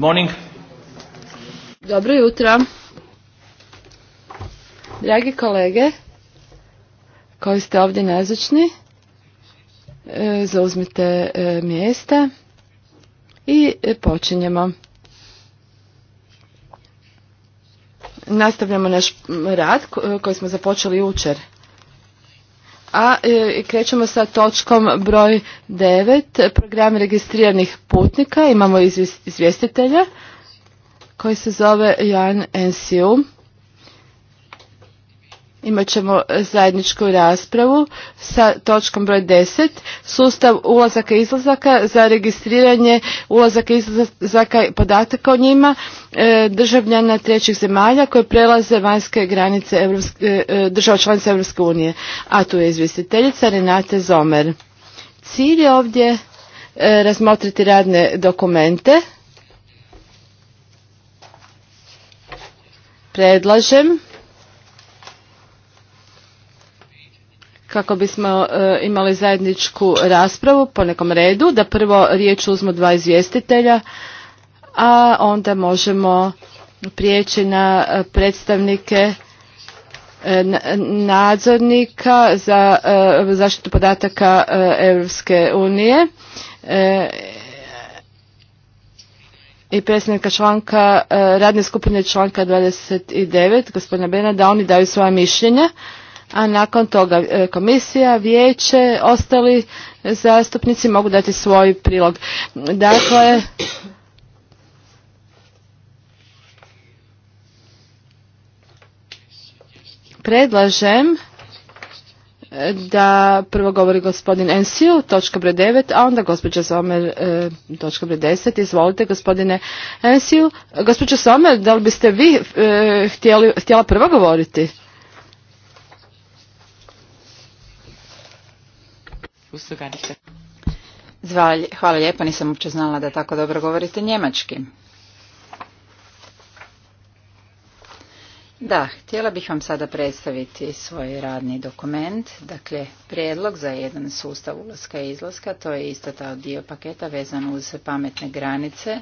morning. Dobro jutro. Dragi kolege koji ste ovdje nazočni, e, zauzmite e, mjesta i e, počinjemo. Nastavljamo naš rad koji smo započeli jučer. A e, krećemo sa točkom broj 9, program registriranih putnika. Imamo izvjestitelja koji se zove Jan Ensiu imat ćemo e, zajedničku raspravu sa točkom broj 10, sustav ulazaka i izlazaka za registriranje ulazaka i izlazaka podataka o njima e, državljana trećih zemalja koje prelaze vanjske granice e, država članica Europske unije. A tu je izvjestiteljica Renate Zomer. Cilj je ovdje razmotriti radne dokumente. Predlažem kako bismo e, imali zajedničku raspravu po nekom redu, da prvo riječ uzmu dva izvjestitelja, a onda možemo prijeći na e, predstavnike e, nadzornika za zaštitu podataka Europske unije i predstavnika članka radne skupine članka 29 gospodina Bena da oni daju svoja mišljenja a nakon toga e, komisija, vijeće, ostali zastupnici mogu dati svoj prilog. Dakle, predlažem e, da prvo govori gospodin Ensiu, točka broj 9, a onda gospođa Somer, e, točka broj 10. Izvolite gospodine Ensiju. Gospođa Somer, da li biste vi htjela prvo govoriti? Hvala lijepa, nisam uopće znala da tako dobro govorite njemački. Da, htjela bih vam sada predstaviti svoj radni dokument, dakle prijedlog za jedan sustav ulaska i izlaska, to je isto ta dio paketa vezan uz pametne granice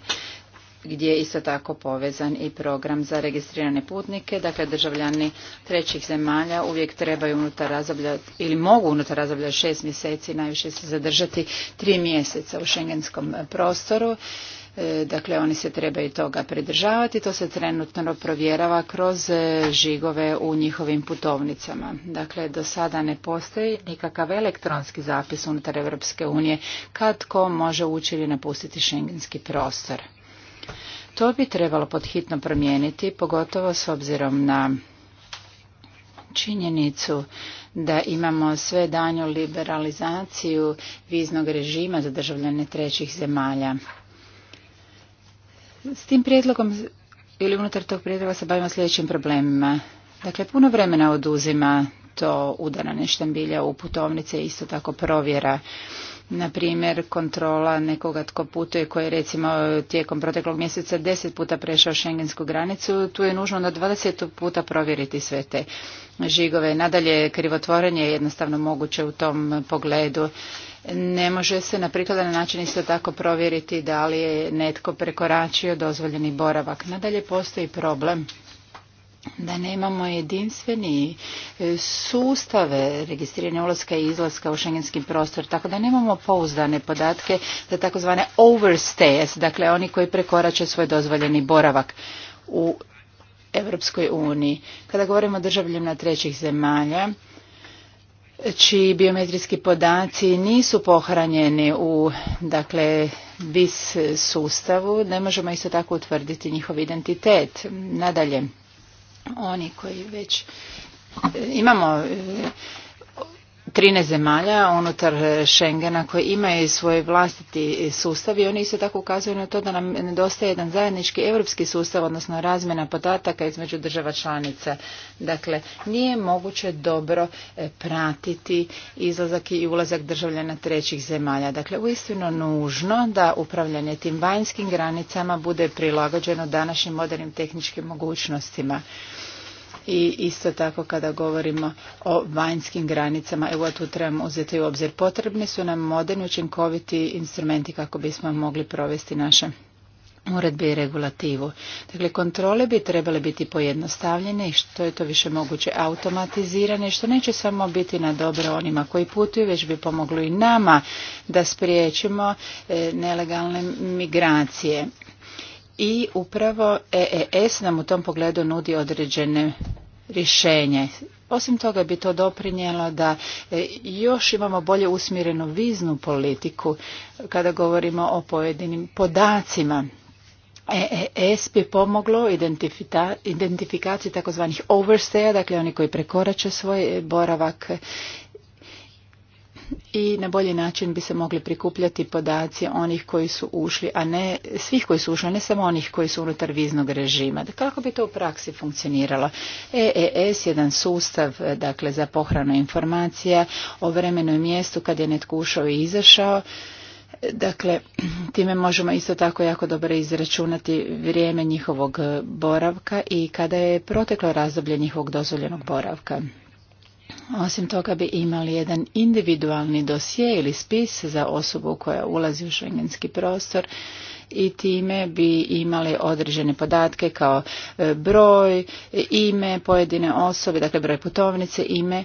gdje je isto tako povezan i program za registrirane putnike. Dakle, državljani trećih zemalja uvijek trebaju unutar razdoblja ili mogu unutar razdoblja šest mjeseci najviše se zadržati tri mjeseca u šengenskom prostoru. E, dakle, oni se trebaju toga pridržavati. To se trenutno provjerava kroz e, žigove u njihovim putovnicama. Dakle, do sada ne postoji nikakav elektronski zapis unutar Europske unije kad ko može ući ili napustiti šengenski prostor. To bi trebalo podhitno promijeniti, pogotovo s obzirom na činjenicu da imamo sve danju liberalizaciju viznog režima za državljane trećih zemalja. S tim prijedlogom ili unutar tog prijedloga se bavimo sljedećim problemima. Dakle, puno vremena oduzima to udaranje štambilja u putovnice, isto tako provjera na primjer kontrola nekoga tko putuje koji je recimo tijekom proteklog mjeseca deset puta prešao šengensku granicu, tu je nužno na dvadeset puta provjeriti sve te žigove. Nadalje, krivotvorenje je jednostavno moguće u tom pogledu. Ne može se na prikladan način isto tako provjeriti da li je netko prekoračio dozvoljeni boravak. Nadalje, postoji problem da nemamo jedinstveni e, sustave registriranja ulaska i izlaska u šengenski prostor, tako da nemamo pouzdane podatke za takozvane overstays, dakle oni koji prekorače svoj dozvoljeni boravak u Europskoj uniji. Kada govorimo o državljanima trećih zemalja, čiji biometrijski podaci nisu pohranjeni u dakle BIS sustavu, ne možemo isto tako utvrditi njihov identitet. Nadalje, oni koji već e, imamo e, 13 zemalja unutar Schengena koje imaju svoj vlastiti sustav i oni isto tako ukazuju na to da nam nedostaje jedan zajednički europski sustav, odnosno razmjena podataka između država članica. Dakle, nije moguće dobro e, pratiti izlazak i ulazak državljana trećih zemalja. Dakle, uistinu nužno da upravljanje tim vanjskim granicama bude prilagođeno današnjim modernim tehničkim mogućnostima i isto tako kada govorimo o vanjskim granicama, evo tu trebamo uzeti u obzir. Potrebni su nam moderni učinkoviti instrumenti kako bismo mogli provesti naše uredbe i regulativu. Dakle, kontrole bi trebale biti pojednostavljene i što je to više moguće automatizirane, što neće samo biti na dobro onima koji putuju, već bi pomoglo i nama da spriječimo e, nelegalne migracije i upravo EES nam u tom pogledu nudi određene rješenje. Osim toga bi to doprinjelo da e, još imamo bolje usmjerenu viznu politiku kada govorimo o pojedinim podacima. EES bi pomoglo identifikaciji takozvanih overstaya, dakle oni koji prekorače svoj boravak i na bolji način bi se mogli prikupljati podaci onih koji su ušli, a ne svih koji su ušli, a ne samo onih koji su unutar viznog režima. kako bi to u praksi funkcioniralo? EES, jedan sustav e, dakle, za pohranu informacija o vremenu i mjestu kad je netko ušao i izašao, e, Dakle, time možemo isto tako jako dobro izračunati vrijeme njihovog e, boravka i kada je proteklo razdoblje njihovog dozvoljenog boravka. Osim toga bi imali jedan individualni dosije ili spis za osobu koja ulazi u šengenski prostor i time bi imali određene podatke kao e, broj, ime pojedine osobe, dakle broj putovnice, ime,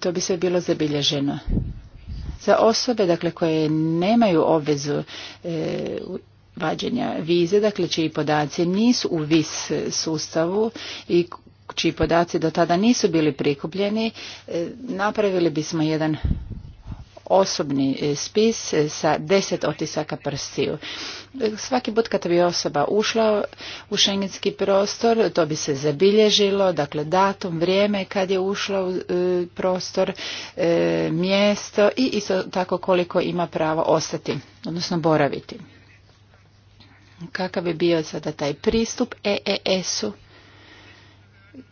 to bi sve bilo zabilježeno. Za osobe dakle koje nemaju obvezu e, vađenja vize, dakle čiji podaci nisu u VIS sustavu i čiji podaci do tada nisu bili prikupljeni, e, napravili bismo jedan osobni e, spis e, sa deset otisaka prstiju. Svaki put kada bi osoba ušla u šengenski prostor, to bi se zabilježilo, dakle datum, vrijeme kad je ušla u prostor, mjesto i isto tako koliko ima pravo ostati, odnosno boraviti. Kakav bi bio sada taj pristup EES-u?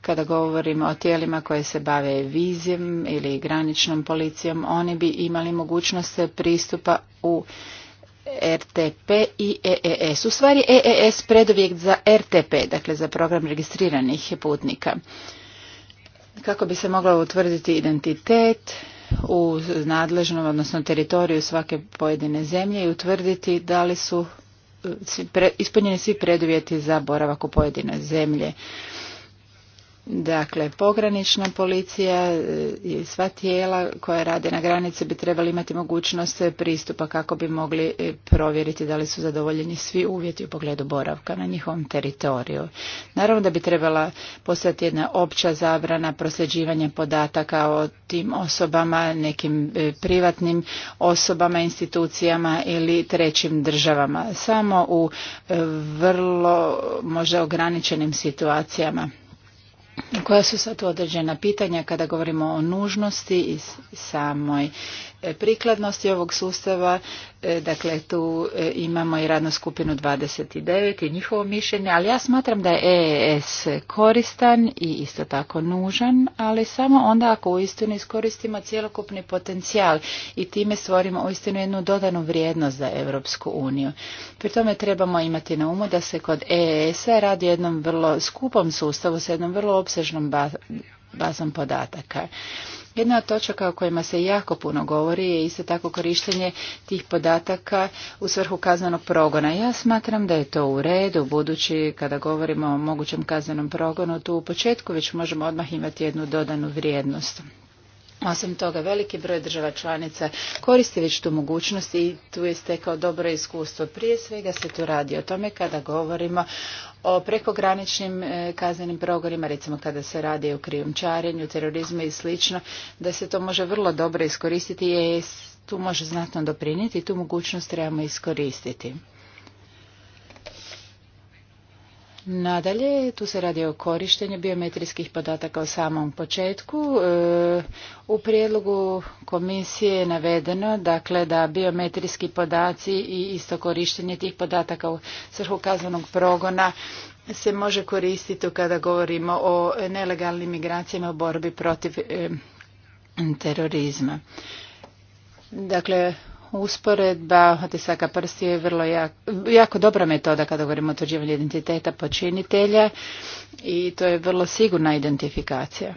kada govorimo o tijelima koje se bave vizijom ili graničnom policijom, oni bi imali mogućnost pristupa u RTP i EES. U stvari EES predovijek za RTP, dakle za program registriranih putnika. Kako bi se mogla utvrditi identitet u nadležnom, odnosno teritoriju svake pojedine zemlje i utvrditi da li su e, ispunjeni svi preduvjeti za boravak u pojedine zemlje Dakle, pogranična policija e, i sva tijela koja rade na granici bi trebali imati mogućnost pristupa kako bi mogli e, provjeriti da li su zadovoljeni svi uvjeti u pogledu boravka na njihovom teritoriju. Naravno da bi trebala postati jedna opća zabrana prosljeđivanja podataka o tim osobama, nekim e, privatnim osobama, institucijama ili trećim državama. Samo u vrlo možda ograničenim situacijama koja su sad određena pitanja kada govorimo o nužnosti i samoj E, prikladnosti ovog sustava. E, dakle, tu e, imamo i radnu skupinu 29 i njihovo mišljenje, ali ja smatram da je EES koristan i isto tako nužan, ali samo onda ako uistinu iskoristimo cjelokupni potencijal i time stvorimo uistinu jednu dodanu vrijednost za Europsku uniju. Pri tome trebamo imati na umu da se kod EES-a radi o jednom vrlo skupom sustavu sa jednom vrlo opsežnom bazom podataka. Jedna od točaka o kojima se jako puno govori je isto tako korištenje tih podataka u svrhu kaznenog progona. Ja smatram da je to u redu, budući kada govorimo o mogućem kaznenom progonu, tu u početku već možemo odmah imati jednu dodanu vrijednost. Osim toga, veliki broj država članica koristi već tu mogućnost i tu je stekao dobro iskustvo. Prije svega se tu radi o tome kada govorimo o prekograničnim e, kaznenim progorima, recimo kada se radi o krijumčarenju, terorizmu i slično, da se to može vrlo dobro iskoristiti i tu može znatno doprinijeti i tu mogućnost trebamo iskoristiti. Nadalje, tu se radi o korištenju biometrijskih podataka u samom početku. E, u prijedlogu komisije je navedeno dakle, da biometrijski podaci i isto korištenje tih podataka u svrhu kazvanog progona se može koristiti kada govorimo o nelegalnim migracijama u borbi protiv e, terorizma. Dakle, Usporedba otisaka prsti je vrlo jako, dobra metoda kada govorimo o utvrđivanju identiteta počinitelja i to je vrlo sigurna identifikacija.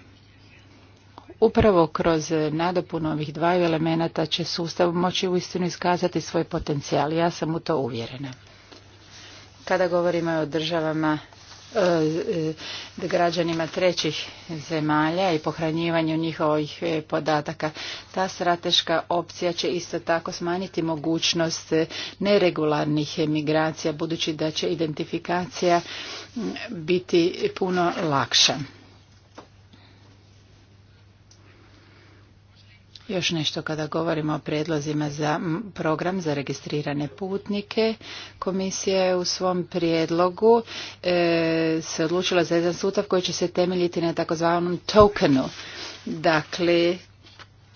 Upravo kroz nadopunu ovih dvaju elemenata će sustav moći uistinu iskazati svoj potencijal. Ja sam u to uvjerena. Kada govorimo o državama E, e, građanima trećih zemalja i pohranjivanju njihovih e, podataka. Ta strateška opcija će isto tako smanjiti mogućnost neregularnih emigracija, budući da će identifikacija biti puno lakša. Još nešto kada govorimo o prijedlozima za program za registrirane putnike. Komisija je u svom prijedlogu e, se odlučila za jedan sutav koji će se temeljiti na takozvanom tokenu. Dakle,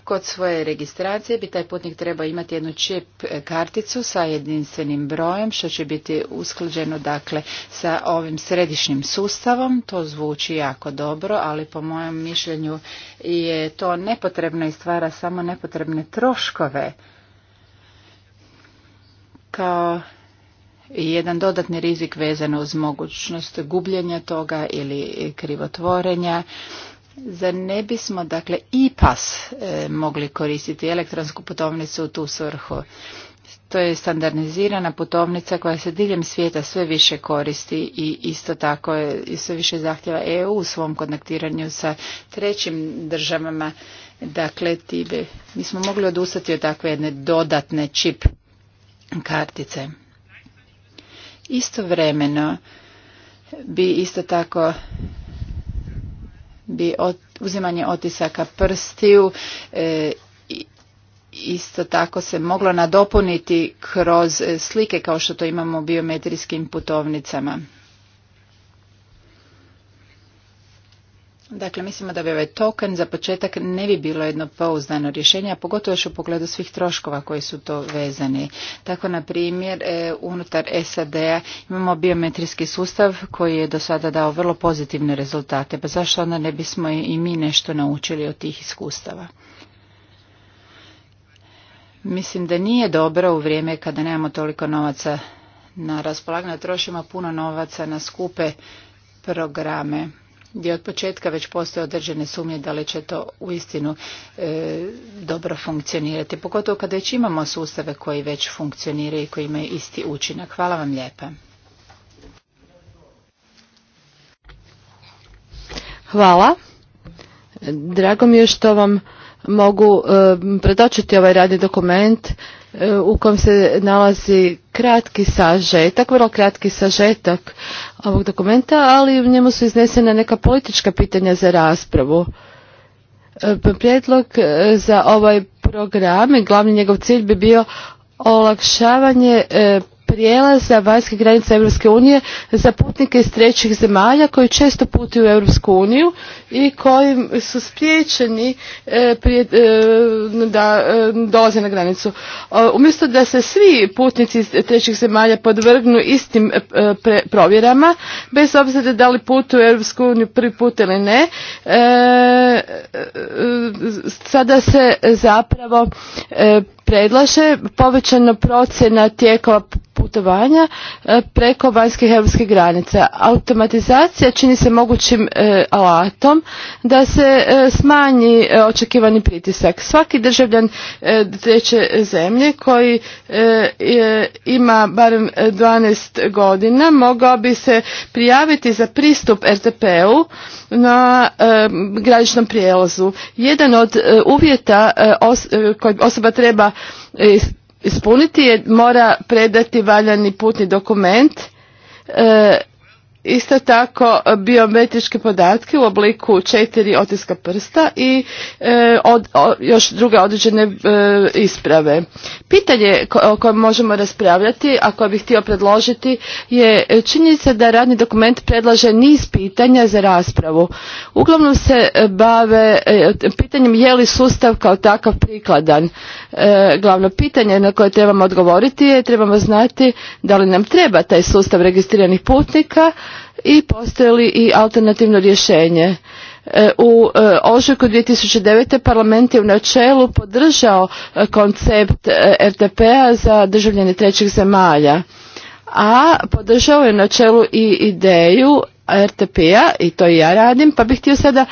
Kod svoje registracije bi taj putnik trebao imati jednu čip e, karticu sa jedinstvenim brojem što će biti usklađeno dakle sa ovim središnjim sustavom. To zvuči jako dobro, ali po mojem mišljenju je to nepotrebno i stvara samo nepotrebne troškove. Kao jedan dodatni rizik vezano uz mogućnost gubljenja toga ili krivotvorenja Zar ne bismo, dakle, i e, mogli koristiti, elektronsku putovnicu u tu svrhu? To je standardizirana putovnica koja se diljem svijeta sve više koristi i isto tako je, i sve više zahtjeva EU u svom kontaktiranju sa trećim državama. Dakle, ti mi smo mogli odustati od takve jedne dodatne čip kartice. Istovremeno bi isto tako bi uzimanje otisaka prstiju e, isto tako se moglo nadopuniti kroz e, slike kao što to imamo u biometrijskim putovnicama. Dakle, mislimo da bi ovaj token za početak ne bi bilo jedno pouzdano rješenje, a pogotovo još u pogledu svih troškova koji su to vezani. Tako, na primjer, e, unutar SAD-a imamo biometrijski sustav koji je do sada dao vrlo pozitivne rezultate, pa zašto onda ne bismo i mi nešto naučili od tih iskustava? Mislim da nije dobro u vrijeme kada nemamo toliko novaca na raspolaganju, trošimo puno novaca na skupe programe gdje od početka već postoje određene sumnje da li će to uistinu e, dobro funkcionirati, pogotovo kad već imamo sustave koji već funkcioniraju i koji imaju isti učinak. Hvala vam lijepa. Hvala. Drago mi je što vam mogu e, predočiti ovaj radni dokument u kojem se nalazi kratki sažetak, vrlo kratki sažetak ovog dokumenta, ali u njemu su iznesena neka politička pitanja za raspravu. E, prijedlog e, za ovaj program glavni njegov cilj bi bio olakšavanje e, prijelaza vanjskih granica Europske unije za putnike iz trećih zemalja koji često putuju u Europsku uniju i koji su spriječeni e, e, da e, dolaze na granicu. Umjesto da se svi putnici iz trećih zemalja podvrgnu istim provjerama, bez obzira da li putuju u Europsku uniju prvi put ili ne, sada se zapravo predlaže povećana procjena tijekova putovanja e, preko vanjskih europskih granica. Automatizacija čini se mogućim e, alatom da se e, smanji očekivani pritisak. Svaki državljan treće zemlje koji ima barem 12 godina mogao bi se prijaviti za pristup RTP-u na graničnom prijelazu. Jedan od uvjeta koji osoba treba ispuniti je mora predati valjani putni dokument e, isto tako e, biometričke podatke u obliku četiri otiska prsta i e, još druge određene e, isprave. Pitanje o kojem možemo raspravljati, a koje bih htio predložiti, je činjenica da radni dokument predlaže niz pitanja za raspravu. Uglavnom se bave pitanjem je li sustav kao takav prikladan. Glavno pitanje na koje trebamo odgovoriti je trebamo znati da li nam treba taj sustav registriranih putnika, i postoji li i alternativno rješenje. E, u e, ožujku 2009. parlament je u načelu podržao e, koncept RTP-a za državljane trećih zemalja, a podržao je u načelu i ideju RTP-a, i to i ja radim, pa bih htio sada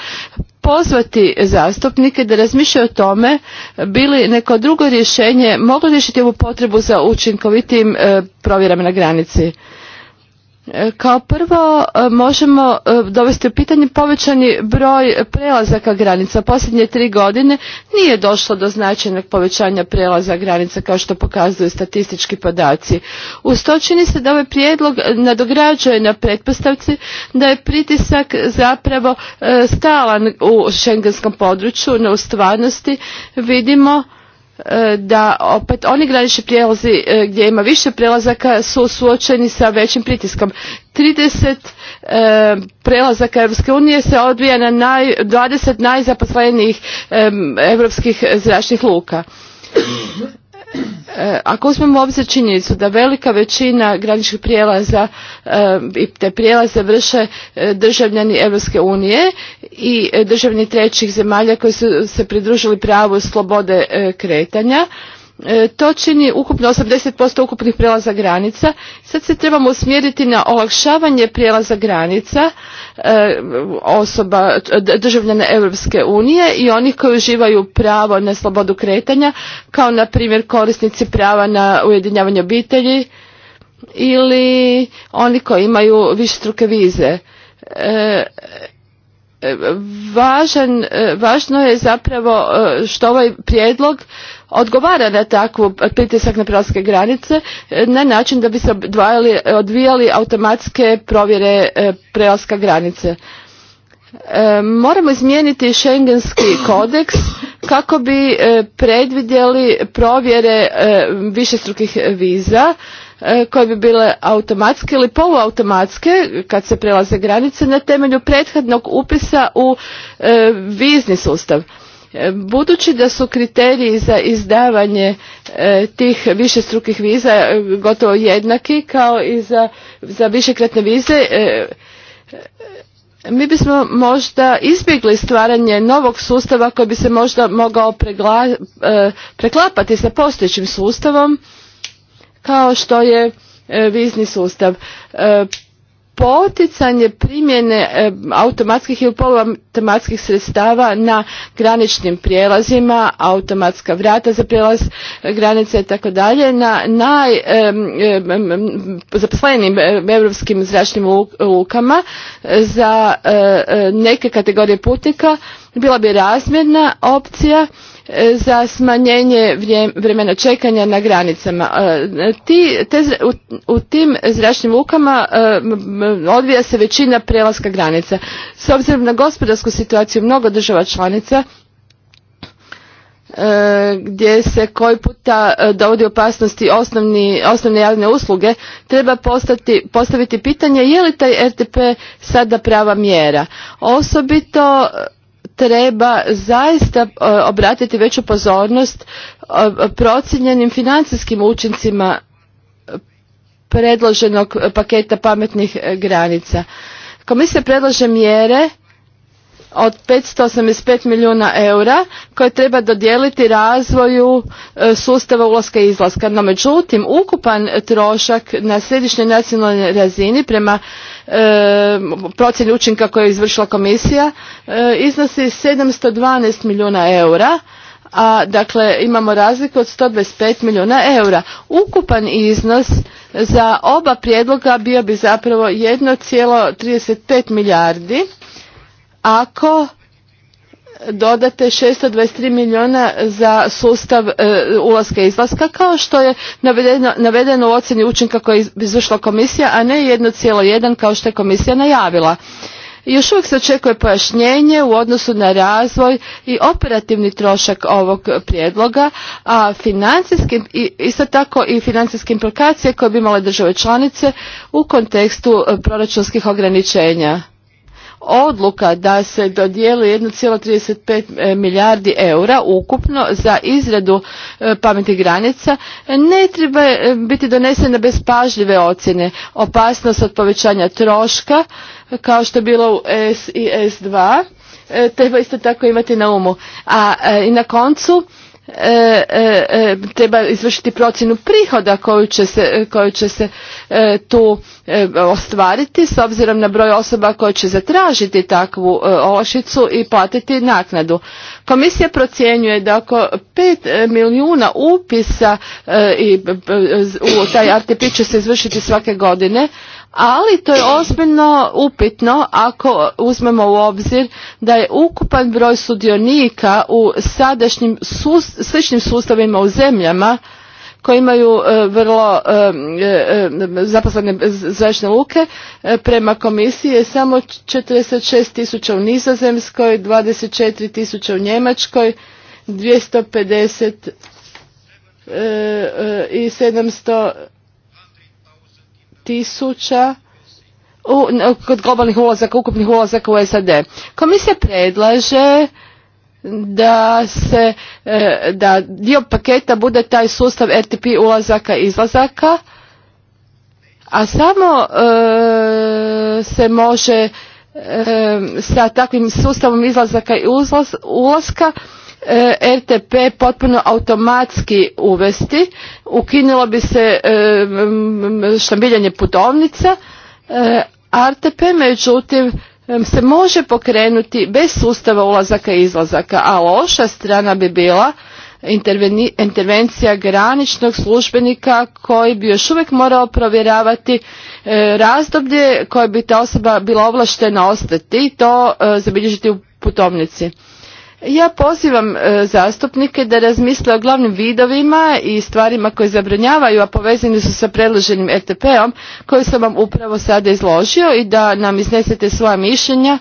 pozvati zastupnike da razmišljaju o tome bili neko drugo rješenje moglo riješiti ovu potrebu za učinkovitim provjerama na granici. E, kao prvo e, možemo e, dovesti u pitanje povećani broj prelazaka granica. Posljednje tri godine nije došlo do značajnog povećanja prelaza granica kao što pokazuju statistički podaci. U to čini se da ovaj prijedlog nadograđuje na pretpostavci da je pritisak zapravo stalan u šengenskom području, no u stvarnosti vidimo E, da opet oni granični prijelazi e, gdje ima više prelazaka su suočeni sa većim pritiskom. 30 prijelazaka e, prelazaka Europske se odvija na naj, 20 najzaposlenijih europskih zračnih luka. E, ako uzmemo u obzir činjenicu da velika većina graničnih prijelaza e, i te prijelaze vrše e, državljani Europske unije i državljani trećih zemalja koji su se pridružili pravu slobode kretanja, E, to čini ukupno 80% ukupnih prijelaza granica. Sad se trebamo usmjeriti na olakšavanje prijelaza granica e, osoba državljana Europske unije i onih koji uživaju pravo na slobodu kretanja, kao na primjer korisnici prava na ujedinjavanje obitelji ili oni koji imaju višestruke vize. E, važno je zapravo što ovaj prijedlog odgovara na takvu pritisak na prelaske granice e, na način da bi se odvijali automatske provjere e, prelaska granice. E, moramo izmijeniti Schengenski kodeks kako bi predvidjeli provjere višestrukih viza koje bi bile automatske ili poluautomatske kad se prelaze granice na temelju prethodnog upisa u vizni sustav. E, budući da su kriteriji za izdavanje e, tih višestrukih viza e, gotovo jednaki kao i za, za višekratne vize, mi bismo možda izbjegli stvaranje novog sustava koji bi se možda mogao preklapati sa postojećim sustavom kao što je vizni sustav poticanje primjene e, automatskih ili poluautomatskih sredstava na graničnim prijelazima, automatska vrata za prijelaz e, granice i tako dalje, na najzaposlenim e, europskim zračnim lukama za neke kategorije putnika bila bi razmjerna opcija E, za smanjenje vremena čekanja na granicama. E, u, tim zračnim lukama e, odvija se većina prelaska granica. S obzirom na gospodarsku situaciju mnogo država članica gdje se koji puta dovodi opasnosti osnovne javne usluge, treba postaviti pitanje je li taj RTP sada prava mjera. Osobito treba zaista e, obratiti veću pozornost e, procijenjenim financijskim učincima predloženog paketa pametnih e, granica. Komisija predlaže mjere od 585 milijuna eura koje treba dodijeliti razvoju e, sustava ulaska i izlaska. No međutim, ukupan trošak na središnjoj nacionalnoj razini prema e, procjeni učinka koju je izvršila komisija e, iznosi 712 milijuna eura a dakle imamo razliku od 125 milijuna eura. Ukupan iznos za oba prijedloga bio bi zapravo 1,35 milijardi ako dodate 623 milijuna za sustav e, ulaska i izlaska kao što je navedeno, u ocjeni učinka koje je izvršila komisija, a ne 1,1 kao što je komisija najavila. Još uvijek se očekuje pojašnjenje u odnosu na razvoj i operativni trošak ovog prijedloga, a isto tako i financijske implikacije koje bi imale države članice u kontekstu proračunskih ograničenja odluka da se dodijeli 1,35 e, milijardi eura ukupno za izradu e, pametnih granica ne treba e, biti donesena bez pažljive ocjene. Opasnost od povećanja troška kao što je bilo u S i S2 treba isto tako imati na umu. A i na koncu E, e, e, treba izvršiti procjenu prihoda koju će se, tu ostvariti s obzirom na broj osoba koje će zatražiti takvu olakšicu i platiti naknadu. Komisija procjenjuje da oko 5 milijuna upisa i, u taj RTP će se izvršiti svake godine, ali to je ozbiljno upitno ako uzmemo u obzir da je ukupan broj sudionika u sadašnjim sličnim sustavima u zemljama koji imaju e, vrlo e, e, zaposlene zračne luke prema komisiji je samo 46 tisuća u Nizozemskoj, 24 tisuća u Njemačkoj, 250 i 700 tisuća kod globalnih ulazaka, ukupnih ulazaka u SAD. Komisija predlaže da se e, da dio paketa bude taj sustav RTP ulazaka i izlazaka a samo e, se može e, sa takvim sustavom izlazaka i ulaska E, RTP potpuno automatski uvesti, ukinulo bi se e, štambiljanje putovnica, e, RTP međutim se može pokrenuti bez sustava ulazaka i izlazaka, a loša strana bi bila intervencija graničnog službenika koji bi još uvijek morao provjeravati razdoblje koje bi ta osoba bila ovlaštena ostati i to zabilježiti u putovnici. Ja pozivam e, zastupnike da razmisle o glavnim vidovima i stvarima koje zabranjavaju, a povezani su sa predloženim ETP-om koji sam vam upravo sada izložio i da nam iznesete svoja mišljenja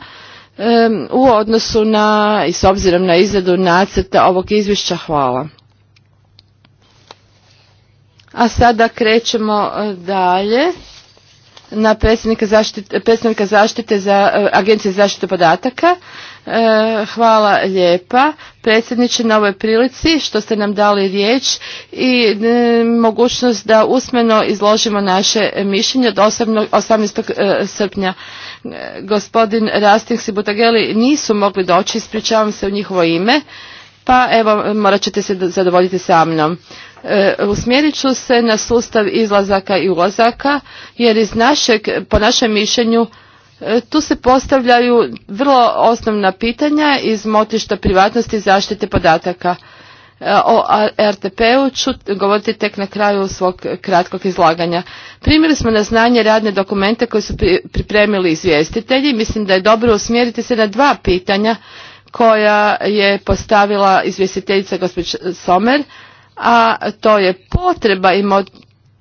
u odnosu na i s obzirom na izradu nacrta ovog izvješća. Hvala. A sada krećemo e, dalje na predstavnika zaštite, predstavnika zaštite za, e, Agencije za zaštitu podataka. E, hvala lijepa predsjedniče na ovoj prilici što ste nam dali riječ i e, mogućnost da usmeno izložimo naše mišljenje od 18. E, srpnja. Gospodin Rastings i Butageli nisu mogli doći, ispričavam se u njihovo ime, pa evo morat ćete se zadovoljiti sa mnom. Usmjerit ću se na sustav izlazaka i ulazaka jer iz našeg, po našem mišljenju E, tu se postavljaju vrlo osnovna pitanja iz motišta privatnosti i zaštite podataka. E, o RTP-u ću govoriti tek na kraju svog kratkog izlaganja. Primili smo na znanje radne dokumente koje su pripremili izvjestitelji. Mislim da je dobro usmjeriti se na dva pitanja koja je postavila izvjestiteljica gospođa Somer, a to je potreba i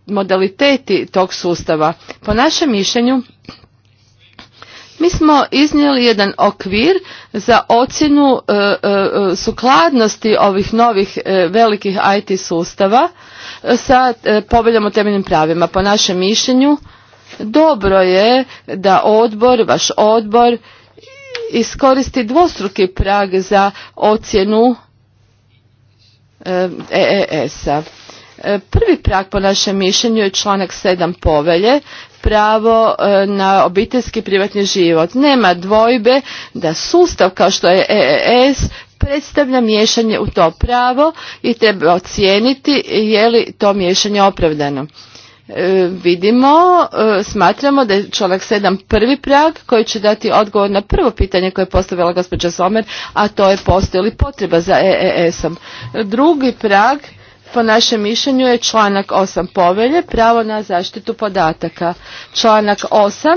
modaliteti tog sustava. Po našem mišljenju, mi smo iznijeli jedan okvir za ocjenu e, e, sukladnosti ovih novih e, velikih IT sustava sa poveljom o temeljnim pravima. Po našem mišljenju dobro je da odbor, vaš odbor, iskoristi dvostruki prag za ocjenu EES-a. Prvi prag po našem mišljenju je članak 7 povelje pravo e, na obiteljski privatni život. Nema dvojbe da sustav kao što je EES predstavlja miješanje u to pravo i treba ocijeniti je li to miješanje opravdano. E, vidimo, e, smatramo da je članak 7 prvi prag koji će dati odgovor na prvo pitanje koje je postavila gospođa Somer, a to je postoji li potreba za EES-om. Drugi prag po našem mišljenju je članak 8 povelje pravo na zaštitu podataka. Članak 8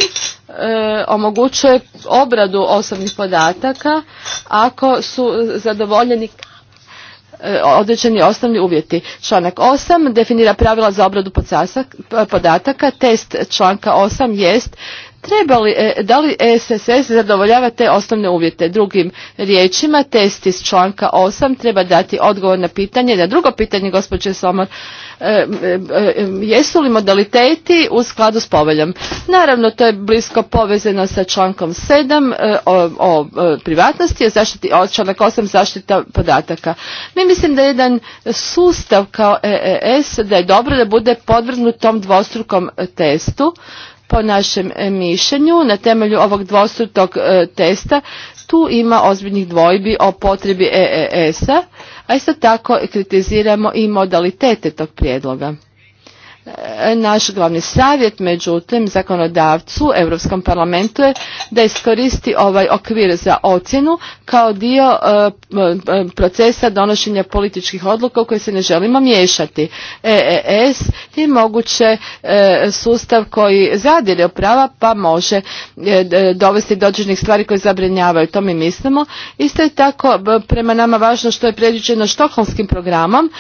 e, omogućuje obradu osobnih podataka ako su zadovoljeni e, određeni osnovni uvjeti. Članak 8 definira pravila za obradu podataka. Test članka 8 jest li, e, da li SSS e zadovoljava te osnovne uvjete? Drugim riječima, test iz članka 8 treba dati odgovor na pitanje, na drugo pitanje gospođe Somar, e, jesu li modaliteti u skladu s poveljom? Naravno, to je blisko povezano sa člankom 7 o, privatnosti, o zaštiti, o članak 8 zaštita podataka. Mi mislim da je jedan sustav kao EES da je dobro da bude podvrgnut tom dvostrukom testu po našem e, mišljenju, na temelju ovog dvostrukog e, testa, tu ima ozbiljnih dvojbi o potrebi EES-a, a isto tako kritiziramo i modalitete tog prijedloga. Naš glavni savjet, međutim, zakonodavcu, Europskom parlamentu je da iskoristi ovaj okvir za ocjenu kao dio e, e, procesa donošenja političkih odluka u koje se ne želimo miješati. EES je moguće e, sustav koji zadire u prava pa može dovesti do određenih stvari koje zabrinjavaju. To mi mislimo. Isto je tako prema nama važno što je predviđeno štokholmskim programom.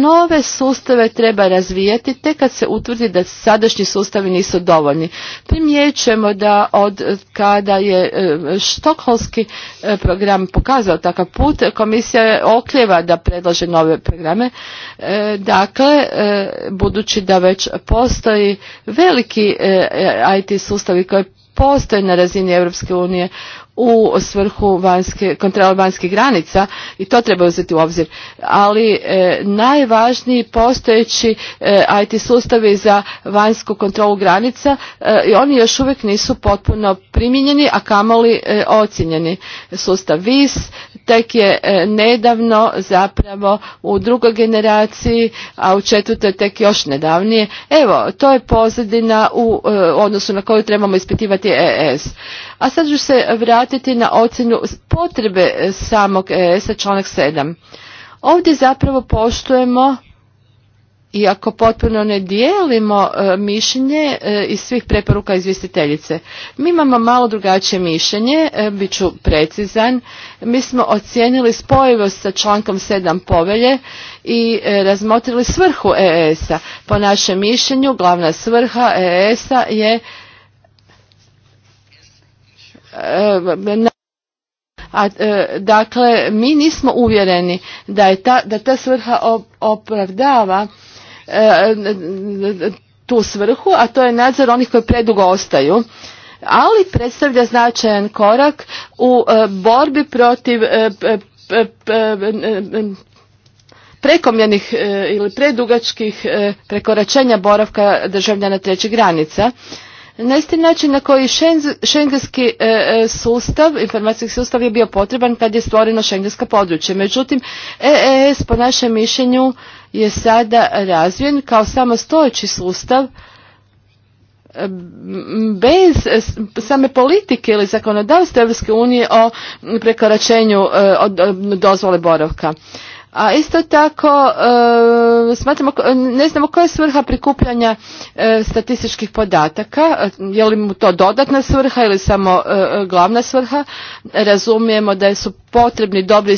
Nove sustave treba razvijati te kad se utvrdi da sadašnji sustavi nisu dovoljni. Primjećujemo da od kada je e, štokholski e, program pokazao takav put, komisija je okljeva da predlaže nove programe. E, dakle, budući da već postoji veliki IT sustavi koji postoje na razini Europske unije u svrhu vanjske, kontrole vanjskih granica i to treba uzeti u obzir. Ali e, najvažniji postojeći e, IT sustavi za vanjsku kontrolu granica e, i oni još uvijek nisu potpuno primijenjeni, a kamoli ocijenjeni. Sustav VIS tek je nedavno zapravo u drugoj generaciji, a u četvrtoj tek još nedavnije. Evo, to je pozadina u odnosu na koju trebamo ispitivati ES. A sad ću se vratiti vratiti na ocjenu potrebe e, samog ES-a članak 7. Ovdje zapravo poštujemo iako potpuno ne dijelimo e, mišljenje e, iz svih preporuka izvjestiteljice. Mi imamo malo drugačije mišljenje, bit ću precizan. Mi smo ocijenili spojivost sa člankom 7 povelje i razmotrili svrhu EES-a. Po našem mišljenju glavna svrha EES-a je a, e, dakle, mi nismo uvjereni da, je ta, da ta svrha opravdava e, tu svrhu, a to je nadzor onih koji predugo ostaju, ali predstavlja značajan korak u e, borbi protiv prekomjernih ili predugačkih prekoračenja boravka državljana trećih granica na isti način na koji šengenski e, e, sustav, informacijski sustav je bio potreban kad je stvoreno šengensko područje. Međutim, EES po našem mišljenju je sada razvijen kao samostojeći sustav e, bez same politike ili zakonodavstva Europske unije o prekoračenju dozvole boravka a isto tako e, smatramo, ne znamo koja je svrha prikupljanja e, statističkih podataka, e, je li mu to dodatna svrha ili samo glavna svrha. Razumijemo da su potrebni dobri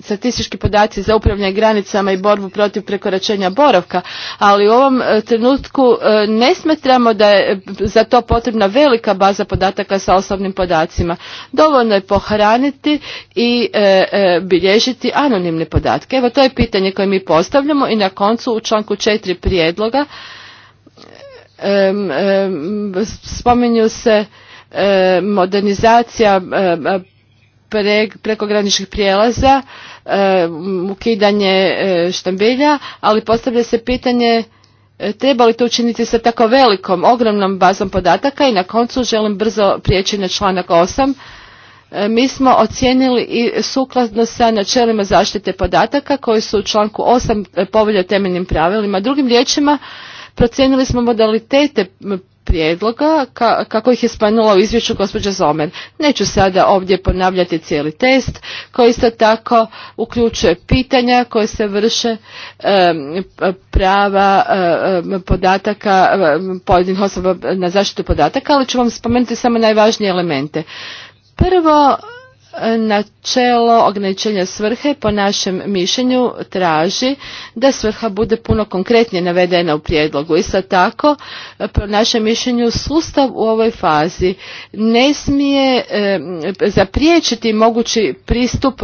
statistički podaci za upravljanje granicama i borbu protiv prekoračenja boravka, ali u ovom trenutku ne smatramo da je za to potrebna velika baza podataka sa osobnim podacima. Dovoljno je pohraniti i bilježiti anonimne podatke podatke? Evo to je pitanje koje mi postavljamo i na koncu u članku četiri prijedloga spomenju spominju se modernizacija pre, prekograničnih prijelaza, ukidanje eh, štambilja, ali postavlja se pitanje eh, treba li to učiniti sa tako velikom, ogromnom bazom podataka i na koncu želim brzo prijeći na članak osam. E, mi smo ocijenili i sukladno sa načelima zaštite podataka koji su u članku 8 e, povelje o temeljnim pravilima. Drugim riječima procijenili smo modalitete prijedloga kako ih je spomenula u izvješću gospođa Zomer. Neću sada ovdje ponavljati cijeli test koji isto tako uključuje pitanja koje se vrše e, prava podataka pojedinih osoba na zaštitu podataka, ali ću vam spomenuti samo najvažnije elemente. Prvo, e, načelo ograničenja svrhe po našem mišljenju traži da svrha bude puno konkretnije navedena u prijedlogu. Isto tako, e, po našem mišljenju sustav u ovoj fazi ne smije e, zapriječiti mogući pristup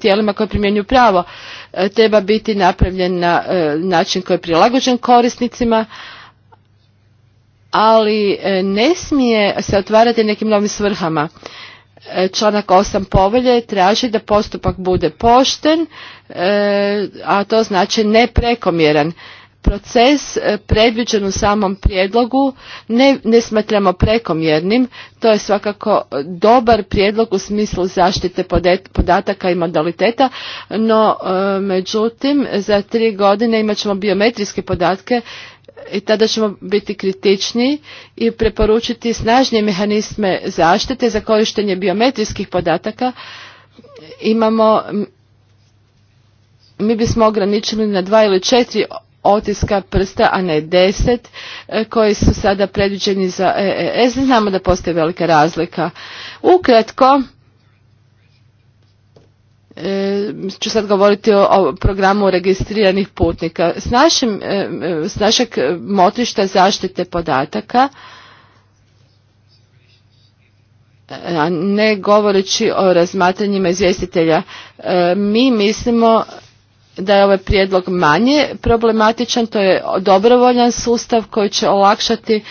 tijelima koje primjenju pravo. treba biti napravljen na način koji je prilagođen korisnicima, ali e, ne smije se otvarati nekim novim svrhama. E, članak 8 povelje traži da postupak bude pošten, e, a to znači neprekomjeran proces predviđen u samom prijedlogu ne, ne smatramo prekomjernim. To je svakako dobar prijedlog u smislu zaštite podataka i modaliteta, no međutim za tri godine imat ćemo biometrijske podatke i tada ćemo biti kritični i preporučiti snažnije mehanizme zaštite za korištenje biometrijskih podataka. Imamo, mi bismo ograničili na dva ili četiri otiska prsta, a ne deset, e, koji su sada predviđeni za EES. Znamo da postoje velika razlika. Ukratko, E, ću sad govoriti o, programu registriranih putnika. S, našim, e, e, s našeg motrišta zaštite podataka, a ne govoreći o razmatranjima izvjestitelja, mi mislimo da je ovaj prijedlog manje problematičan, to je dobrovoljan sustav koji će olakšati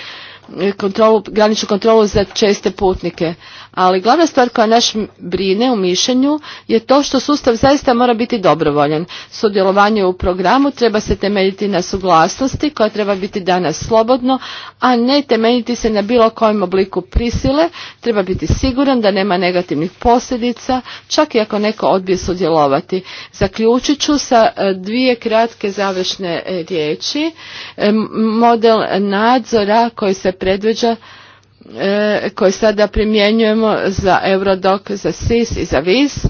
kontrolu, graničnu kontrolu za česte putnike. Ali glavna stvar koja naš brine u mišljenju je to što sustav zaista mora biti dobrovoljan. Sudjelovanje u programu treba se temeljiti na suglasnosti koja treba biti danas slobodno, a ne temeljiti se na bilo kojem obliku prisile. Treba biti siguran da nema negativnih posljedica, čak i ako neko odbije sudjelovati. Zaključit ću sa e, dvije kratke završne e, riječi. E, model nadzora koji se predviđa E, koji sada primjenjujemo za Eurodoc, za SIS i za VIS,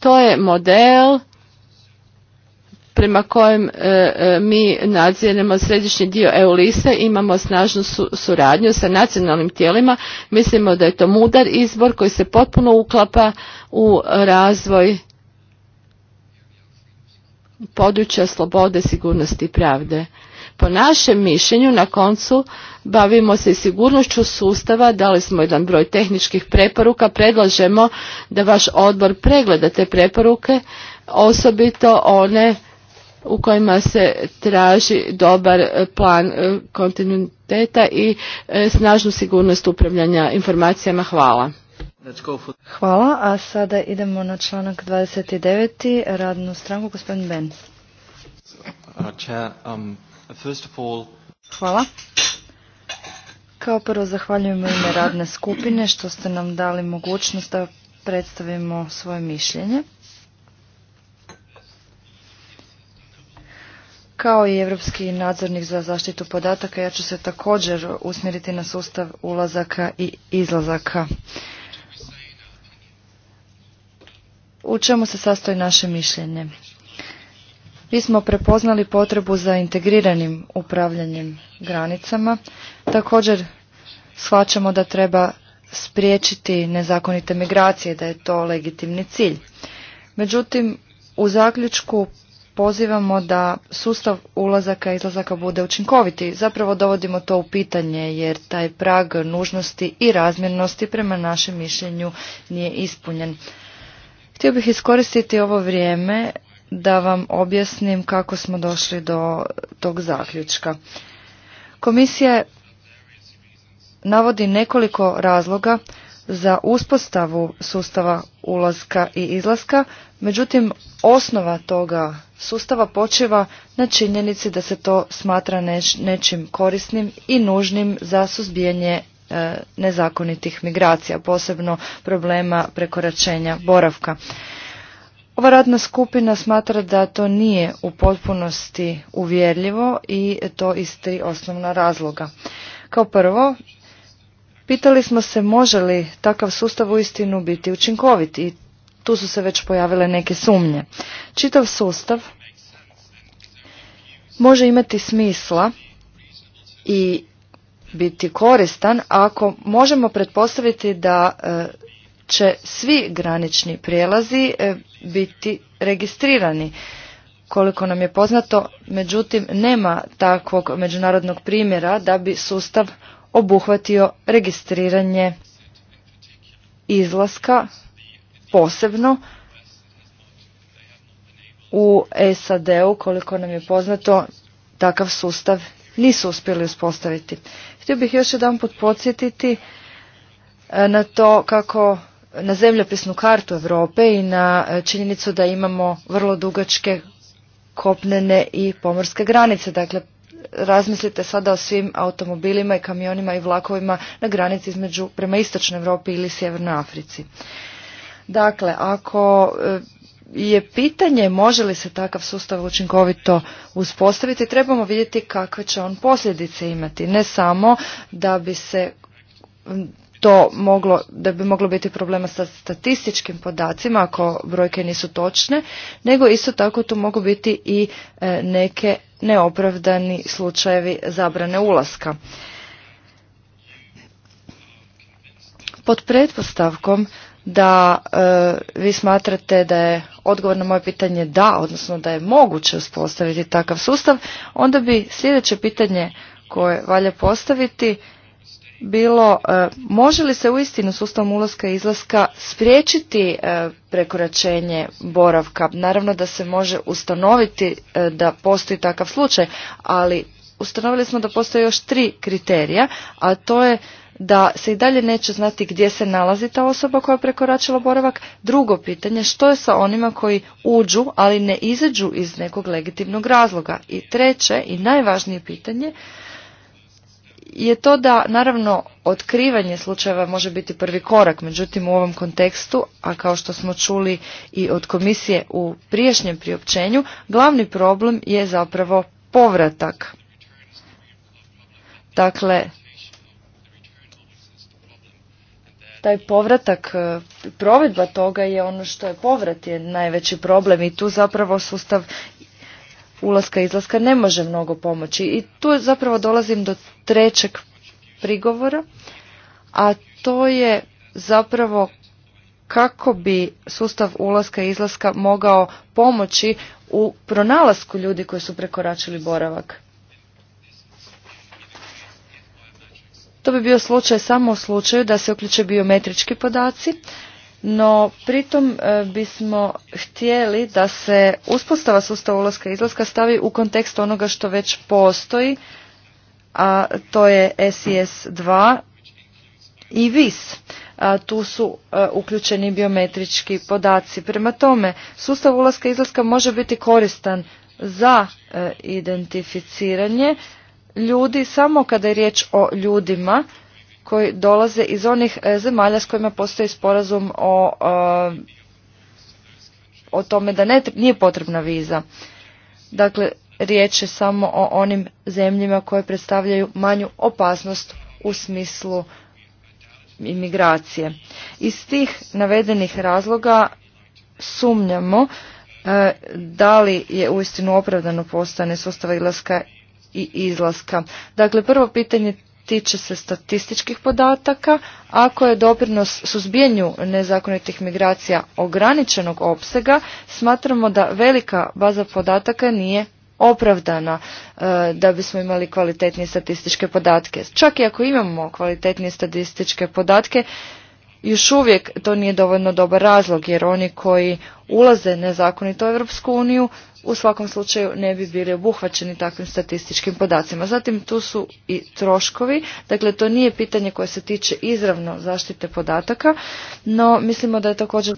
to je model prema kojem e, e, mi nadziremo središnji dio EULISE, imamo snažnu suradnju sa nacionalnim tijelima. Mislimo da je to mudar izbor koji se potpuno uklapa u razvoj područja slobode, sigurnosti i pravde. Po našem mišljenju na koncu bavimo se i sigurnošću sustava, dali smo jedan broj tehničkih preporuka, predlažemo da vaš odbor pregleda te preporuke, osobito one u kojima se traži dobar e, plan e, kontinuiteta i e, snažnu sigurnost upravljanja informacijama. Hvala. Hvala, a sada idemo na članak 29. radnu stranku, gospodin Ben. Uh, um, Hvala. Kao prvo zahvaljujemo ime radne skupine što ste nam dali mogućnost da predstavimo svoje mišljenje. Kao i Europski nadzornik za zaštitu podataka, ja ću se također usmjeriti na sustav ulazaka i izlazaka. U čemu se sastoji naše mišljenje? Mi smo prepoznali potrebu za integriranim upravljanjem granicama. Također shvaćamo da treba spriječiti nezakonite migracije, da je to legitimni cilj. Međutim, u zaključku pozivamo da sustav ulazaka i izlazaka bude učinkoviti. Zapravo dovodimo to u pitanje jer taj prag nužnosti i razmjernosti prema našem mišljenju nije ispunjen. Htio bih iskoristiti ovo vrijeme da vam objasnim kako smo došli do tog zaključka. Komisija navodi nekoliko razloga za uspostavu sustava ulaska i izlaska, međutim osnova toga sustava počiva na činjenici da se to smatra nečim korisnim i nužnim za suzbijanje e, nezakonitih migracija, posebno problema prekoračenja boravka. Ova radna skupina smatra da to nije u potpunosti uvjerljivo i to iz tri osnovna razloga. Kao prvo, pitali smo se može li takav sustav uistinu biti učinkovit i tu su se već pojavile neke sumnje. Čitav sustav može imati smisla i biti koristan ako možemo pretpostaviti da e, će svi granični prijelazi e, biti registrirani. Koliko nam je poznato, međutim, nema takvog međunarodnog primjera da bi sustav obuhvatio registriranje izlaska posebno u SAD-u, koliko nam je poznato, takav sustav nisu uspjeli uspostaviti. Htio bih još jedan put podsjetiti e, na to kako na zemljopisnu kartu Europe i na e, činjenicu da imamo vrlo dugačke kopnene i pomorske granice. Dakle, razmislite sada o svim automobilima i kamionima i vlakovima na granici između prema istočnoj Europi ili sjevernoj Africi. Dakle, ako e, je pitanje može li se takav sustav učinkovito uspostaviti, trebamo vidjeti kakve će on posljedice imati. Ne samo da bi se to moglo, da bi moglo biti problema sa statističkim podacima ako brojke nisu točne, nego isto tako tu mogu biti i e, neke neopravdani slučajevi zabrane ulaska. Pod pretpostavkom da e, vi smatrate da je odgovor na moje pitanje da, odnosno da je moguće uspostaviti takav sustav, onda bi sljedeće pitanje koje valja postaviti bilo e, može li se uistinu sustavom ulaska i izlaska spriječiti e, prekoračenje boravka. Naravno da se može ustanoviti e, da postoji takav slučaj, ali ustanovili smo da postoje još tri kriterija, a to je da se i dalje neće znati gdje se nalazi ta osoba koja je prekoračila boravak. Drugo pitanje, što je sa onima koji uđu, ali ne izađu iz nekog legitimnog razloga? I treće i najvažnije pitanje, je to da naravno otkrivanje slučajeva može biti prvi korak, međutim u ovom kontekstu, a kao što smo čuli i od komisije u priješnjem priopćenju, glavni problem je zapravo povratak. Dakle, taj povratak, e, provedba toga je ono što je povrat je najveći problem i tu zapravo sustav ulaska i izlaska ne može mnogo pomoći. I tu zapravo dolazim do trećeg prigovora, a to je zapravo kako bi sustav ulaska i izlaska mogao pomoći u pronalasku ljudi koji su prekoračili boravak. To bi bio slučaj samo u slučaju da se uključe biometrički podaci, no pritom e, bismo htjeli da se uspostava sustava ulaska i izlaska stavi u kontekst onoga što već postoji, a to je SIS-2 i VIS. tu su e, uključeni biometrički podaci. Prema tome, sustav ulaska i izlaska može biti koristan za e, identificiranje ljudi samo kada je riječ o ljudima koji dolaze iz onih e, zemalja s kojima postoji sporazum o, e, o tome da ne, nije potrebna viza. Dakle, riječ je samo o onim zemljima koje predstavljaju manju opasnost u smislu imigracije. Iz tih navedenih razloga sumnjamo e, da li je uistinu opravdano postane sustava ilaska i izlaska. Dakle, prvo pitanje tiče se statističkih podataka, ako je doprinos suzbijanju nezakonitih migracija ograničenog opsega, smatramo da velika baza podataka nije opravdana e, da bismo imali kvalitetnije statističke podatke. Čak i ako imamo kvalitetnije statističke podatke, još uvijek to nije dovoljno dobar razlog jer oni koji ulaze nezakonito u Europsku uniju u svakom slučaju ne bi bili obuhvaćeni takvim statističkim podacima. Zatim tu su i troškovi, dakle to nije pitanje koje se tiče izravno zaštite podataka, no mislimo da je također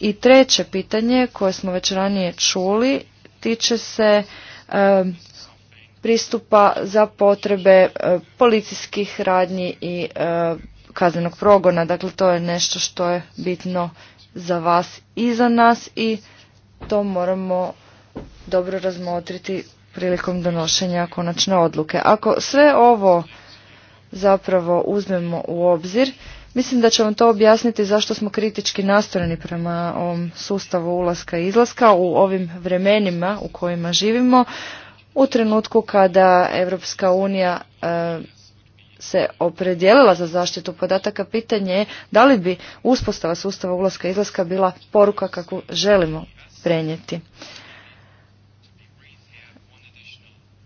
i treće pitanje koje smo već ranije čuli tiče se pristupa za potrebe e, policijskih radnji i e, kaznenog progona. Dakle, to je nešto što je bitno za vas i za nas i to moramo dobro razmotriti prilikom donošenja konačne odluke. Ako sve ovo zapravo uzmemo u obzir, mislim da će vam to objasniti zašto smo kritički nastrojeni prema ovom sustavu ulaska i izlaska u ovim vremenima u kojima živimo, u trenutku kada Europska unija e, se opredijelila za zaštitu podataka, pitanje je da li bi uspostava sustava ulaska i izlaska bila poruka kakvu želimo prenijeti.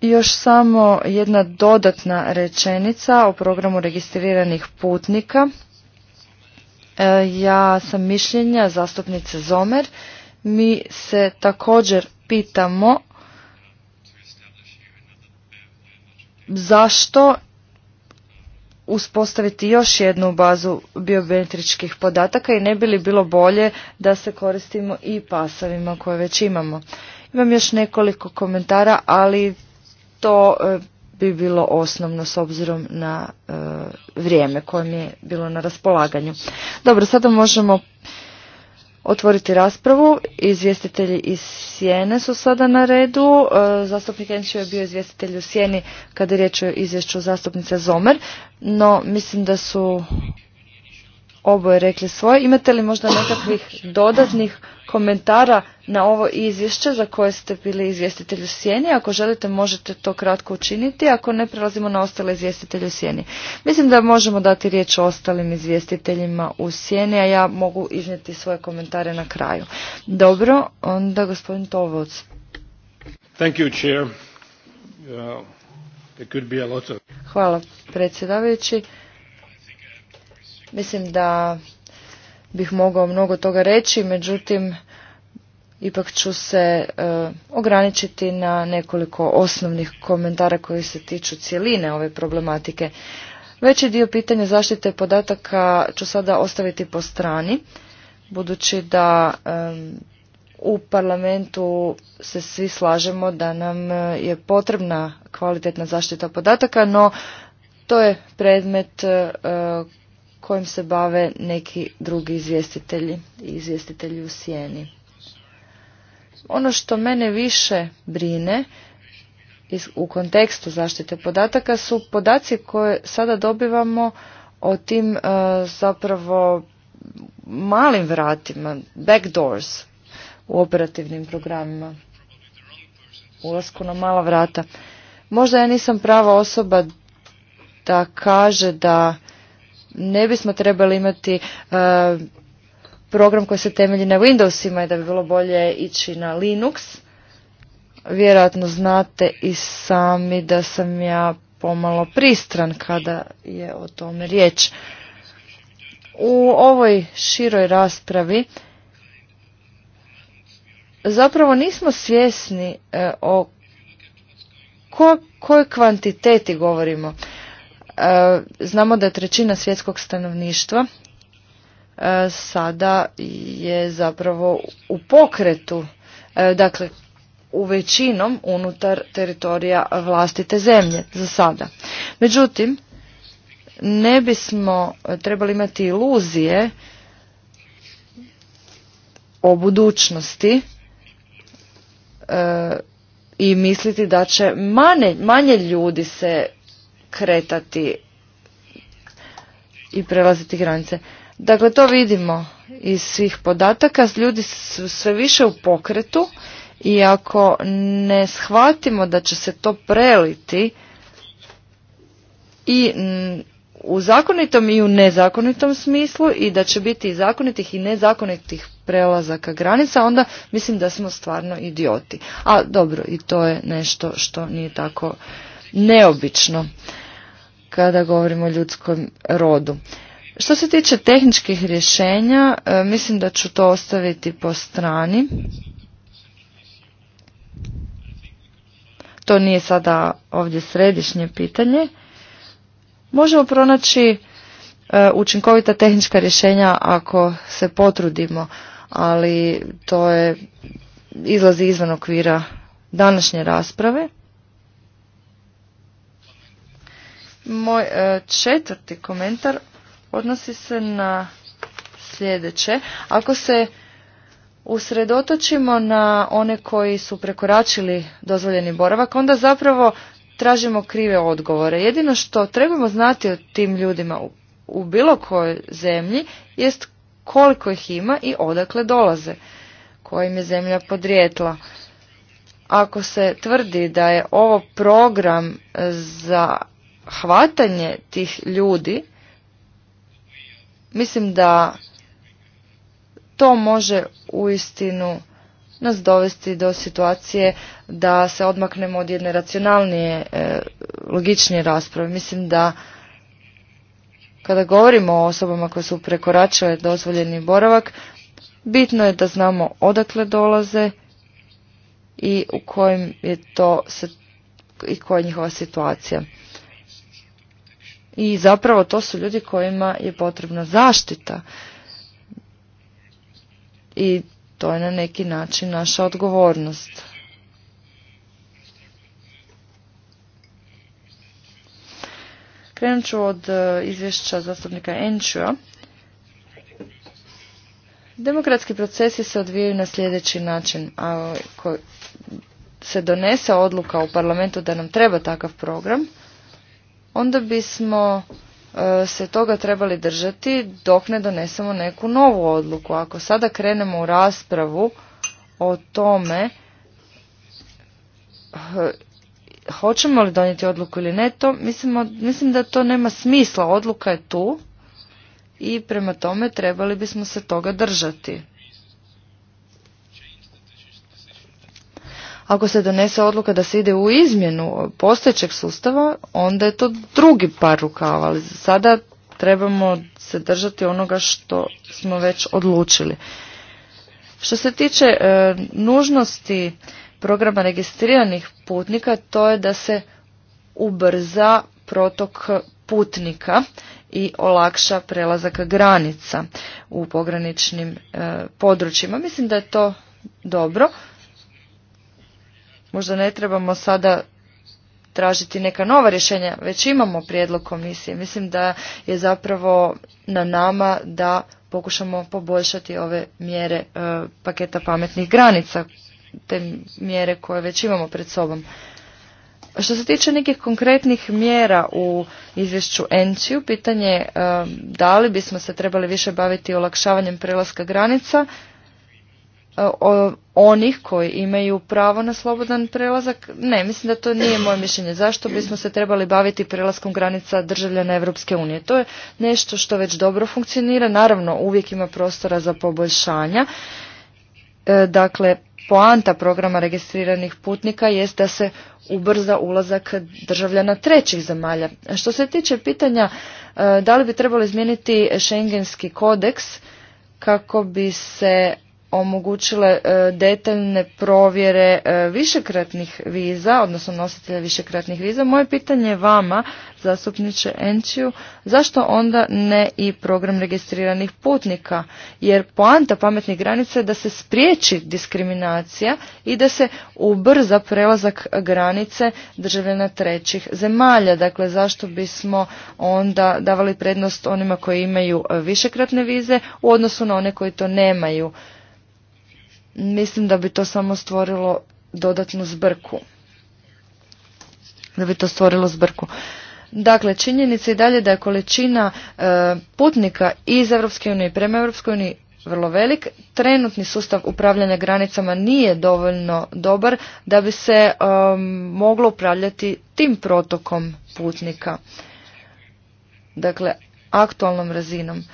Još samo jedna dodatna rečenica o programu registriranih putnika. E, ja sam mišljenja zastupnice Zomer. Mi se također pitamo zašto uspostaviti još jednu bazu biometričkih podataka i ne bi li bilo bolje da se koristimo i pasovima koje već imamo. Imam još nekoliko komentara, ali to e, bi bilo osnovno s obzirom na e, vrijeme koje mi je bilo na raspolaganju. Dobro, sada možemo otvoriti raspravu. Izvjestitelji iz Sjene su sada na redu. E, zastupnik Enčio je bio izvjestitelj u Sjeni kada je riječ o izvješću zastupnice Zomer, no mislim da su oboje rekli svoje. Imate li možda nekakvih dodatnih komentara na ovo izvješće za koje ste bili izvjestitelj u sjeni? Ako želite možete to kratko učiniti, ako ne prelazimo na ostale izvjestitelje u sjeni. Mislim da možemo dati riječ o ostalim izvjestiteljima u sjeni, a ja mogu iznijeti svoje komentare na kraju. Dobro, onda gospodin Tovoc. Thank you, chair. Uh, could be a lot of... Hvala predsjedavajući. Mislim da bih mogao mnogo toga reći, međutim, ipak ću se e, ograničiti na nekoliko osnovnih komentara koji se tiču cijeline ove problematike. Veći dio pitanja zaštite podataka ću sada ostaviti po strani, budući da e, u parlamentu se svi slažemo da nam e, je potrebna kvalitetna zaštita podataka, no to je predmet kojim se bave neki drugi izvjestitelji i izvjestitelji u sjeni. Ono što mene više brine u kontekstu zaštite podataka su podaci koje sada dobivamo o tim e, zapravo malim vratima, backdoors u operativnim programima, ulasku na mala vrata. Možda ja nisam prava osoba da kaže da ne bismo trebali imati e, program koji se temelji na Windowsima i da bi bilo bolje ići na Linux. Vjerojatno znate i sami da sam ja pomalo pristran kada je o tome riječ. U ovoj široj raspravi zapravo nismo svjesni e, o kojoj kvantiteti govorimo. E, znamo da je trećina svjetskog stanovništva e, sada je zapravo u pokretu, e, dakle u većinom unutar teritorija vlastite zemlje za sada. Međutim, ne bismo trebali imati iluzije o budućnosti i misliti da će manje ljudi se kretati i prelaziti granice. Dakle, to vidimo iz svih podataka. Ljudi su sve više u pokretu i ako ne shvatimo da će se to preliti i u zakonitom i u nezakonitom smislu i da će biti i zakonitih i nezakonitih prelazaka granica, onda mislim da smo stvarno idioti. A dobro, i to je nešto što nije tako neobično kada govorimo o ljudskom rodu. Što se tiče tehničkih rješenja, e, mislim da ću to ostaviti po strani. To nije sada ovdje središnje pitanje. Možemo pronaći e, učinkovita tehnička rješenja ako se potrudimo, ali to je izlazi izvan okvira današnje rasprave. Moj e, četvrti komentar odnosi se na sljedeće. Ako se usredotočimo na one koji su prekoračili dozvoljeni boravak, onda zapravo tražimo krive odgovore. Jedino što trebamo znati o tim ljudima u, bilo kojoj zemlji jest koliko ih ima i odakle dolaze, kojim je zemlja podrijetla. Ako se tvrdi da je ovo program za hvatanje tih ljudi, mislim da to može uistinu nas dovesti do situacije da se odmaknemo od jedne racionalnije, e, logičnije rasprave. Mislim da kada govorimo o osobama koje su prekoračile dozvoljeni boravak, bitno je da znamo odakle dolaze i u kojim je to i koja je njihova situacija i zapravo to su ljudi kojima je potrebna zaštita i to je na neki način naša odgovornost. Krenut ću od e, izvješća zastupnika Enčua. Demokratski procesi se odvijaju na sljedeći način. Ako se donese odluka u parlamentu da nam treba takav program, onda bismo e, se toga trebali držati dok ne donesemo neku novu odluku. Ako sada krenemo u raspravu o tome e, hoćemo li donijeti odluku ili ne, to mislimo, mislim da to nema smisla. Odluka je tu i prema tome trebali bismo se toga držati. Ako se donese odluka da se ide u izmjenu postojećeg sustava, onda je to drugi par rukava, ali sada trebamo se držati onoga što smo već odlučili. Što se tiče e, nužnosti programa registriranih putnika, to je da se ubrza protok putnika i olakša prelazak granica u pograničnim e, područjima. Mislim da je to dobro možda ne trebamo sada tražiti neka nova rješenja, već imamo prijedlog komisije. Mislim da je zapravo na nama da pokušamo poboljšati ove mjere e, paketa pametnih granica, te mjere koje već imamo pred sobom. Što se tiče nekih konkretnih mjera u izvješću Enciju, pitanje e, da li bismo se trebali više baviti olakšavanjem prelaska granica, E, onih koji imaju pravo na slobodan prelazak? Ne, mislim da to nije moje mišljenje. Zašto bismo se trebali baviti prelaskom granica državljana Europske unije? To je nešto što već dobro funkcionira. Naravno, uvijek ima prostora za poboljšanja. E, dakle, poanta programa registriranih putnika jest da se ubrza ulazak državljana trećih zemalja. Što se tiče pitanja e, da li bi trebalo izmijeniti šengenski kodeks kako bi se omogućile e, detaljne provjere e, višekratnih viza, odnosno nositelja višekratnih viza. Moje pitanje vama, zastupniče Enciju, zašto onda ne i program registriranih putnika? Jer poanta pametnih granica je da se spriječi diskriminacija i da se ubrza prelazak granice državljana trećih zemalja. Dakle, zašto bismo onda davali prednost onima koji imaju višekratne vize u odnosu na one koji to nemaju? mislim da bi to samo stvorilo dodatnu zbrku. Da bi to stvorilo zbrku. Dakle, činjenica i dalje da je količina e, putnika iz Europske unije prema Europskoj uniji vrlo velik. Trenutni sustav upravljanja granicama nije dovoljno dobar da bi se e, moglo upravljati tim protokom putnika. Dakle, aktualnom razinom.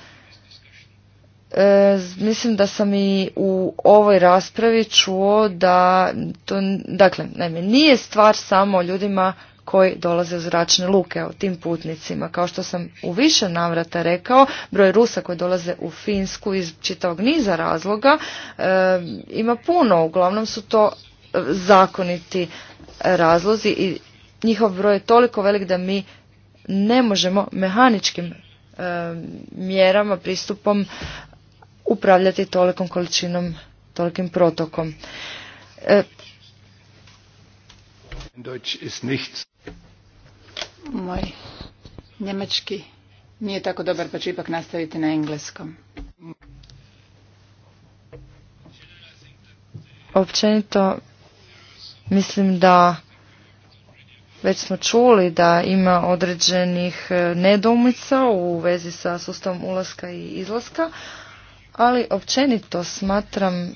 E, mislim da sam i u ovoj raspravi čuo da to, dakle, naime, nije stvar samo o ljudima koji dolaze u zračne luke, o tim putnicima. Kao što sam u više navrata rekao, broj Rusa koji dolaze u Finsku iz čitavog niza razloga e, ima puno. Uglavnom su to e, zakoniti razlozi i njihov broj je toliko velik da mi ne možemo mehaničkim mjerama, pristupom upravljati tolikom količinom, tolikim protokom. E, Moj njemački nije tako dobar, pa ću ipak nastaviti na engleskom. Općenito mislim da već smo čuli da ima određenih nedoumica u vezi sa sustavom ulaska i izlaska, ali općenito smatram e,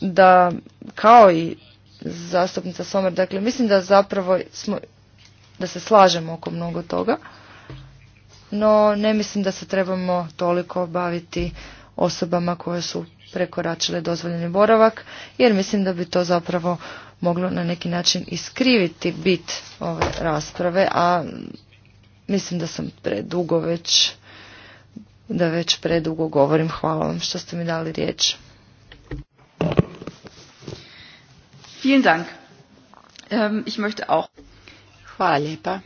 da kao i zastupnica Somer, dakle mislim da zapravo smo, da se slažemo oko mnogo toga, no ne mislim da se trebamo toliko baviti osobama koje su prekoračile dozvoljeni boravak, jer mislim da bi to zapravo moglo na neki način iskriviti bit ove rasprave, a mislim da sam predugo već da već predugo govorim. Hvala vam što ste mi dali riječ. Vielen Dank. Ähm, ich möchte auch. Hvala lijepa.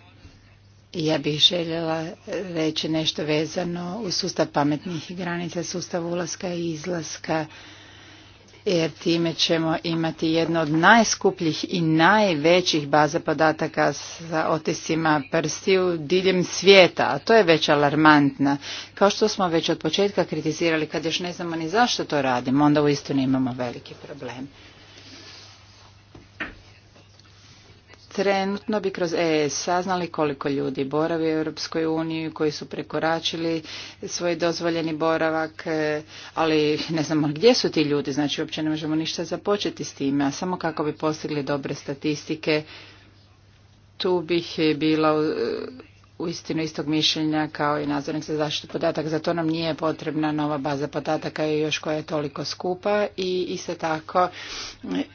Ja bih željela reći nešto vezano u sustav pametnih granica, sustav ulaska i izlaska jer time ćemo imati jednu od najskupljih i najvećih baza podataka sa otisima prstiju diljem svijeta, a to je već alarmantna. Kao što smo već od početka kritizirali, kad još ne znamo ni zašto to radimo, onda u istinu imamo veliki problem. Trenutno bi kroz EES saznali koliko ljudi boravi u Europskoj uniji, koji su prekoračili svoj dozvoljeni boravak, e, ali ne znamo gdje su ti ljudi, znači uopće ne možemo ništa započeti s time, a samo kako bi postigli dobre statistike, tu bih bila e, uistinu istog mišljenja kao i nadzornik za zaštitu podataka. Za to nam nije potrebna nova baza podataka još koja je toliko skupa i isto tako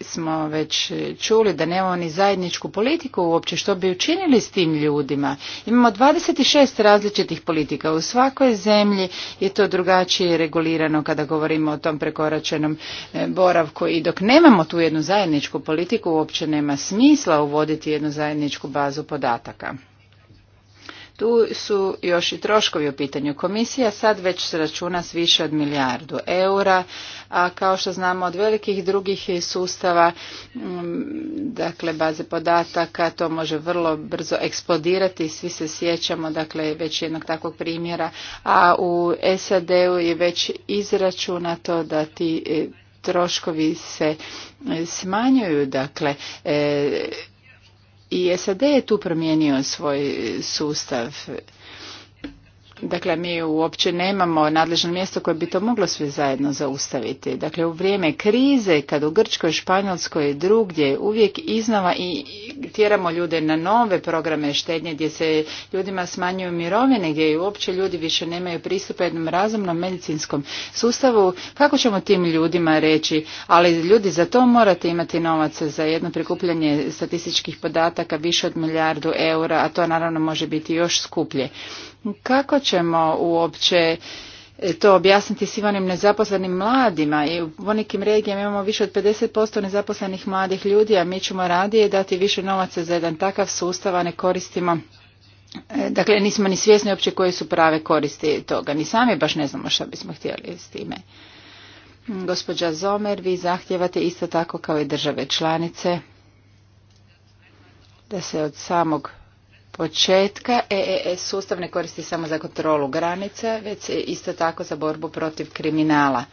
smo već čuli da nemamo ni zajedničku politiku uopće što bi učinili s tim ljudima. Imamo 26 različitih politika. U svakoj zemlji je to drugačije regulirano kada govorimo o tom prekoračenom e, boravku i dok nemamo tu jednu zajedničku politiku uopće nema smisla uvoditi jednu zajedničku bazu podataka. Tu su još i troškovi u pitanju. Komisija sad već se računa s više od milijardu eura, a kao što znamo od velikih drugih sustava, mm, dakle baze podataka, to može vrlo brzo eksplodirati, svi se sjećamo, dakle već jednog takvog primjera, a u SAD-u je već izračunato da ti e, troškovi se e, smanjuju, dakle, e, i SAD je tu promijenio svoj sustav Dakle, mi uopće nemamo nadležno mjesto koje bi to moglo sve zajedno zaustaviti. Dakle, u vrijeme krize, kad u Grčkoj, Španjolskoj i drugdje uvijek iznova i tjeramo ljude na nove programe štednje gdje se ljudima smanjuju mirovine, gdje uopće ljudi više nemaju pristupa jednom razumnom medicinskom sustavu, kako ćemo tim ljudima reći, ali ljudi za to morate imati novaca za jedno prikupljanje statističkih podataka više od milijardu eura, a to naravno može biti još skuplje. Kako ćemo uopće e, to objasniti svim onim nezaposlenim mladima i u nekim regijama imamo više od 50% nezaposlenih mladih ljudi, a mi ćemo radije dati više novaca za jedan takav sustav, a ne koristimo e, Dakle, nismo ni svjesni uopće koje su prave koristi toga. Ni sami baš ne znamo što bismo htjeli s time. Gospođa Zomer, vi zahtjevate isto tako kao i države članice da se od samog početka EES sustav ne koristi samo za kontrolu granica, već isto tako za borbu protiv kriminala.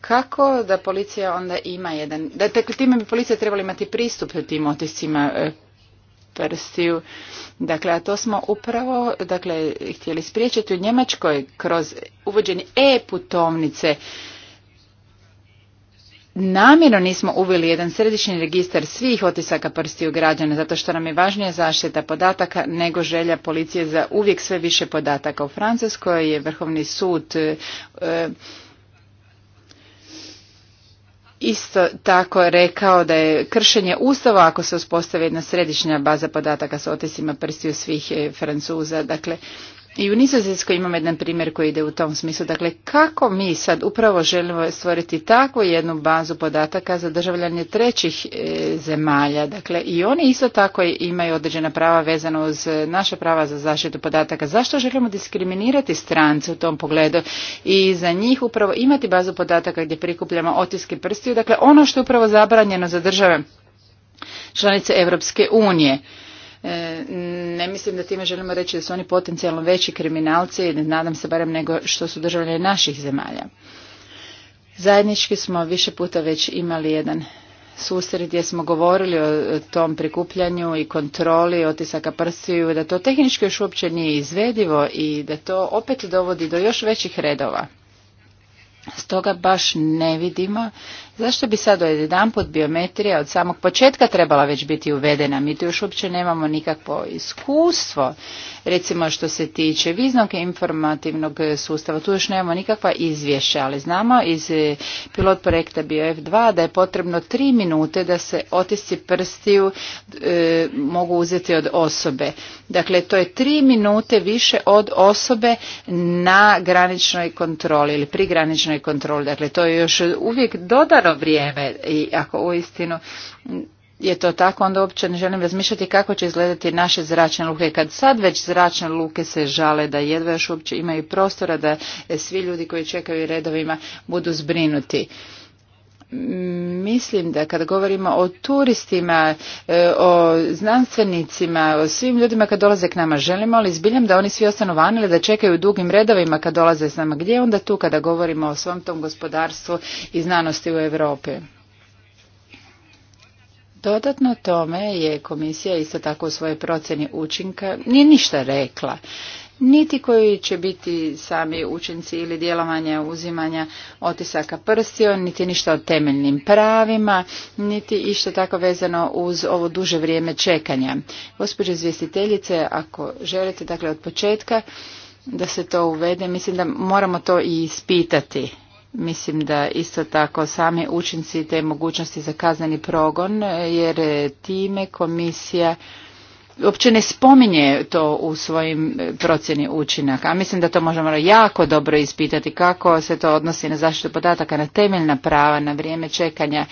Kako da policija onda ima jedan... Dakle, time bi policija trebala imati pristup tim otiscima e, prstiju. Dakle, a to smo upravo dakle, htjeli spriječiti u Njemačkoj kroz uvođenje e-putovnice Namjerno nismo uveli jedan središnji registar svih otisaka prstiju građana, zato što nam je važnija zaštita podataka nego želja policije za uvijek sve više podataka. U Francuskoj je Vrhovni sud e, e, isto tako rekao da je kršenje Ustava ako se uspostavi jedna središnja baza podataka s otisima prstiju svih e, Francuza. Dakle, i u Nizozemskoj imamo jedan primjer koji ide u tom smislu. Dakle, kako mi sad upravo želimo stvoriti takvu jednu bazu podataka za državljanje trećih e, zemalja. Dakle, i oni isto tako imaju određena prava vezano uz e, naša prava za zaštitu podataka. Zašto želimo diskriminirati strance u tom pogledu i za njih upravo imati bazu podataka gdje prikupljamo otiske prstiju. Dakle, ono što je upravo zabranjeno za države članice Europske unije. E, ne mislim da time želimo reći da su oni potencijalno veći kriminalci, nadam se barem nego što su državljani naših zemalja. Zajednički smo više puta već imali jedan susret gdje smo govorili o tom prikupljanju i kontroli otisaka prstiju, da to tehnički još uopće nije izvedivo i da to opet dovodi do još većih redova. Stoga baš ne vidimo Zašto bi sad odjedanput biometrija od samog početka trebala već biti uvedena? Mi tu još uopće nemamo nikakvo iskustvo, recimo što se tiče viznog informativnog sustava, tu još nemamo nikakva izvješća, ali znamo iz e, pilot projekta BioF2 da je potrebno tri minute da se otisci prstiju e, mogu uzeti od osobe. Dakle, to je tri minute više od osobe na graničnoj kontroli ili pri graničnoj kontroli. Dakle, to je još uvijek dodano vrijeme i ako uistinu je to tako, onda uopće ne želim razmišljati kako će izgledati naše zračne luke. Kad sad već zračne luke se žale da jedva još uopće imaju prostora, da svi ljudi koji čekaju redovima budu zbrinuti mislim da kada govorimo o turistima, e, o znanstvenicima, o svim ljudima kad dolaze k nama, želimo ali zbiljam da oni svi ostanu van ili da čekaju u dugim redovima kad dolaze s nama? Gdje onda tu kada govorimo o svom tom gospodarstvu i znanosti u Europi? Dodatno tome je komisija isto tako u svojoj procjeni učinka nije ništa rekla niti koji će biti sami učenci ili djelovanja uzimanja otisaka prstio, niti ništa o temeljnim pravima, niti išta tako vezano uz ovo duže vrijeme čekanja. Gospođo izvjestiteljice, ako želite, dakle od početka da se to uvede, mislim da moramo to i ispitati. Mislim da isto tako sami učinci te mogućnosti za kazneni progon, jer time komisija uopće ne spominje to u svojim e, procjeni učinaka. A mislim da to možemo jako dobro ispitati kako se to odnosi na zaštitu podataka, na temeljna prava, na vrijeme čekanja,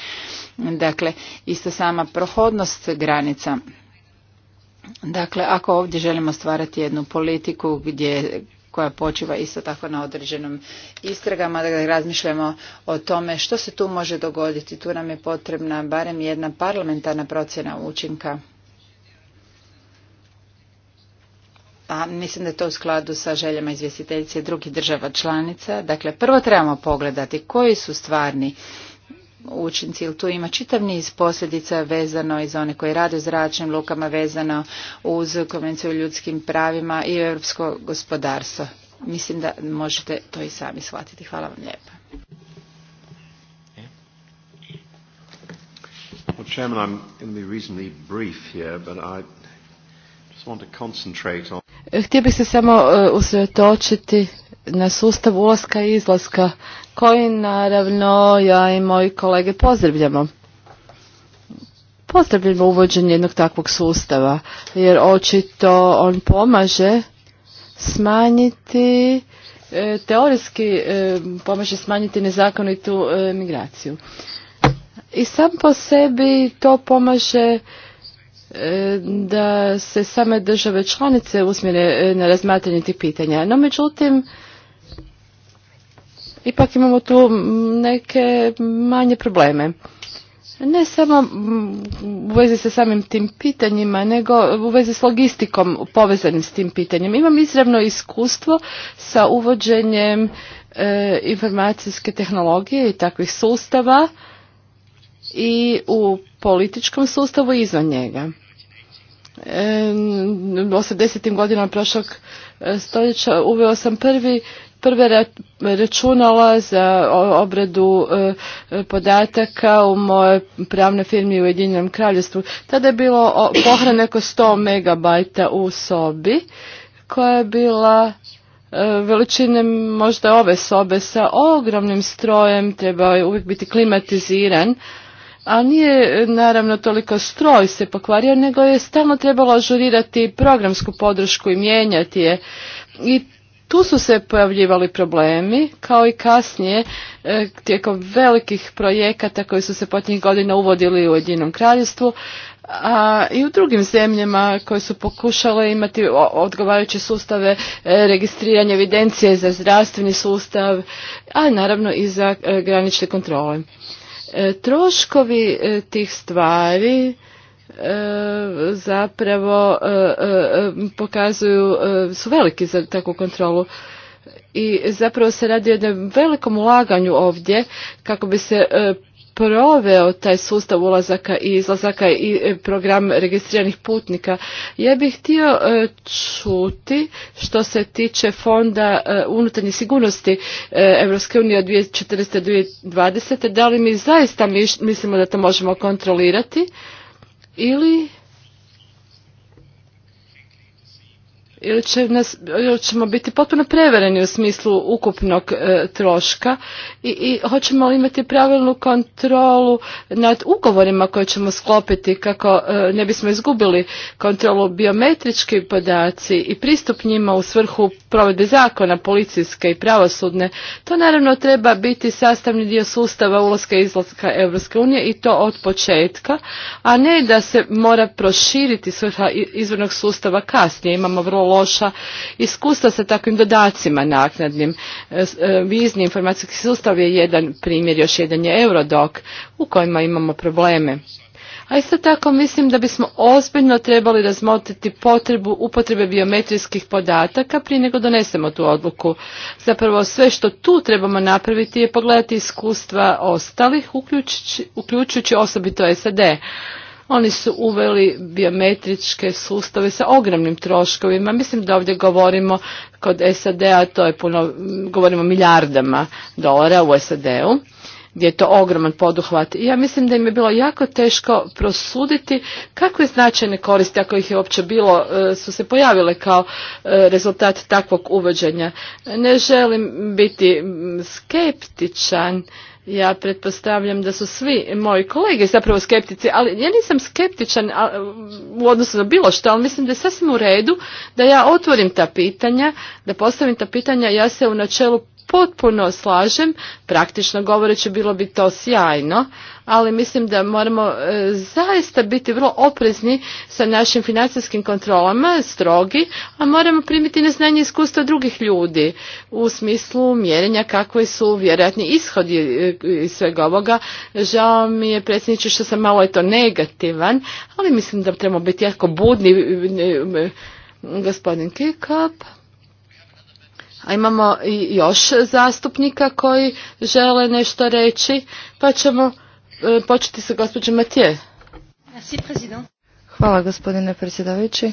dakle isto sama prohodnost granica. Dakle, ako ovdje želimo stvarati jednu politiku gdje koja počiva isto tako na određenom istragama, da razmišljamo o tome što se tu može dogoditi. Tu nam je potrebna barem jedna parlamentarna procjena učinka Pa mislim da je to u skladu sa željama izvjestiteljice drugih država članica. Dakle, prvo trebamo pogledati koji su stvarni učinci, ili tu ima čitav niz posljedica vezano i one koji rade u zračnim lukama, vezano uz konvenciju o ljudskim pravima i europsko gospodarstvo. Mislim da možete to i sami shvatiti. Hvala vam lijepa. I'm reasonably brief here, but I just want to concentrate on... Htio bih se samo e, usvjetočiti na sustav ulaska i izlaska koji naravno ja i moji kolege pozdravljamo. Pozdravljamo uvođenje jednog takvog sustava jer očito on pomaže smanjiti e, teorijski e, pomaže smanjiti nezakonitu migraciju. I sam po sebi to pomaže E, da se same države članice usmjere e, na razmatranje tih pitanja. No, međutim, ipak imamo tu neke manje probleme. Ne samo u vezi sa samim tim pitanjima, nego u vezi s logistikom povezanim s tim pitanjem. Imam izravno iskustvo sa uvođenjem e, informacijske tehnologije i takvih sustava i u političkom sustavu i izvan njega. E, 80. godinama prošlog e, stoljeća uveo sam prvi prve računala za obradu e, podataka u moje pravne firmi u Ujedinjenom kraljestvu. Tada je bilo pohrane oko 100 megabajta u sobi koja je bila e, veličine možda ove sobe sa ogromnim strojem, treba je uvijek biti klimatiziran a nije naravno toliko stroj se pokvario, nego je stalno trebalo ažurirati programsku podršku i mijenjati je. I tu su se pojavljivali problemi, kao i kasnije e, tijekom velikih projekata koji su se posljednjih godina uvodili u Jedinom kraljestvu, a i u drugim zemljama koje su pokušale imati odgovarajuće sustave e, registriranja evidencije za zdravstveni sustav, a naravno i za e, granične kontrole. E, troškovi e, tih stvari e, zapravo pokazuju, su veliki za takvu kontrolu i zapravo se radi o jednom velikom ulaganju ovdje kako bi se proveo taj sustav ulazaka i izlazaka i e, program registriranih putnika. Ja bih htio e, čuti što se tiče fonda e, unutarnje sigurnosti Europske unije od 2014-2020. Da li mi zaista mislimo da to možemo kontrolirati ili ili, ćemo biti potpuno prevereni u smislu ukupnog e, troška I, hoćemo imati pravilnu kontrolu nad ugovorima koje ćemo sklopiti kako e, ne bismo izgubili kontrolu biometrički podaci i pristup njima u svrhu provedbe zakona policijske i pravosudne. To naravno treba biti sastavni dio sustava ulaska i izlaska Europske unije i to od početka, a ne da se mora proširiti svrha izvornog sustava kasnije. Imamo vrlo loša iskustva sa takvim dodacima naknadnim. E, e, vizni informacijski sustav je jedan primjer, još jedan je Eurodoc u kojima imamo probleme. A isto tako mislim da bismo ozbiljno trebali razmotriti potrebu upotrebe biometrijskih podataka prije nego donesemo tu odluku. Zapravo sve što tu trebamo napraviti je pogledati iskustva ostalih, uključujući osobito SAD. Oni su uveli biometričke sustave sa ogromnim troškovima. Mislim da ovdje govorimo kod SAD-a, to je puno, govorimo o milijardama dolara u SAD-u gdje je to ogroman poduhvat. I ja mislim da im je bilo jako teško prosuditi kakve značajne koristi, ako ih je uopće bilo, e, su se pojavile kao e, rezultat takvog uvođenja. Ne želim biti skeptičan ja pretpostavljam da su svi moji kolege zapravo skeptici, ali ja nisam skeptičan u odnosu na bilo što, ali mislim da je sasvim u redu da ja otvorim ta pitanja, da postavim ta pitanja, ja se u načelu potpuno slažem, praktično govoreći bilo bi to sjajno, ali mislim da moramo e, zaista biti vrlo oprezni sa našim financijskim kontrolama, strogi, a moramo primiti na znanje iskustva drugih ljudi u smislu mjerenja kakvi su vjerojatni ishodi e, svega ovoga. Žao mi je predsjedniče što sam malo eto negativan, ali mislim da trebamo biti jako budni e, gospodin kikop a imamo još zastupnika koji žele nešto reći, pa ćemo e, početi sa gospođom Matije. Hvala gospodine predsjedavajući.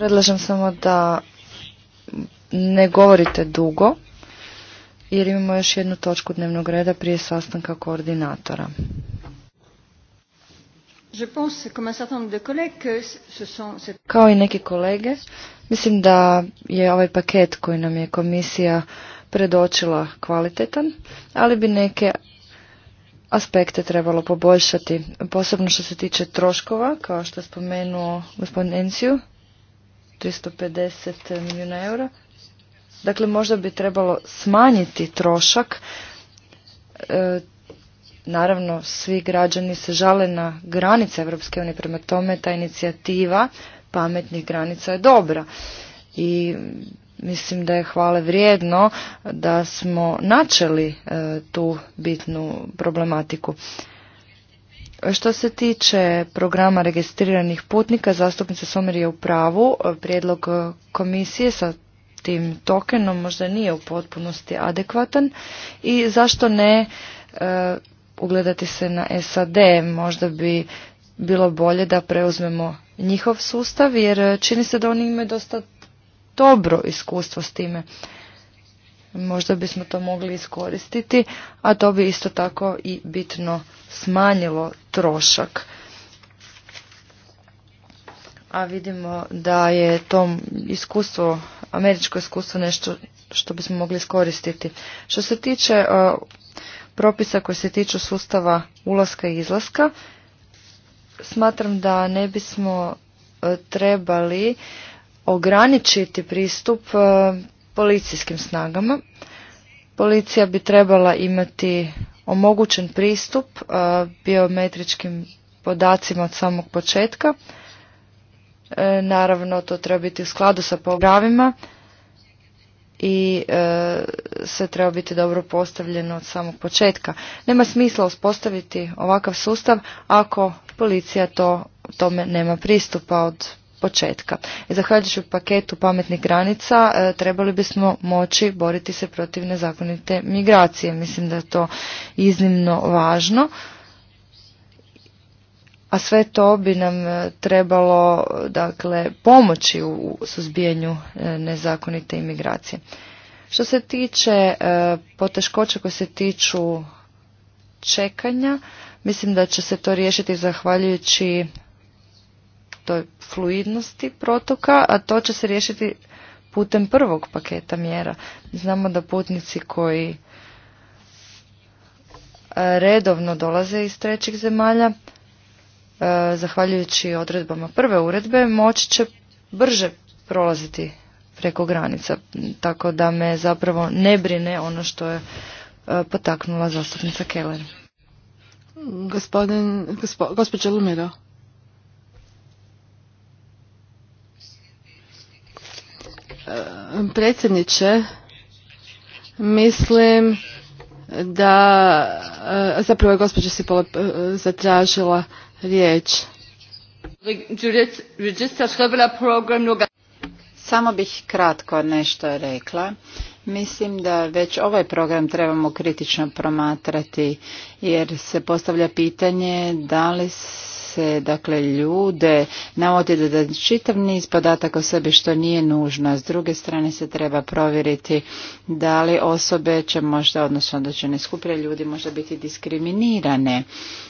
Predlažem samo da ne govorite dugo, jer imamo još jednu točku dnevnog reda prije sastanka koordinatora. Kao i neki kolege, mislim da je ovaj paket koji nam je komisija predočila kvalitetan, ali bi neke aspekte trebalo poboljšati, posebno što se tiče troškova, kao što je spomenuo gospodin Enciju, 350 milijuna eura. Dakle, možda bi trebalo smanjiti trošak e, Naravno, svi građani se žale na granice Europske unije, prema tome ta inicijativa pametnih granica je dobra. I mislim da je hvale vrijedno da smo načeli e, tu bitnu problematiku. Što se tiče programa registriranih putnika, zastupnica Somer je u pravu. Prijedlog komisije sa tim tokenom možda nije u potpunosti adekvatan i zašto ne e, ugledati se na SAD, možda bi bilo bolje da preuzmemo njihov sustav jer čini se da oni imaju dosta dobro iskustvo s time. Možda bismo to mogli iskoristiti, a to bi isto tako i bitno smanjilo trošak. A vidimo da je to iskustvo, američko iskustvo nešto što bismo mogli iskoristiti. Što se tiče propisa koji se tiču sustava ulaska i izlaska. Smatram da ne bismo e, trebali ograničiti pristup e, policijskim snagama. Policija bi trebala imati omogućen pristup e, biometričkim podacima od samog početka. Naravno, to treba biti u skladu sa pogravima i sve treba biti dobro postavljeno od samog početka. Nema smisla uspostaviti ovakav sustav ako policija to tome nema pristupa od početka. I zahvaljujući paketu pametnih granica e, trebali bismo moći boriti se protiv nezakonite migracije. Mislim da je to iznimno važno. A sve to bi nam e, trebalo dakle, pomoći u suzbijanju e, nezakonite imigracije. Što se tiče e, poteškoća koje se tiču čekanja, mislim da će se to riješiti zahvaljujući toj fluidnosti protoka, a to će se riješiti putem prvog paketa mjera. Znamo da putnici koji e, redovno dolaze iz trećih zemalja, e, zahvaljujući odredbama prve uredbe, moći će brže prolaziti preko granica. Tako da me zapravo ne brine ono što je e, potaknula zastupnica Keller. Gospodin, gospođa Lumiro. E, predsjedniče, mislim da e, zapravo je gospođa Sipola zatražila riječ. Samo bih kratko nešto rekla. Mislim da već ovaj program trebamo kritično promatrati jer se postavlja pitanje da li dakle ljude navodi da, da čitav niz podataka o sebi što nije nužno. S druge strane se treba provjeriti da li osobe će možda, odnosno da će ne skupine ljudi možda biti diskriminirane.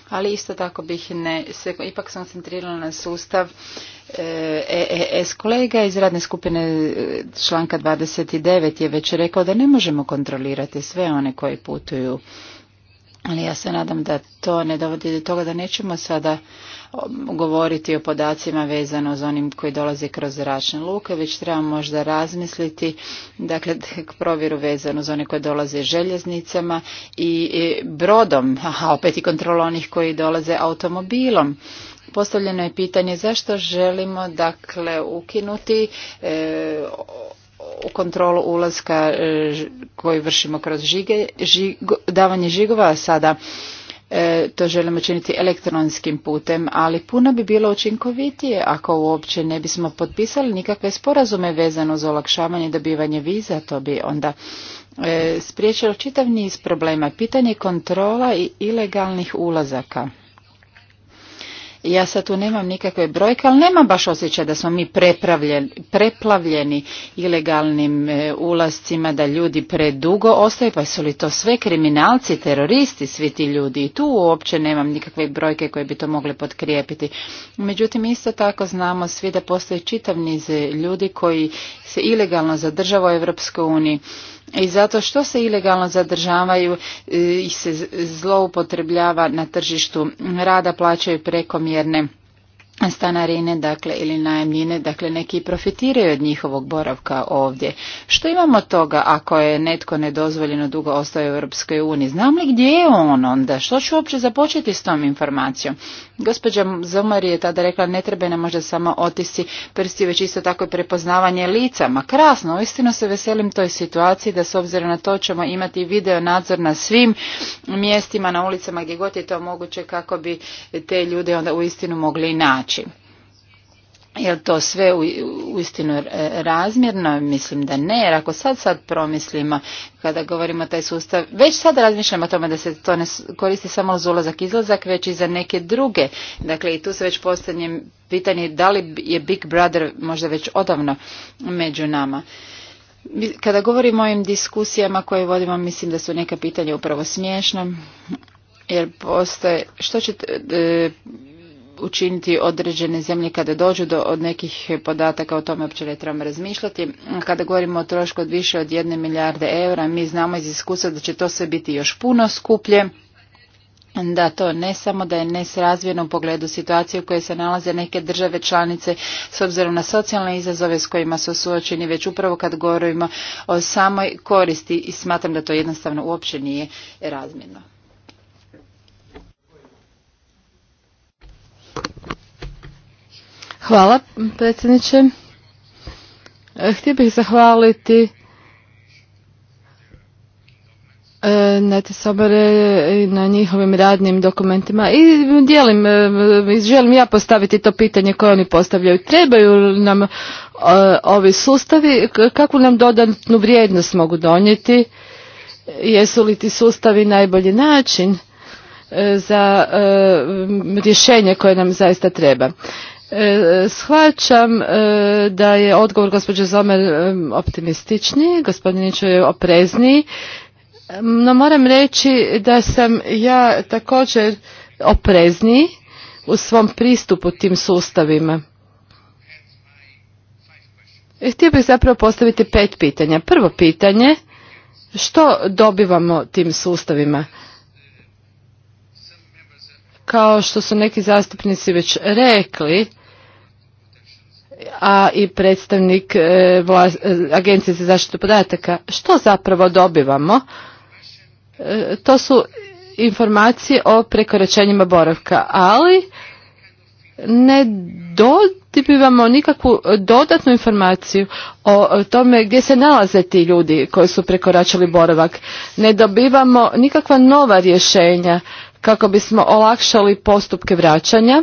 Ali isto tako bih ne, ipak sam centrirala na sustav e, e e S kolega iz radne skupine članka 29 je već rekao da ne možemo kontrolirati sve one koji putuju ali ja se nadam da to ne dovodi do toga da nećemo sada govoriti o podacima vezano za onim koji dolaze kroz zračne luke, već trebamo možda razmisliti, dakle, provjeru vezano za one koji dolaze željeznicama i brodom, a opet i kontrolu onih koji dolaze automobilom. Postavljeno je pitanje zašto želimo, dakle, ukinuti e, u kontrolu ulaska e, koji vršimo kroz žige, davanje žigova, a sada e, to želimo činiti elektronskim putem, ali puno bi bilo učinkovitije ako uopće ne bismo potpisali nikakve sporazume vezano za olakšavanje i dobivanje viza, to bi onda e, spriječilo čitav niz problema. Pitanje kontrola i ilegalnih ulazaka. Ja sad tu nemam nikakve brojke, ali nemam baš osjećaj da smo mi preplavljeni ilegalnim e, ulascima, da ljudi predugo ostaju, pa su li to sve kriminalci, teroristi, svi ti ljudi. I tu uopće nemam nikakve brojke koje bi to mogle potkrijepiti. Međutim, isto tako znamo svi da postoji čitav niz ljudi koji se ilegalno zadržava u Europskoj uniji i zato što se ilegalno zadržavaju e, i se zloupotrebljava na tržištu rada plaćaju prekomjerne stanarine dakle ili najamnine dakle neki profitiraju od njihovog boravka ovdje što imamo toga ako je netko nedozvoljeno dugo ostao u Europskoj uniji znam li gdje je on onda što ću uopće započeti s tom informacijom Gospođa Zomar je tada rekla ne treba nam možda samo otisi prsti, već isto tako i prepoznavanje lica. Ma krasno, uistinu se veselim toj situaciji da s obzirom na to ćemo imati video nadzor na svim mjestima, na ulicama gdje god je to moguće kako bi te ljude onda uistinu mogli naći. Je li to sve uistinu razmjerno? Mislim da ne, jer ako sad sad promislimo, kada govorimo taj sustav, već sad razmišljamo o tome da se to ne koristi samo za ulazak izlazak, već i za neke druge. Dakle, i tu se već postavlja pitanje da li je Big Brother možda već odavno među nama. Kada govorimo o ovim diskusijama koje vodimo, mislim da su neka pitanja upravo smiješna, jer postoje, što ćete učiniti određene zemlje kada dođu do od nekih podataka o tome uopće ne trebamo razmišljati. Kada govorimo o trošku od više od jedne milijarde eura, mi znamo iz iskustva da će to sve biti još puno skuplje. Da, to ne samo da je nesrazvijeno u pogledu situacije u kojoj se nalaze neke države članice s obzirom na socijalne izazove s kojima su suočeni, već upravo kad govorimo o samoj koristi i smatram da to jednostavno uopće nije razmjerno. Hvala predsjedniče. E, htio bih zahvaliti e, te Sobere na njihovim radnim dokumentima i dijelim, e, želim ja postaviti to pitanje koje oni postavljaju. Trebaju nam ovi sustavi, kakvu nam dodatnu vrijednost mogu donijeti, jesu li ti sustavi najbolji način za rješenje koje nam zaista treba. E, shvaćam e, da je odgovor gospođe Zomer e, optimističniji, Ničo je oprezniji, no moram reći da sam ja također oprezniji u svom pristupu tim sustavima. htio bih zapravo postaviti pet pitanja. Prvo pitanje, što dobivamo tim sustavima? Kao što su neki zastupnici već rekli, a i predstavnik e, e, Agencije za zaštitu podataka. Što zapravo dobivamo? E, to su informacije o prekoračenjima boravka, ali ne dobivamo nikakvu dodatnu informaciju o tome gdje se nalaze ti ljudi koji su prekoračili boravak. Ne dobivamo nikakva nova rješenja kako bismo olakšali postupke vraćanja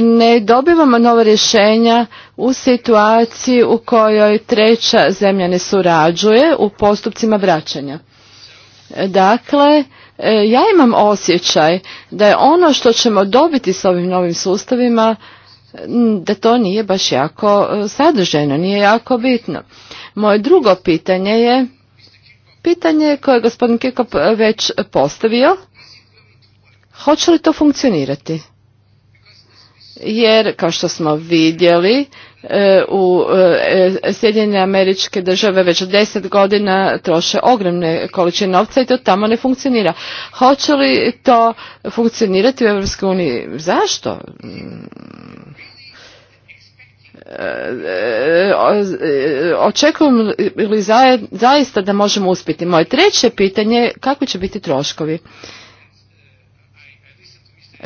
ne dobivamo novo rješenja u situaciji u kojoj treća zemlja ne surađuje u postupcima vraćanja. Dakle, e, ja imam osjećaj da je ono što ćemo dobiti s ovim novim sustavima, da to nije baš jako e, sadrženo, nije jako bitno. Moje drugo pitanje je, pitanje koje je gospodin Kikop već postavio, hoće li to funkcionirati? jer kao što smo vidjeli e, u e, Sjedinjene američke države već deset godina troše ogromne količine novca i to tamo ne funkcionira. Hoće li to funkcionirati u EU? Zašto? Mm. E, očekujem li zaista da možemo uspjeti? Moje treće pitanje, kakvi će biti troškovi?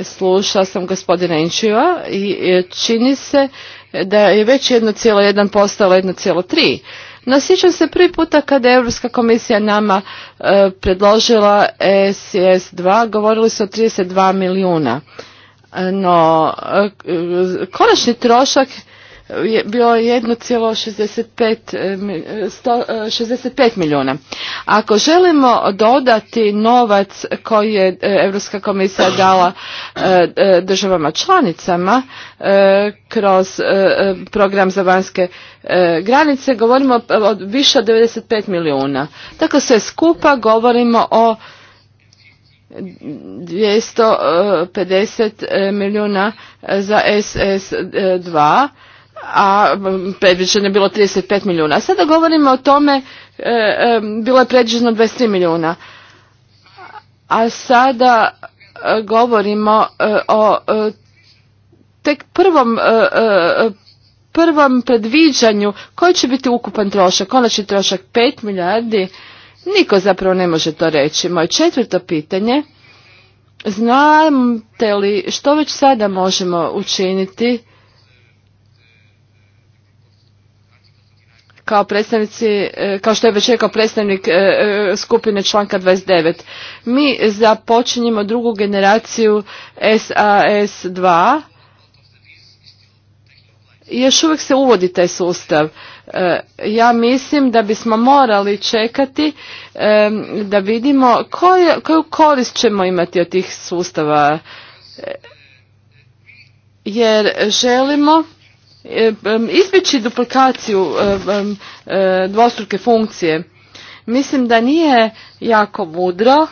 Slušao sam gospodina Inčiva i e, čini se da je već 1,1 postalo 1,3. Nasjećam se prvi puta kada je Europska komisija nama e, predložila e SIS-2, govorili su o 32 milijuna. No, konačni trošak je bilo 1,65 e, e, e, milijuna. Ako želimo dodati novac koji je Europska komisija dala državama članicama kroz program za vanjske granice, govorimo o više od 95 milijuna. Tako sve skupa govorimo o 250 milijuna za SS2 a predviđeno je bilo 35 milijuna. sada govorimo o tome, bilo je predviđeno 23 milijuna. A sada govorimo o e, e, e, tek prvom prvom predviđanju koji će biti ukupan trošak, konačni trošak 5 milijardi, niko zapravo ne može to reći. Moje četvrto pitanje, znate li što već sada možemo učiniti kao predstavnici, e, kao što je već rekao predstavnik e, e, skupine članka 29. Mi započinjemo drugu generaciju SAS-2. Još uvijek se uvodi taj sustav. Ja mislim da bismo morali čekati da vidimo koju, koju korist ćemo imati od tih sustava jer želimo E, izbjeći duplikaciju e, e, dvostruke funkcije. Mislim da nije jako mudro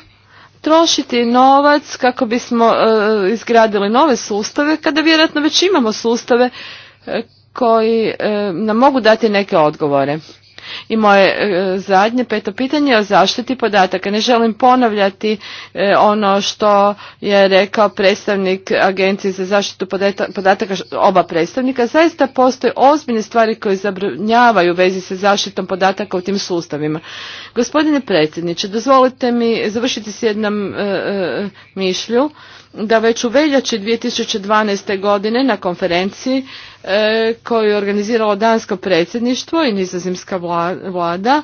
trošiti novac kako bismo izgradili nove sustave kada vjerojatno već imamo sustave koji nam mogu dati neke odgovore. I moje e, zadnje peto pitanje o zaštiti podataka. Ne želim ponavljati e, ono što je rekao predstavnik Agencije za zaštitu podataka, oba predstavnika. Zaista postoje ozbiljne stvari koje zabrinjavaju u vezi sa zaštitom podataka u tim sustavima. Gospodine predsjedniče, dozvolite mi završiti s jednom e, mišlju da već u veljači 2012. godine na konferenciji e, koju je organiziralo dansko predsjedništvo i nizozemska vlada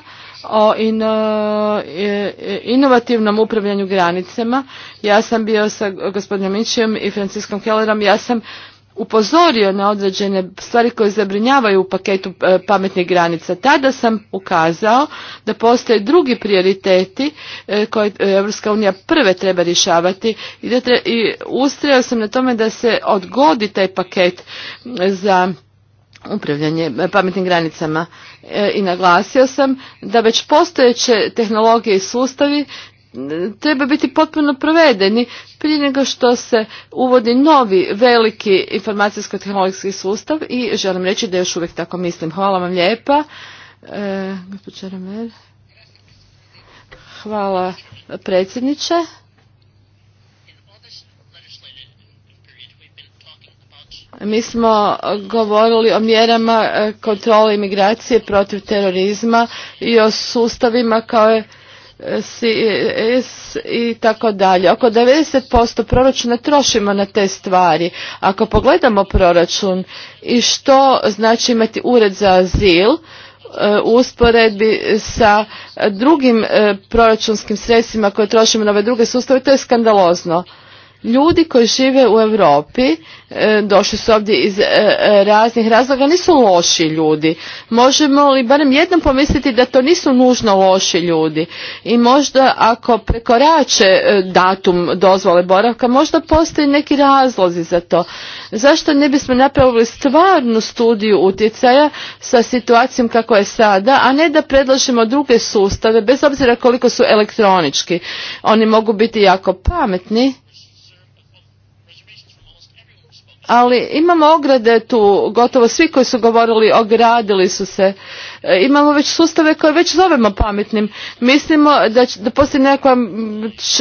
o e, e, inovativnom upravljanju granicama. Ja sam bio sa gospodinom i Franciskom Kellerom, ja sam upozorio na određene stvari koje zabrinjavaju u paketu e, pametnih granica. Tada sam ukazao da postoje drugi prioriteti e, koje Europska unija prve treba rješavati i, da i ustrajao sam na tome da se odgodi taj paket za upravljanje e, pametnim granicama i naglasio sam da već postojeće tehnologije i sustavi treba biti potpuno provedeni prije nego što se uvodi novi veliki informacijsko-tehnologijski sustav i želim reći da još uvijek tako mislim. Hvala vam lijepa. E, Hvala predsjedniče. Mi smo govorili o mjerama e, kontrole imigracije protiv terorizma i o sustavima kao je es i tako dalje. Oko 90% proračuna trošimo na te stvari. Ako pogledamo proračun i što znači imati ured za azil, e, u usporedbi sa drugim e, proračunskim sredstvima koje trošimo na ove druge sustave, to je skandalozno. Ljudi koji žive u Europi, e, došli su ovdje iz e, e, raznih razloga, nisu loši ljudi. Možemo li barem jednom pomisliti da to nisu nužno loši ljudi? I možda ako prekorače datum dozvole boravka, možda postoji neki razlozi za to. Zašto ne bismo napravili stvarnu studiju utjecaja sa situacijom kako je sada, a ne da predlažemo druge sustave, bez obzira koliko su elektronički. Oni mogu biti jako pametni, ali imamo ograde tu, gotovo svi koji su govorili ogradili su se. E, imamo već sustave koje već zovemo pametnim. Mislimo da, da postoji neko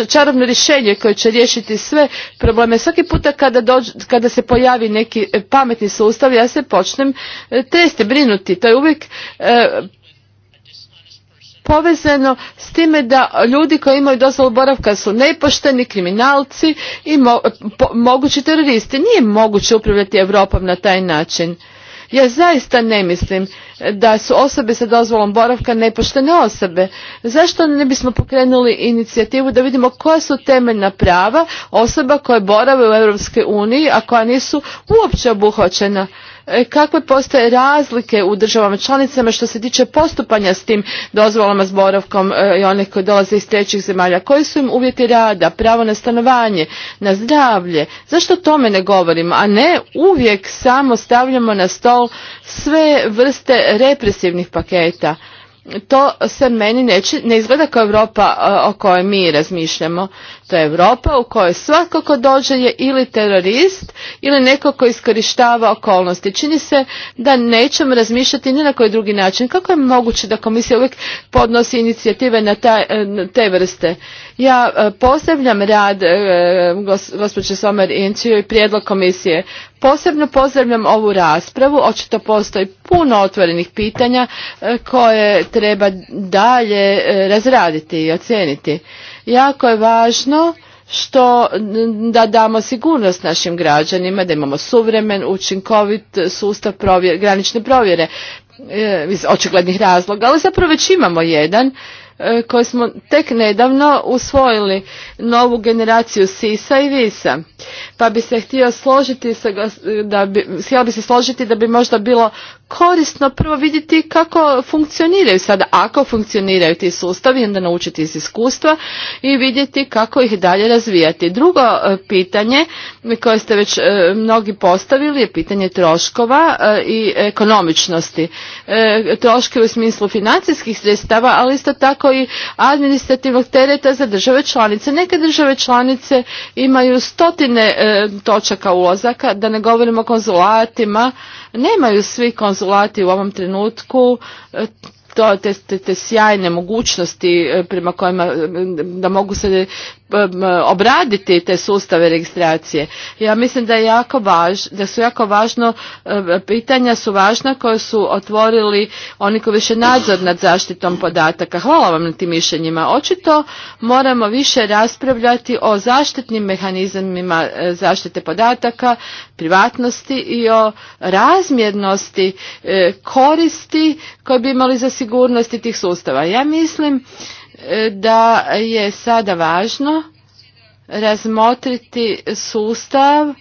čarobno rješenje koje će riješiti sve probleme. Svaki puta kada, kada se pojavi neki e, pametni sustav ja se počnem e, testi, brinuti. To je uvijek povezano s time da ljudi koji imaju dozvolu boravka su nepošteni, kriminalci i mogući teroristi. Nije moguće upravljati Europom na taj način. Ja zaista ne mislim da su osobe sa dozvolom boravka nepoštene osobe. Zašto ne bismo pokrenuli inicijativu da vidimo koja su temeljna prava osoba koje borave u EU, uniji, a koja nisu uopće obuhvaćena E, kakve postoje razlike u državama članicama što se tiče postupanja s tim dozvolama s boravkom e, i onih koji dolaze iz trećih zemalja? Koji su im uvjeti rada, pravo na stanovanje, na zdravlje? Zašto o tome ne govorimo, a ne uvijek samo stavljamo na stol sve vrste represivnih paketa? to se meni ne izgleda kao Europa e, o kojoj mi razmišljamo to je Europa u kojoj svatko tko dođe je ili terorist ili neko ko iskorištava okolnosti. Čini se da nećemo razmišljati ni na koji drugi način. Kako je moguće da komisija uvijek podnosi inicijative na, e, te vrste? Ja e, pozdravljam rad e, gospođe Inciju i prijedlog komisije. Posebno pozdravljam ovu raspravu, očito postoji puno otvorenih pitanja koje treba dalje razraditi i ocijeniti. Jako je važno što da damo sigurnost našim građanima, da imamo suvremen, učinkovit sustav provjer, granične provjere e, iz očiglednih razloga, ali zapravo već imamo jedan E, koje smo tek nedavno usvojili novu generaciju SISA i VISA. Pa bi se htio složiti sa, da bi, htio bi se složiti da bi možda bilo korisno prvo vidjeti kako funkcioniraju sada, ako funkcioniraju ti sustavi, onda naučiti iz iskustva i vidjeti kako ih dalje razvijati. Drugo e, pitanje koje ste već e, mnogi postavili je pitanje troškova i ekonomičnosti. Troške u smislu financijskih sredstava, ali isto tako i administrativnog tereta za države članice. Neke države članice imaju stotine e, točaka ulazaka, da ne govorimo o konzulatima. Nemaju svi konzulati u ovom trenutku e, to te, te, te sjajne mogućnosti e, prema kojima da mogu se Um, um, obraditi te sustave registracije. Ja mislim da, je jako važ, da su jako važno um, pitanja su važna koje su otvorili oni koji više nadzor nad zaštitom podataka. Hvala vam na tim mišljenjima. Očito moramo više raspravljati o zaštitnim mehanizmima uh, zaštite podataka, privatnosti i o razmjernosti uh, koristi koje bi imali za sigurnosti tih sustava. Ja mislim da je sada važno razmotriti sustav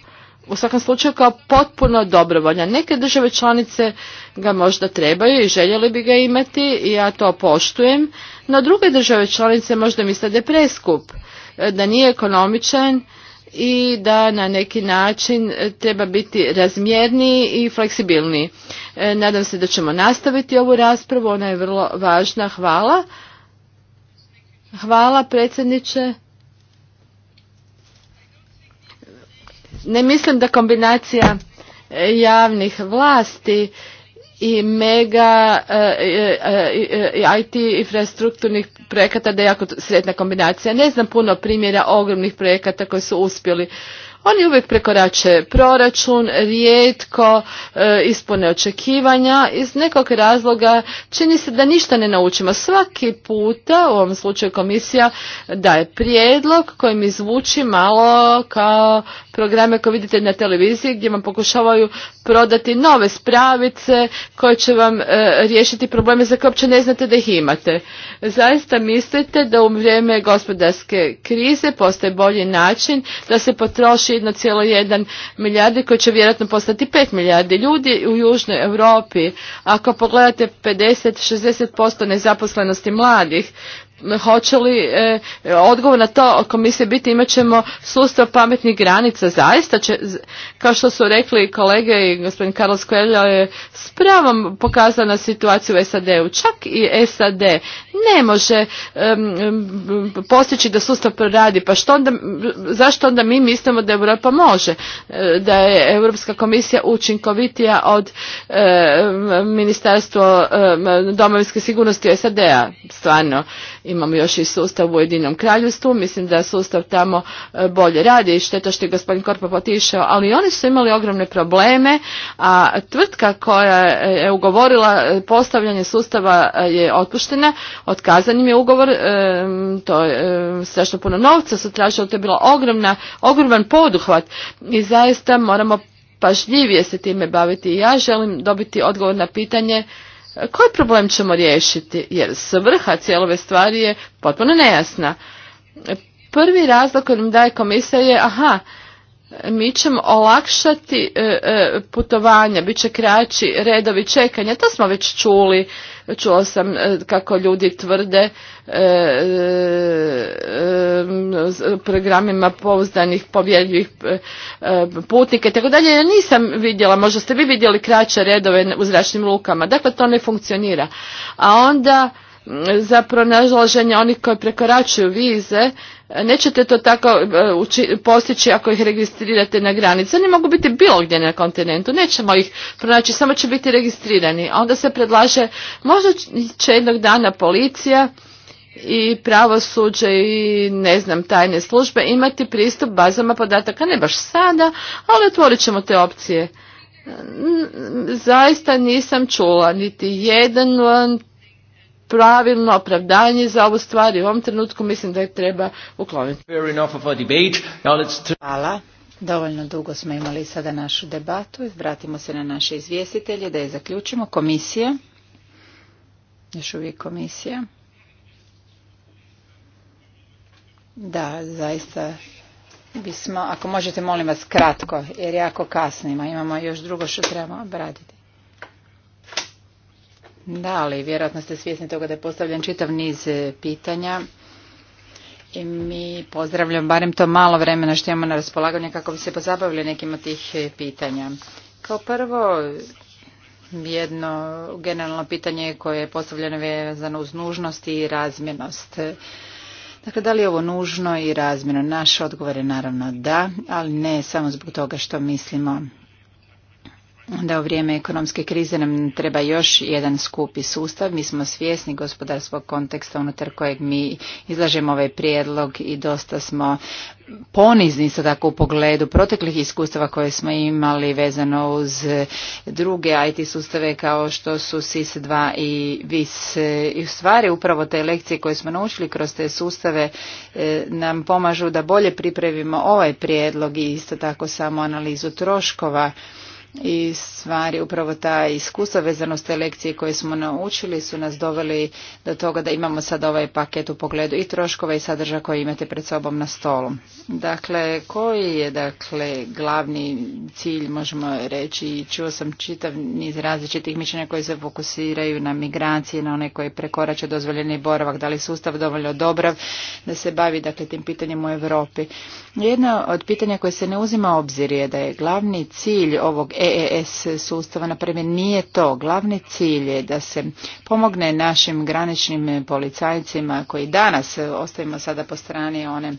u svakom slučaju kao potpuno dobrovoljan. Neke države članice ga možda trebaju i željeli bi ga imati i ja to poštujem, no druge države članice možda misle da je preskup, da nije ekonomičan i da na neki način treba biti razmjerniji i fleksibilniji. E, nadam se da ćemo nastaviti ovu raspravu, ona je vrlo važna. Hvala. Hvala predsjedniče. Ne mislim da kombinacija e, javnih vlasti i mega e, e, IT infrastrukturnih projekata da je jako sretna kombinacija. Ne znam puno primjera ogromnih projekata koji su uspjeli oni uvijek prekorače proračun, rijetko e, ispune očekivanja. Iz nekog razloga čini se da ništa ne naučimo. Svaki puta, u ovom slučaju komisija, daje prijedlog koji mi zvuči malo kao programe koje vidite na televiziji gdje vam pokušavaju prodati nove spravice koje će vam e, riješiti probleme za koje uopće ne znate da ih imate. Zaista mislite da u vrijeme gospodarske krize postoji bolji način da se potroši Znači još 1,1 milijardi koji će vjerojatno postati 5 milijardi ljudi u Južnoj Europi. Ako pogledate 50-60% nezaposlenosti mladih, hoće li e, odgovor na to komisije biti imat ćemo sustav pametnih granica. Zaista će, kao što su rekli kolege i gospodin Carlos Coelho je s pravom pokazana situaciju u SAD-u. Čak i SAD ne može postići da sustav proradi. Pa što onda, zašto onda mi mislimo da Europa može? E, da je Europska komisija učinkovitija od e, Ministarstva domovinske sigurnosti SAD-a. Stvarno Imamo još i sustav u Ujedinom kraljevstvu. Mislim da sustav tamo e, bolje radi i šteta što je gospodin Korpa potišao, ali oni su imali ogromne probleme, a tvrtka koja je ugovorila e, postavljanje sustava e, je otpuštena, otkazan im je ugovor, to je strašno puno novca su tražili, to je bila ogromna, ogroman poduhvat i zaista moramo pažljivije se time baviti. Ja želim dobiti odgovor na pitanje koji problem ćemo riješiti? Jer svrha cijelove stvari je potpuno nejasna. Prvi razlog koji nam daje komisija je, aha, mi ćemo olakšati e, e, putovanja, bit će kraći redovi čekanja, to smo već čuli Čuo sam e, kako ljudi tvrde e, e, programima pouzdanih povjerljivih putnika i tako dalje. Ja nisam vidjela, možda ste vi vidjeli kraće redove u zračnim lukama. Dakle, to ne funkcionira. A onda za pronalaženje onih koji prekoračuju vize, nećete to tako e, postići ako ih registrirate na granici. Oni mogu biti bilo gdje na kontinentu, nećemo ih pronaći, samo će biti registrirani. onda se predlaže, možda će jednog dana policija i pravosuđe i ne znam tajne službe imati pristup bazama podataka, ne baš sada, ali otvorit ćemo te opcije. Zaista nisam čula niti jedan pravilno opravdanje za ovu stvar i u ovom trenutku mislim da je treba ukloniti. Hvala. Dovoljno dugo smo imali sada našu debatu. Vratimo se na naše izvjestitelje da je zaključimo. Komisija. Još uvijek komisija. Da, zaista bismo, ako možete molim vas kratko, jer jako kasnimo, imamo još drugo što trebamo obraditi. Da, ali vjerojatno ste svjesni toga da je postavljen čitav niz e, pitanja i mi pozdravljam barem to malo vremena što imamo na raspolaganju kako bi se pozabavili nekim od tih e, pitanja. Kao prvo, jedno generalno pitanje koje je postavljeno vezano uz nužnost i razmjernost. Dakle, da li je ovo nužno i razmjerno? Naš odgovor je naravno da, ali ne samo zbog toga što mislimo da u vrijeme ekonomske krize nam treba još jedan skupi sustav. Mi smo svjesni gospodarskog konteksta unutar kojeg mi izlažemo ovaj prijedlog i dosta smo ponizni sa tako u pogledu proteklih iskustava koje smo imali vezano uz druge IT sustave kao što su SIS-2 i VIS. I u stvari upravo te lekcije koje smo naučili kroz te sustave e, nam pomažu da bolje pripremimo ovaj prijedlog i isto tako samo analizu troškova i stvari upravo ta iskustva vezano s te lekcije koje smo naučili su nas doveli do toga da imamo sad ovaj paket u pogledu i troškova i sadržaja koje imate pred sobom na stolu. Dakle, koji je dakle glavni cilj možemo reći i čuo sam čitav niz različitih mišljenja koji se fokusiraju na migracije, na one koji prekorače dozvoljeni boravak, da li sustav dovoljno dobrav da se bavi dakle tim pitanjem u Europi. Jedno od pitanja koje se ne uzima obzir je da je glavni cilj ovog EES sustava, na nije to. Glavni cilj je da se pomogne našim graničnim policajcima koji danas, e, ostavimo sada po strani one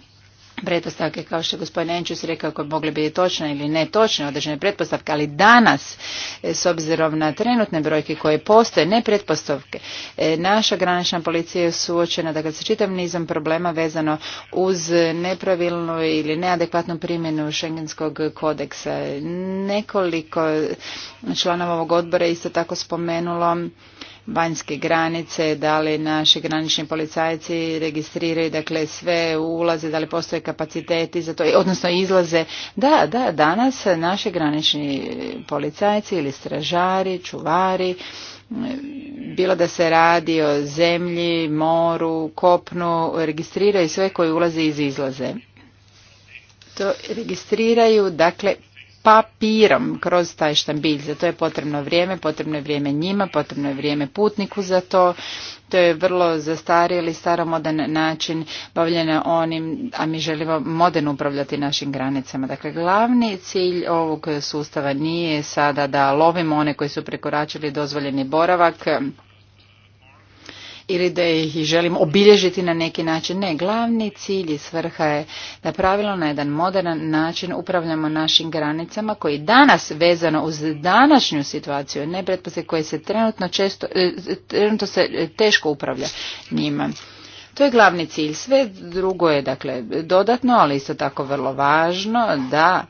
pretpostavke kao što je gospodin Enčus rekao koje mogle biti točne ili netočne određene pretpostavke, ali danas e, s obzirom na trenutne brojke koje postoje, ne pretpostavke, e, naša granična policija je suočena ga dakle, se čitav nizom problema vezano uz nepravilnu ili neadekvatnu primjenu šengenskog kodeksa. Nekoliko članova ovog odbora isto tako spomenulo vanjske granice, da li naši granični policajci registriraju dakle sve ulaze, da li postoje kapaciteti za to, odnosno izlaze. Da, da, danas naši granični policajci ili stražari, čuvari, bilo da se radi o zemlji, moru, kopnu, registriraju sve koji ulaze iz izlaze. To registriraju, dakle, papirom kroz taj štambilj. Za to je potrebno vrijeme, potrebno je vrijeme njima, potrebno je vrijeme putniku za to. To je vrlo zastarjeli, staromodan način bavljena onim, a mi želimo moderno upravljati našim granicama. Dakle, glavni cilj ovog sustava nije sada da lovimo one koji su prekoračili dozvoljeni boravak, ili da ih želim obilježiti na neki način. Ne, glavni cilj i svrha je da pravilno na jedan modern način upravljamo našim granicama koji danas vezano uz današnju situaciju, ne pretpostavke koje se trenutno često, e, trenutno se e, teško upravlja njima. To je glavni cilj. Sve drugo je dakle dodatno, ali isto tako vrlo važno da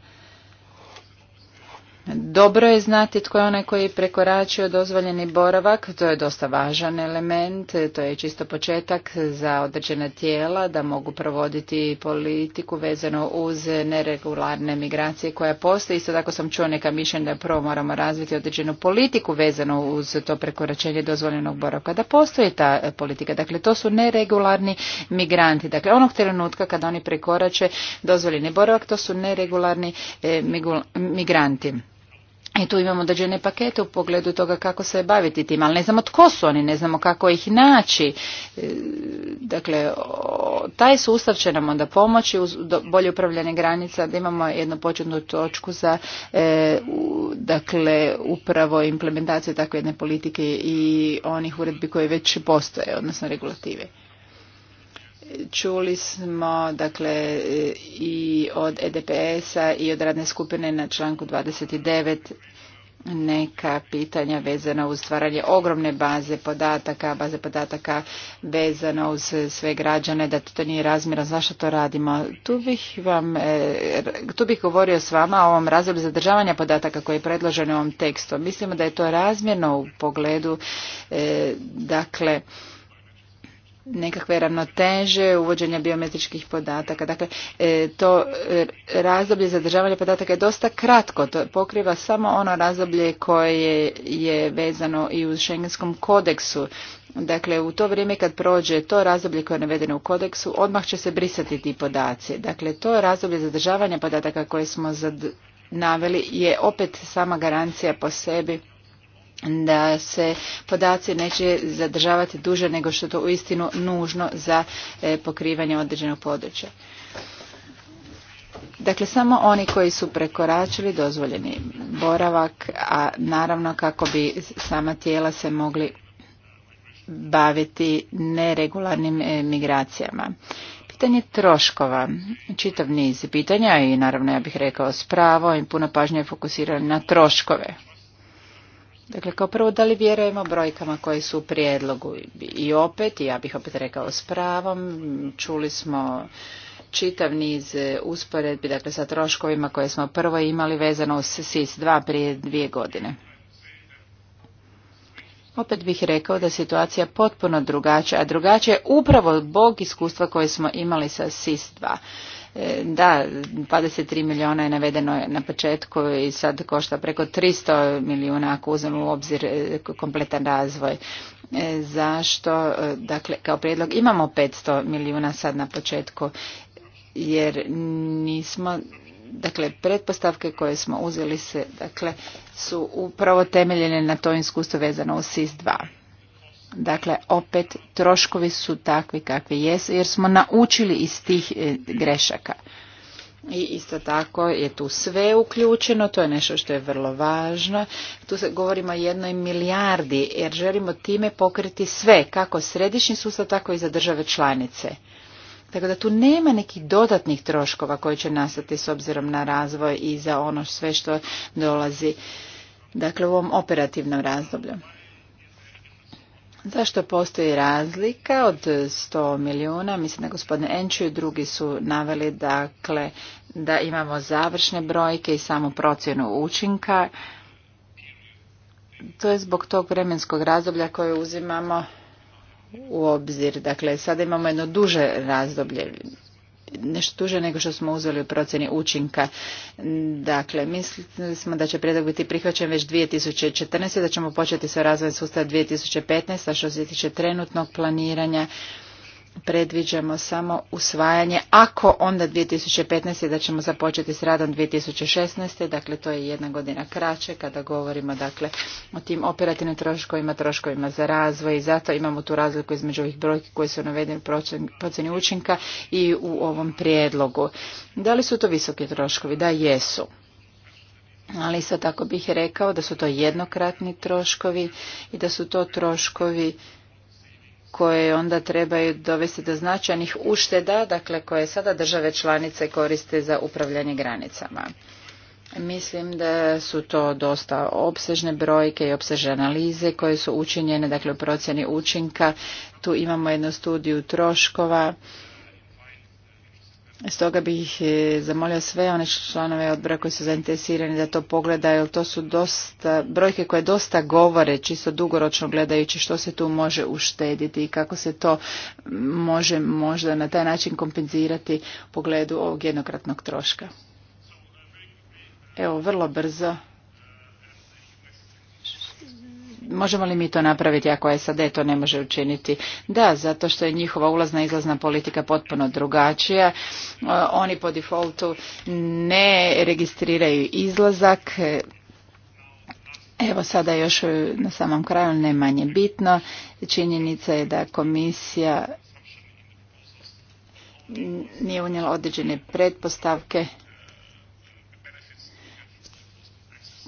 dobro je znati tko je onaj koji je prekoračio dozvoljeni boravak, to je dosta važan element, to je čisto početak za određena tijela da mogu provoditi politiku vezano uz neregularne migracije koja postoji. Isto tako sam čuo neka mišljenja da prvo moramo razviti određenu politiku vezano uz to prekoračenje dozvoljenog boravka, da postoji ta politika. Dakle, to su neregularni migranti. Dakle, onog trenutka kada oni prekorače dozvoljeni boravak, to su neregularni eh, migranti. I tu imamo određene pakete u pogledu toga kako se baviti tim, ali ne znamo tko su oni, ne znamo kako ih naći. E, dakle, taj sustav će nam onda pomoći uz bolje upravljanje granica, da imamo jednu početnu točku za e, dakle, upravo implementaciju takve jedne politike i onih uredbi koje već postoje, odnosno regulative. Čuli smo dakle i od EDPS-a i od radne skupine na članku 29 neka pitanja vezana uz stvaranje ogromne baze podataka, baze podataka vezano uz sve građane, da to nije razmjera, zašto to radimo. Tu bih, vam, e, tu bih govorio s vama o ovom razdoblju zadržavanja podataka koji je predložen u ovom tekstu. Mislimo da je to razmjerno u pogledu, e, dakle, nekakve ravnoteže, uvođenja biometričkih podataka. Dakle, e, to e, razdoblje zadržavanja podataka je dosta kratko. To pokriva samo ono razdoblje koje je vezano i u šengenskom kodeksu. Dakle, u to vrijeme kad prođe to razdoblje koje je navedeno u kodeksu, odmah će se brisati ti podaci. Dakle, to razdoblje zadržavanja podataka koje smo zad... naveli je opet sama garancija po sebi da se podaci neće zadržavati duže nego što je to uistinu nužno za e, pokrivanje određenog područja. Dakle, samo oni koji su prekoračili dozvoljeni boravak, a naravno kako bi sama tijela se mogli baviti neregularnim e, migracijama. Pitanje troškova, čitav niz pitanja i naravno ja bih rekao spravo i puno pažnje je fokusirano na troškove Dakle, kao prvo, da li vjerujemo brojkama koje su u prijedlogu? I opet, ja bih opet rekao s pravom, čuli smo čitav niz usporedbi, dakle, sa troškovima koje smo prvo imali vezano uz SIS-2 prije dvije godine. Opet bih rekao da situacija potpuno drugačija, a drugačija je upravo zbog iskustva koje smo imali sa SIS-2. E, da, 23 milijuna je navedeno na početku i sad košta preko 300 milijuna ako uzmemo u obzir e, kompletan razvoj. E, zašto? Dakle, kao prijedlog imamo 500 milijuna sad na početku jer nismo dakle pretpostavke koje smo uzeli se dakle su upravo temeljene na to iskustvo vezano u SIS-2. Dakle, opet troškovi su takvi kakvi jesu jer smo naučili iz tih e, grešaka. I isto tako je tu sve uključeno, to je nešto što je vrlo važno. Tu se govorimo o jednoj milijardi jer želimo time pokriti sve, kako središnji sustav, tako i za države članice. Tako da tu nema nekih dodatnih troškova koji će nastati s obzirom na razvoj i za ono sve što dolazi dakle, u ovom operativnom razdoblju. Zašto postoji razlika od 100 milijuna? Mislim da gospodine Enču i drugi su naveli dakle, da imamo završne brojke i samo procjenu učinka. To je zbog tog vremenskog razdoblja koje uzimamo u obzir. Dakle, sada imamo jedno duže razdoblje nešto duže nego što smo uzeli u procjeni učinka. Dakle, mislili smo da će prijedlog biti prihvaćen već 2014. da ćemo početi sa razvojem sustava 2015. a što se tiče trenutnog planiranja predviđamo samo usvajanje, ako onda 2015. da ćemo započeti s radom 2016. Dakle, to je jedna godina kraće kada govorimo dakle, o tim operativnim troškovima, troškovima za razvoj i zato imamo tu razliku između ovih brojki koje su navedene u procjeni učinka i u ovom prijedlogu. Da li su to visoki troškovi? Da, jesu ali isto tako bih rekao da su to jednokratni troškovi i da su to troškovi koje onda trebaju dovesti do značajnih ušteda, dakle koje sada države članice koriste za upravljanje granicama. Mislim da su to dosta opsežne brojke i opsežne analize koje su učinjene, dakle u procjeni učinka. Tu imamo jednu studiju troškova Stoga bih e, zamolio sve one članove odbora koji su zainteresirani da to pogledaju, jer to su dosta, brojke koje dosta govore, čisto dugoročno gledajući što se tu može uštediti i kako se to može možda na taj način kompenzirati u pogledu ovog jednokratnog troška. Evo, vrlo brzo možemo li mi to napraviti ako SAD to ne može učiniti? Da, zato što je njihova ulazna izlazna politika potpuno drugačija. E, oni po defaultu ne registriraju izlazak. Evo sada još na samom kraju ne manje bitno. Činjenica je da komisija nije unijela određene pretpostavke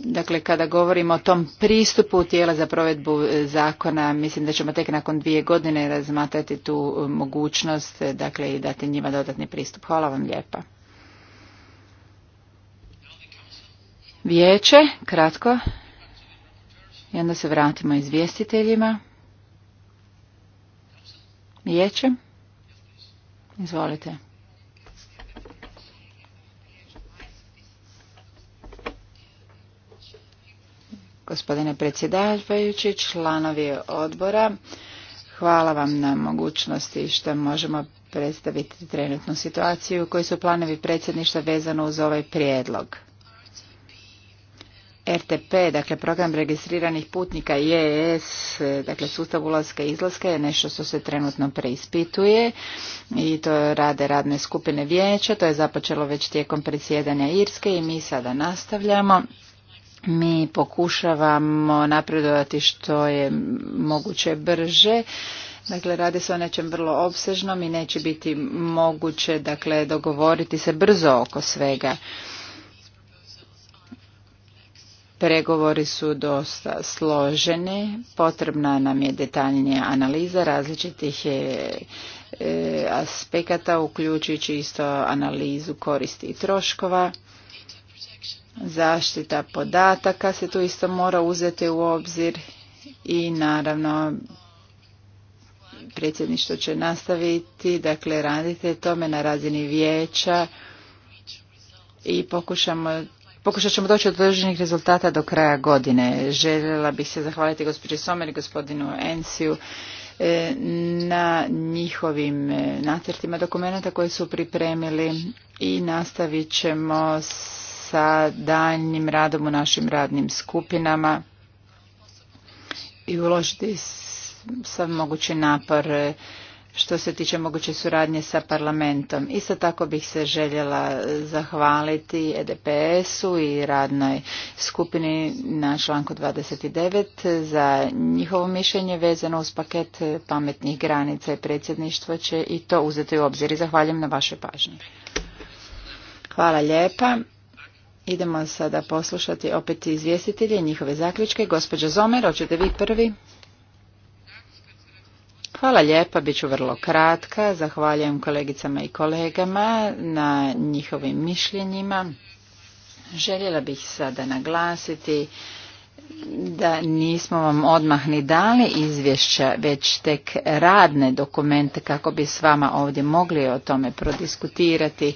Dakle, kada govorimo o tom pristupu tijela za provedbu e, zakona, mislim da ćemo tek nakon dvije godine razmatrati tu e, mogućnost e, dakle, i dati njima dodatni pristup. Hvala vam lijepa. Vijeće, kratko. I onda se vratimo izvjestiteljima. Vijeće. Izvolite. Gospodine predsjedavajući, članovi odbora, hvala vam na mogućnosti što možemo predstaviti trenutnu situaciju koji su planovi predsjedništva vezano uz ovaj prijedlog. RTP, dakle program registriranih putnika ES dakle sustav ulaska i izlaska je nešto što se trenutno preispituje i to rade radne skupine vijeća, to je započelo već tijekom predsjedanja Irske i mi sada nastavljamo mi pokušavamo napredovati što je moguće brže. Dakle, radi se o nečem vrlo obsežnom i neće biti moguće dakle, dogovoriti se brzo oko svega. Pregovori su dosta složeni, potrebna nam je detaljnija analiza različitih e, e, aspekata, uključujući isto analizu koristi i troškova. Zaštita podataka se tu isto mora uzeti u obzir i naravno predsjedništvo će nastaviti, dakle radite tome na razini vijeća i pokušamo Pokušat ćemo doći od određenih rezultata do kraja godine. Željela bih se zahvaliti gospođi Somer i gospodinu Ensiju e, na njihovim e, nacrtima dokumenta koje su pripremili i nastavit ćemo s sa daljnjim radom u našim radnim skupinama i uložiti sam mogući napor e, što se tiče moguće suradnje sa parlamentom. Isto tako bih se željela zahvaliti EDPS-u i radnoj skupini na članku 29 za njihovo mišljenje vezano uz paket pametnih granica i predsjedništvo će i to uzeti u obzir i zahvaljujem na vašoj pažnji. Hvala lijepa. Idemo sada poslušati opet izvjestitelje i njihove zaključke. Gospođa Zomer, hoćete vi prvi? Hvala lijepa, bit ću vrlo kratka. Zahvaljujem kolegicama i kolegama na njihovim mišljenjima. Željela bih sada naglasiti da nismo vam odmah ni dali izvješća, već tek radne dokumente kako bi s vama ovdje mogli o tome prodiskutirati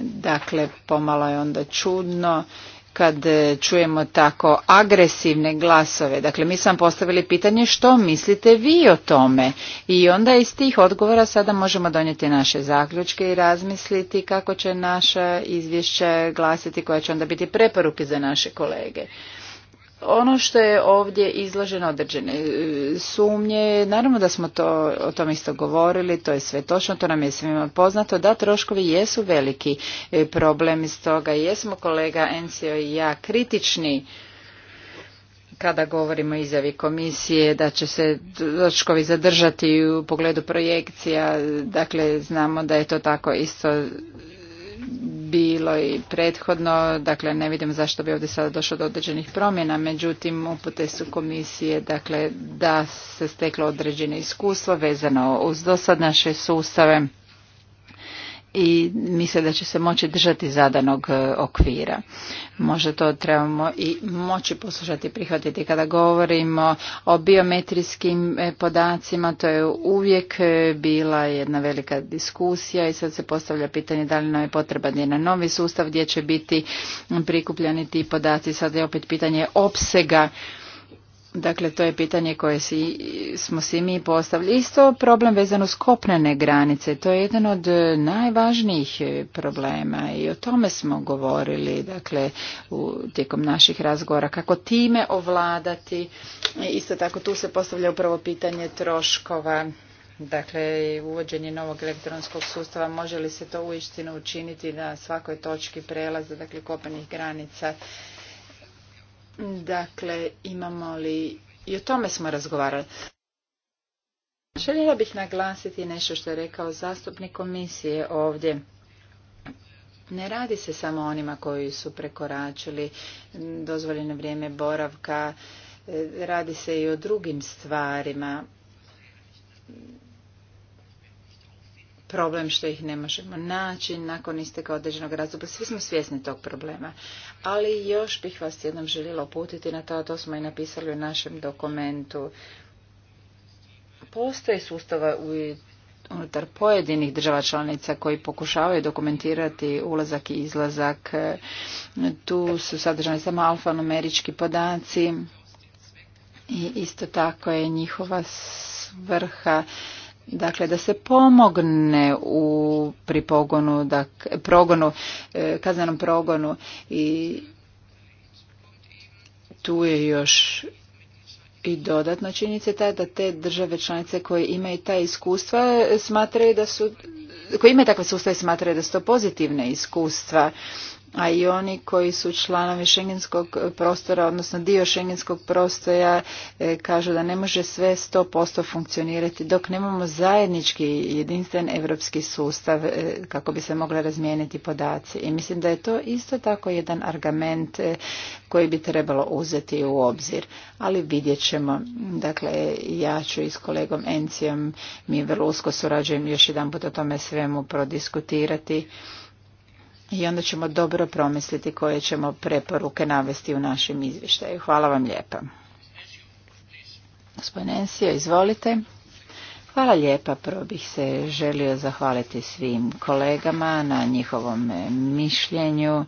Dakle, pomalo je onda čudno kad e, čujemo tako agresivne glasove. Dakle, mi sam postavili pitanje što mislite vi o tome i onda iz tih odgovora sada možemo donijeti naše zaključke i razmisliti kako će naša izvješća glasiti koja će onda biti preporuke za naše kolege ono što je ovdje izloženo određene e, sumnje, naravno da smo to, o tom isto govorili, to je sve točno, to nam je svima poznato, da troškovi jesu veliki e, problem, stoga jesmo kolega Encio i ja kritični kada govorimo o izjavi komisije da će se troškovi zadržati u pogledu projekcija, dakle znamo da je to tako isto bilo i prethodno, dakle ne vidim zašto bi ovdje sada došlo do određenih promjena, međutim upute su komisije dakle, da se steklo određene iskustva vezano uz dosad naše sustave i misle da će se moći držati zadanog e, okvira. Možda to trebamo i moći poslušati i prihvatiti. Kada govorimo o biometrijskim e, podacima, to je uvijek e, bila jedna velika diskusija i sad se postavlja pitanje da li nam je potreban jedan novi sustav gdje će biti prikupljani ti podaci. Sad je opet pitanje opsega Dakle, to je pitanje koje si, smo svi mi postavili. Isto problem vezano s kopnene granice. To je jedan od e, najvažnijih e, problema i o tome smo govorili dakle, u, tijekom naših razgovora. Kako time ovladati. E, isto tako tu se postavlja upravo pitanje troškova. Dakle, uvođenje novog elektronskog sustava, može li se to uistinu učiniti na svakoj točki prelaza, dakle, kopenih granica Dakle, imamo li... I o tome smo razgovarali. Željela bih naglasiti nešto što je rekao zastupnik komisije ovdje. Ne radi se samo onima koji su prekoračili dozvoljeno vrijeme boravka, e, radi se i o drugim stvarima problem što ih ne možemo naći nakon isteka određenog razdoblja. Svi smo svjesni tog problema. Ali još bih vas jednom željela uputiti na to, to smo i napisali u našem dokumentu. Postoje sustava u unutar pojedinih država članica koji pokušavaju dokumentirati ulazak i izlazak. Tu su sadržani samo alfanumerički podaci i isto tako je njihova svrha Dakle, da se pomogne u pripogonu, progonu, e, kaznenom progonu i tu je još i dodatna činjenica ta da te države članice koje imaju ta iskustva e, smatraju da su koji imaju takve sustave smatraju da su to pozitivne iskustva a i oni koji su članovi šengenskog prostora, odnosno dio šengenskog prostora, e, kažu da ne može sve 100% funkcionirati dok nemamo zajednički jedinstven evropski sustav e, kako bi se mogle razmijeniti podaci. I mislim da je to isto tako jedan argument e, koji bi trebalo uzeti u obzir. Ali vidjet ćemo. Dakle, ja ću i s kolegom Encijom, mi vrlo usko surađujem još jedan put o tome svemu prodiskutirati i onda ćemo dobro promisliti koje ćemo preporuke navesti u našem izvještaju. Hvala vam lijepa. Gospodine izvolite. Hvala lijepa. Prvo bih se želio zahvaliti svim kolegama na njihovom mišljenju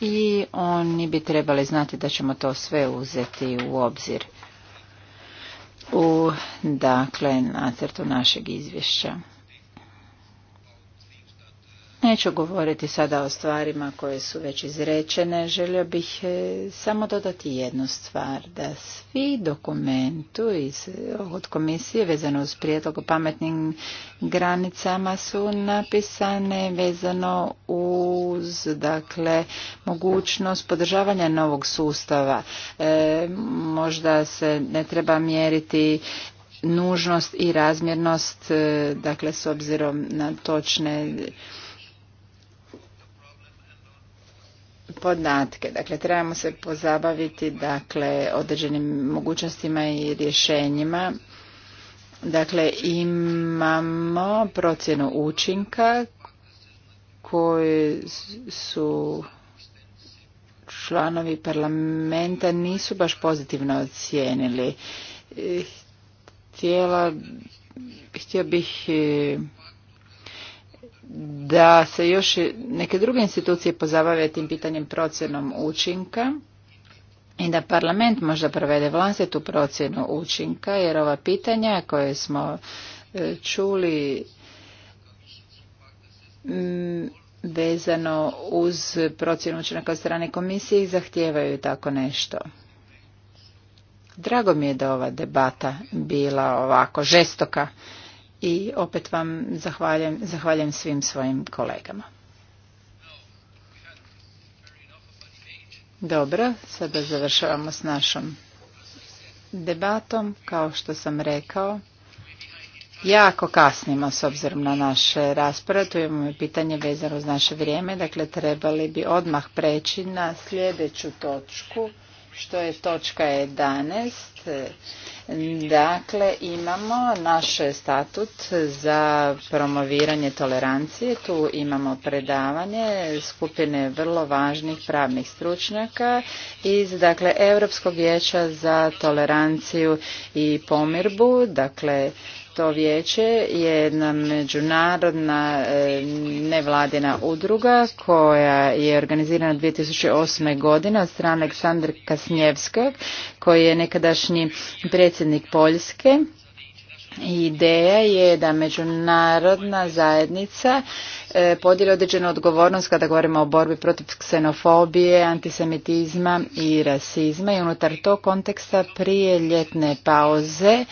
i oni bi trebali znati da ćemo to sve uzeti u obzir u dakle nacrtu našeg izvješća. Neću govoriti sada o stvarima koje su već izrečene, želio bih e, samo dodati jednu stvar, da svi dokumentu iz, od komisije vezano uz prijedlog o pametnim granicama su napisane vezano uz dakle, mogućnost podržavanja novog sustava. E, možda se ne treba mjeriti nužnost i razmjernost, e, dakle s obzirom na točne podatke. Dakle, trebamo se pozabaviti dakle, određenim mogućnostima i rješenjima. Dakle, imamo procjenu učinka koje su članovi parlamenta nisu baš pozitivno ocijenili. Htjela, htio bih da se još neke druge institucije pozabave tim pitanjem procjenom učinka i da parlament možda provede vlastitu procjenu učinka, jer ova pitanja koje smo e, čuli vezano uz procjenu učinaka od strane komisije zahtijevaju tako nešto. Drago mi je da ova debata bila ovako žestoka i opet vam zahvaljujem, svim svojim kolegama. Dobro, sada završavamo s našom debatom. Kao što sam rekao, jako kasnimo s obzirom na naše rasprave. Tu imamo pitanje vezano uz naše vrijeme. Dakle, trebali bi odmah preći na sljedeću točku što je točka 11. Dakle, imamo naš statut za promoviranje tolerancije. Tu imamo predavanje skupine vrlo važnih pravnih stručnjaka iz dakle, Europskog vijeća za toleranciju i pomirbu. Dakle, to vijeće je jedna međunarodna e, nevladina udruga koja je organizirana 2008. godine od strane Aleksandra Kasnjevskog koji je nekadašnji predsjednik Poljske. Ideja je da međunarodna zajednica e, podijeli određenu odgovornost kada govorimo o borbi protiv ksenofobije, antisemitizma i rasizma i unutar tog konteksta prije ljetne pauze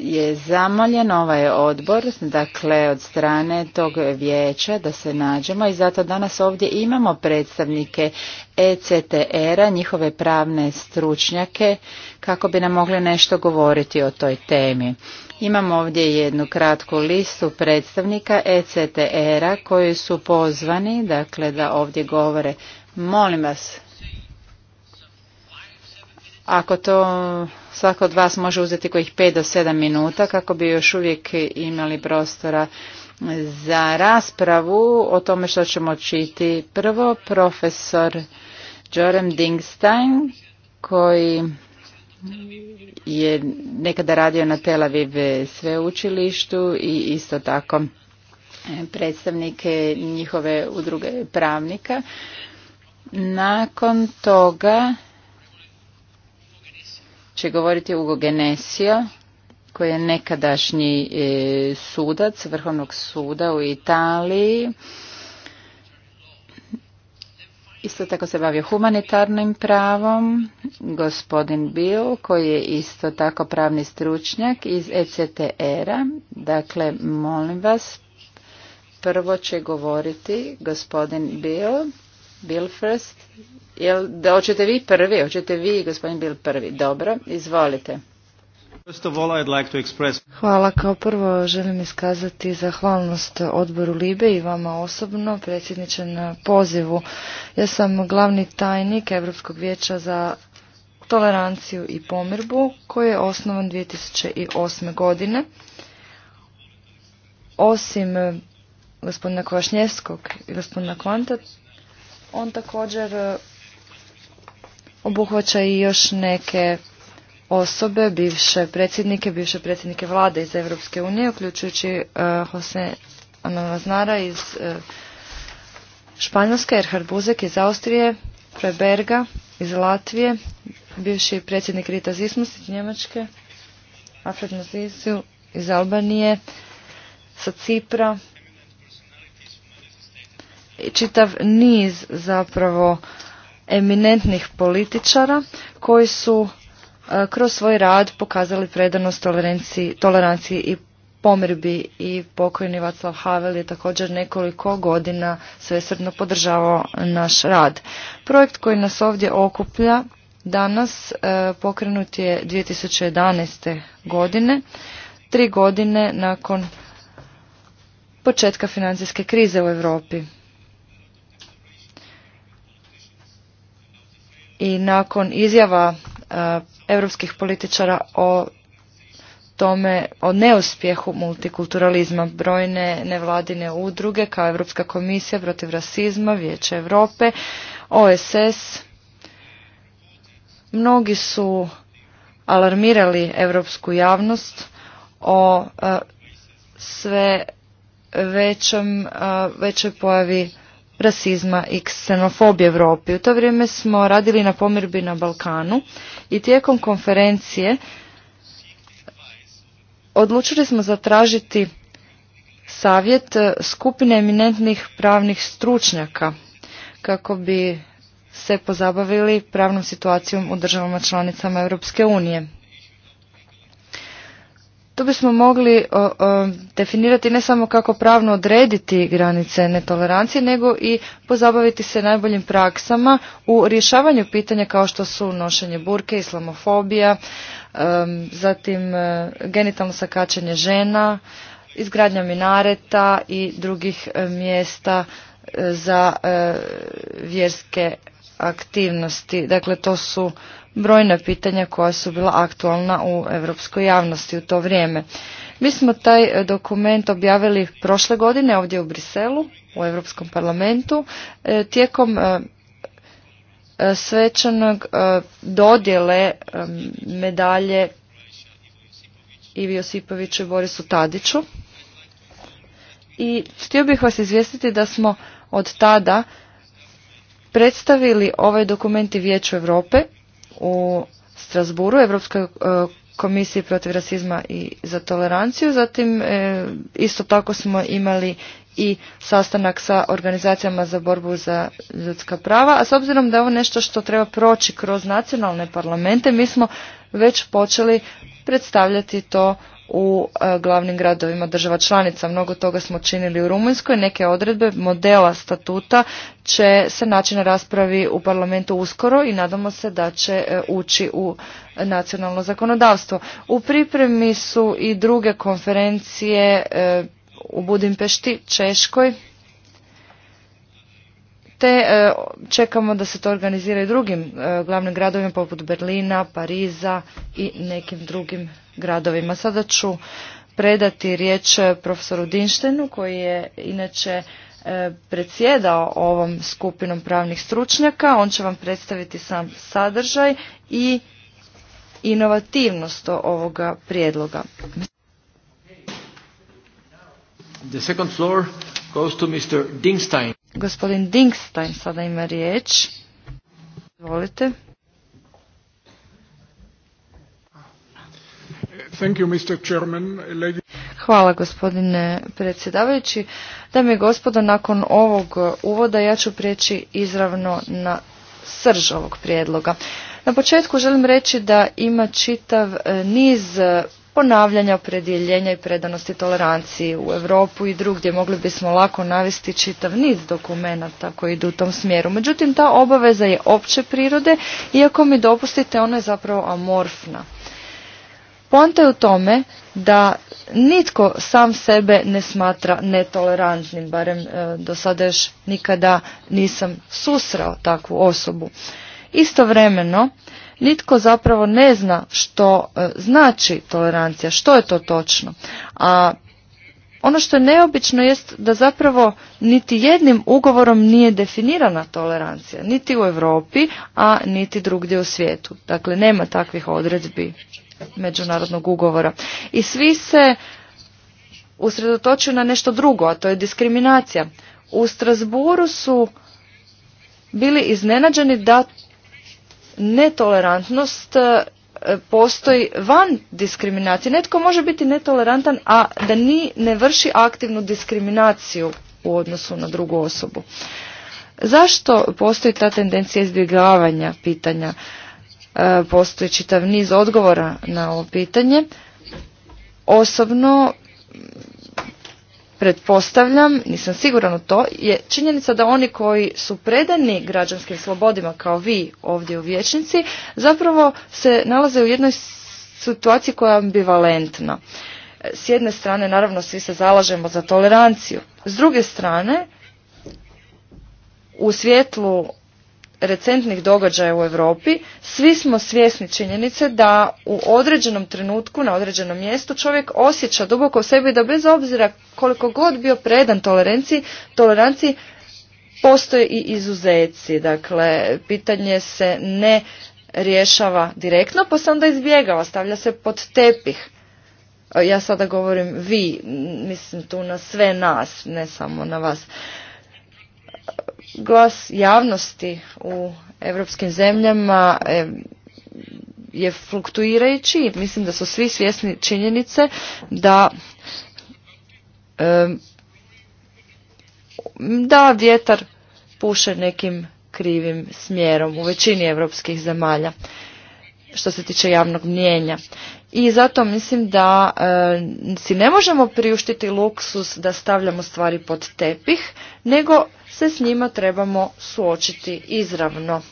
je zamoljen ovaj odbor, dakle od strane tog vijeća da se nađemo i zato danas ovdje imamo predstavnike ECTR-a, njihove pravne stručnjake, kako bi nam mogli nešto govoriti o toj temi. Imamo ovdje jednu kratku listu predstavnika ECTR-a koji su pozvani, dakle da ovdje govore. Molim vas, ako to Svako od vas može uzeti kojih 5 do 7 minuta kako bi još uvijek imali prostora za raspravu o tome što ćemo čiti. Prvo profesor Jorem Dingstein koji je nekada radio na Tel Aviv sveučilištu i isto tako predstavnike njihove udruge pravnika. Nakon toga će govoriti Ugo Genesio, koji je nekadašnji e, sudac Vrhovnog suda u Italiji. Isto tako se bavio humanitarnim pravom, gospodin Bill, koji je isto tako pravni stručnjak iz ECTR-a. E dakle, molim vas, prvo će govoriti gospodin Bill, Bill first, Jel, da hoćete vi prvi, hoćete vi gospodin Bil prvi. Dobro, izvolite. Hvala. Kao prvo želim iskazati zahvalnost odboru Libe i vama osobno, predsjedniče na pozivu. Ja sam glavni tajnik Europskog vijeća za toleranciju i pomirbu koji je osnovan 2008. godine. Osim eh, gospodina Kovašnjevskog i gospodina Kvanta, on također eh, obuhvaća i još neke osobe, bivše predsjednike, bivše predsjednike vlade iz Europske unije, uključujući e, Jose Anamaznara iz e, Španjolske, Erhard Buzek iz Austrije, Preberga iz Latvije, bivši predsjednik Rita Zismus iz Njemačke, Alfred iz Albanije, sa Cipra, i čitav niz zapravo eminentnih političara koji su e, kroz svoj rad pokazali predanost toleranciji, i pomirbi i pokojni Vaclav Havel je također nekoliko godina svesrdno podržavao naš rad. Projekt koji nas ovdje okuplja danas e, pokrenut je 2011. godine, tri godine nakon početka financijske krize u Europi. i nakon izjava europskih političara o tome o neuspjehu multikulturalizma. Brojne nevladine udruge kao Europska komisija protiv rasizma, Vijeće Europe, OSS, mnogi su alarmirali europsku javnost o e, sve većem, e, većoj pojavi rasizma i ksenofobije Europi. U to vrijeme smo radili na pomirbi na Balkanu i tijekom konferencije odlučili smo zatražiti savjet skupine eminentnih pravnih stručnjaka kako bi se pozabavili pravnom situacijom u državama članicama Europske unije. Tu bismo mogli definirati ne samo kako pravno odrediti granice netolerancije, nego i pozabaviti se najboljim praksama u rješavanju pitanja kao što su nošenje burke, islamofobija, zatim e, genitalno sakačenje žena, izgradnja minareta i drugih e, mjesta e, za vjerske aktivnosti. Dakle, to su brojna pitanja koja su bila aktualna u europskoj javnosti u to vrijeme. Mi smo taj e, dokument objavili prošle godine ovdje u Briselu, u Europskom parlamentu, e, tijekom e, svečanog dodjele medalje Ivi Josipoviću i Borisu Tadiću. I htio bih vas izvijestiti da smo od tada predstavili ovaj dokument i Vijeću Europe u Strasburu, Evropskoj e, komisiji protiv rasizma i za toleranciju. Zatim e, isto tako smo imali i sastanak sa organizacijama za borbu za ljudska prava, a s obzirom da je ovo nešto što treba proći kroz nacionalne parlamente, mi smo već počeli predstavljati to u e, glavnim gradovima država članica. Mnogo toga smo činili u Rumunjskoj. Neke odredbe modela statuta će se naći na raspravi u parlamentu uskoro i nadamo se da će e, ući u nacionalno zakonodavstvo. U pripremi su i druge konferencije e, u Budimpešti, Češkoj, te e, čekamo da se to organizira i drugim e, glavnim gradovima poput Berlina, Pariza i nekim drugim gradovima. Sada ću predati riječ profesoru Dinštenu koji je inače e, predsjedao ovom skupinom pravnih stručnjaka. On će vam predstaviti sam sadržaj i inovativnost ovoga prijedloga. The second floor goes to Mr. Gospodin Dinkstein sada ima riječ. Izvolite. Thank you, Mr. Chairman. Hvala gospodine predsjedavajući. Dame i gospodo, nakon ovog uvoda ja ću prijeći izravno na srž ovog prijedloga. Na početku želim reći da ima čitav niz ponavljanja, opredjeljenja i predanosti toleranciji u Europu i drugdje. Mogli bismo lako navesti čitav niz dokumenata koji idu u tom smjeru. Međutim, ta obaveza je opće prirode iako mi dopustite, ona je zapravo amorfna. Poanta je u tome da nitko sam sebe ne smatra netolerantnim, barem e, do sada još nikada nisam susrao takvu osobu. Istovremeno, nitko zapravo ne zna što e, znači tolerancija, što je to točno. A ono što je neobično jest da zapravo niti jednim ugovorom nije definirana tolerancija, niti u Europi, a niti drugdje u svijetu. Dakle, nema takvih odredbi međunarodnog ugovora. I svi se usredotočuju na nešto drugo, a to je diskriminacija. U Strasburu su bili iznenađeni da netolerantnost e, postoji van diskriminacije. Netko može biti netolerantan, a da ni ne vrši aktivnu diskriminaciju u odnosu na drugu osobu. Zašto postoji ta tendencija izbjegavanja pitanja? E, postoji čitav niz odgovora na ovo pitanje. Osobno pretpostavljam, nisam siguran u to, je činjenica da oni koji su predani građanskim slobodima kao vi ovdje u vječnici, zapravo se nalaze u jednoj situaciji koja je ambivalentna. S jedne strane, naravno, svi se zalažemo za toleranciju. S druge strane, u svjetlu recentnih događaja u Europi, svi smo svjesni činjenice da u određenom trenutku, na određenom mjestu čovjek osjeća duboko u sebi da bez obzira koliko god bio predan toleranciji, toleranciji postoje i izuzeci. Dakle, pitanje se ne rješava direktno, pa se onda izbjegava, stavlja se pod tepih. Ja sada govorim vi, mislim tu na sve nas, ne samo na vas. Glas javnosti u europskim zemljama e, je fluktuirajući. Mislim da su svi svjesni činjenice da e, da vjetar puše nekim krivim smjerom u većini europskih zemalja što se tiče javnog mnjenja i zato mislim da e, si ne možemo priuštiti luksus da stavljamo stvari pod tepih, nego se s njima trebamo suočiti izravno.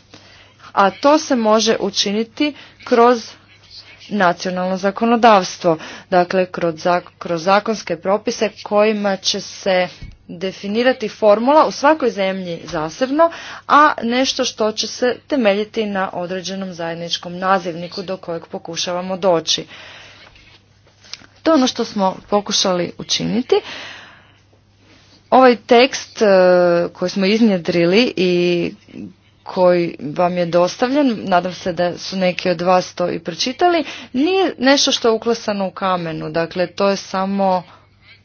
A to se može učiniti kroz nacionalno zakonodavstvo, dakle kroz zakonske propise kojima će se definirati formula u svakoj zemlji zasebno, a nešto što će se temeljiti na određenom zajedničkom nazivniku do kojeg pokušavamo doći. To je ono što smo pokušali učiniti. Ovaj tekst e, koji smo iznjedrili i koji vam je dostavljen, nadam se da su neki od vas to i pročitali, nije nešto što je uklesano u kamenu. Dakle, to je samo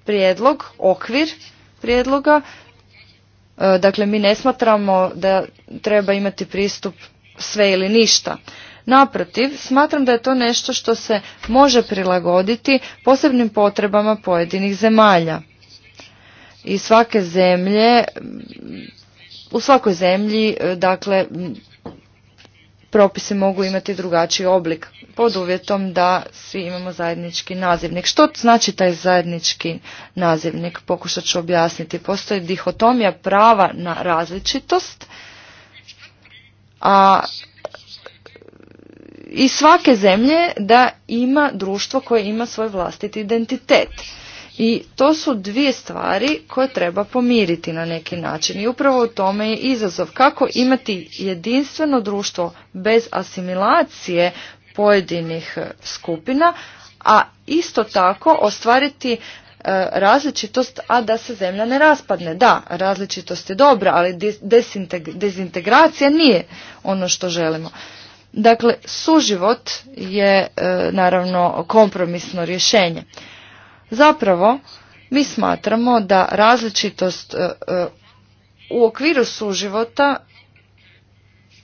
prijedlog, okvir prijedloga. E, dakle, mi ne smatramo da treba imati pristup sve ili ništa. Naprotiv, smatram da je to nešto što se može prilagoditi posebnim potrebama pojedinih zemalja. I svake zemlje, u svakoj zemlji, e, dakle, propisi mogu imati drugačiji oblik pod uvjetom da svi imamo zajednički nazivnik. Što znači taj zajednički nazivnik? Pokušat ću objasniti. Postoji dihotomija prava na različitost, a i svake zemlje da ima društvo koje ima svoj vlastiti identitet. I to su dvije stvari koje treba pomiriti na neki način. I upravo u tome je izazov kako imati jedinstveno društvo bez asimilacije pojedinih e, skupina, a isto tako ostvariti e, različitost, a da se zemlja ne raspadne. Da, različitost je dobra, ali dezintegracija nije ono što želimo. Dakle, suživot je e, naravno kompromisno rješenje. Zapravo, mi smatramo da različitost e, e, u okviru suživota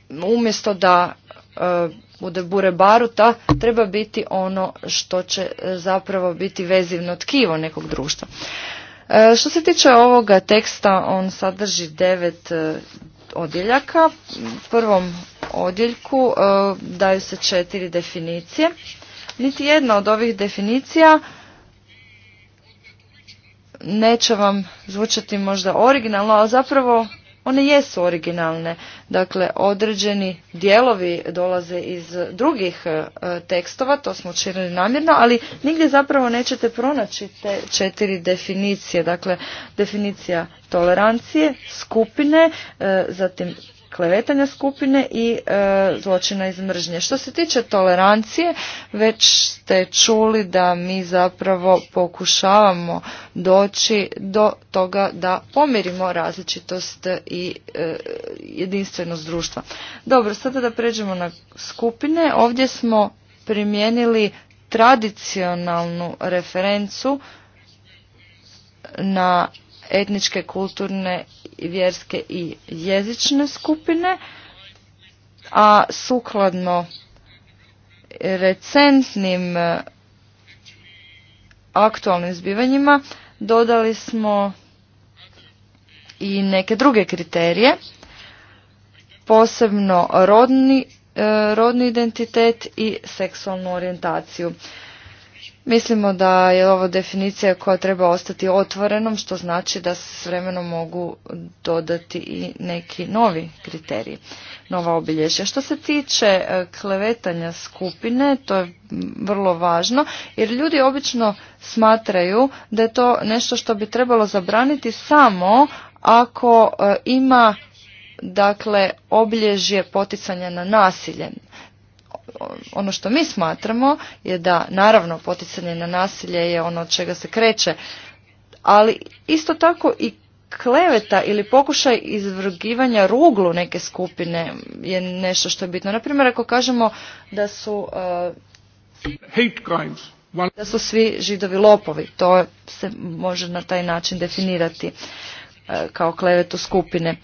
umjesto da e, bude bure baruta, treba biti ono što će zapravo biti vezivno tkivo nekog društva. Što se tiče ovoga teksta, on sadrži devet odjeljaka. U prvom odjeljku daju se četiri definicije. Niti jedna od ovih definicija neće vam zvučati možda originalno, ali zapravo one jesu originalne. Dakle, određeni dijelovi dolaze iz drugih e, tekstova, to smo učinili namjerno, ali nigdje zapravo nećete pronaći te četiri definicije. Dakle, definicija tolerancije, skupine, e, zatim klevetanja skupine i e, zločina iz mržnje. Što se tiče tolerancije, već ste čuli da mi zapravo pokušavamo doći do toga da pomirimo različitost i e, jedinstvenost društva. Dobro, sada da pređemo na skupine. Ovdje smo primijenili tradicionalnu referencu na etničke, kulturne, vjerske i jezične skupine, a sukladno recentnim e, aktualnim zbivanjima dodali smo i neke druge kriterije, posebno rodni, e, identitet i seksualnu orijentaciju. Mislimo da je ovo definicija koja treba ostati otvorenom, što znači da se s vremenom mogu dodati i neki novi kriteriji, nova obilježja. Što se tiče e, klevetanja skupine, to je vrlo važno, jer ljudi obično smatraju da je to nešto što bi trebalo zabraniti samo ako e, ima dakle obilježje poticanja na nasilje ono što mi smatramo je da naravno poticanje na nasilje je ono od čega se kreće, ali isto tako i kleveta ili pokušaj izvrgivanja ruglu neke skupine je nešto što je bitno. Naprimjer, ako kažemo da su uh, da su svi židovi lopovi, to se može na taj način definirati uh, kao klevetu skupine.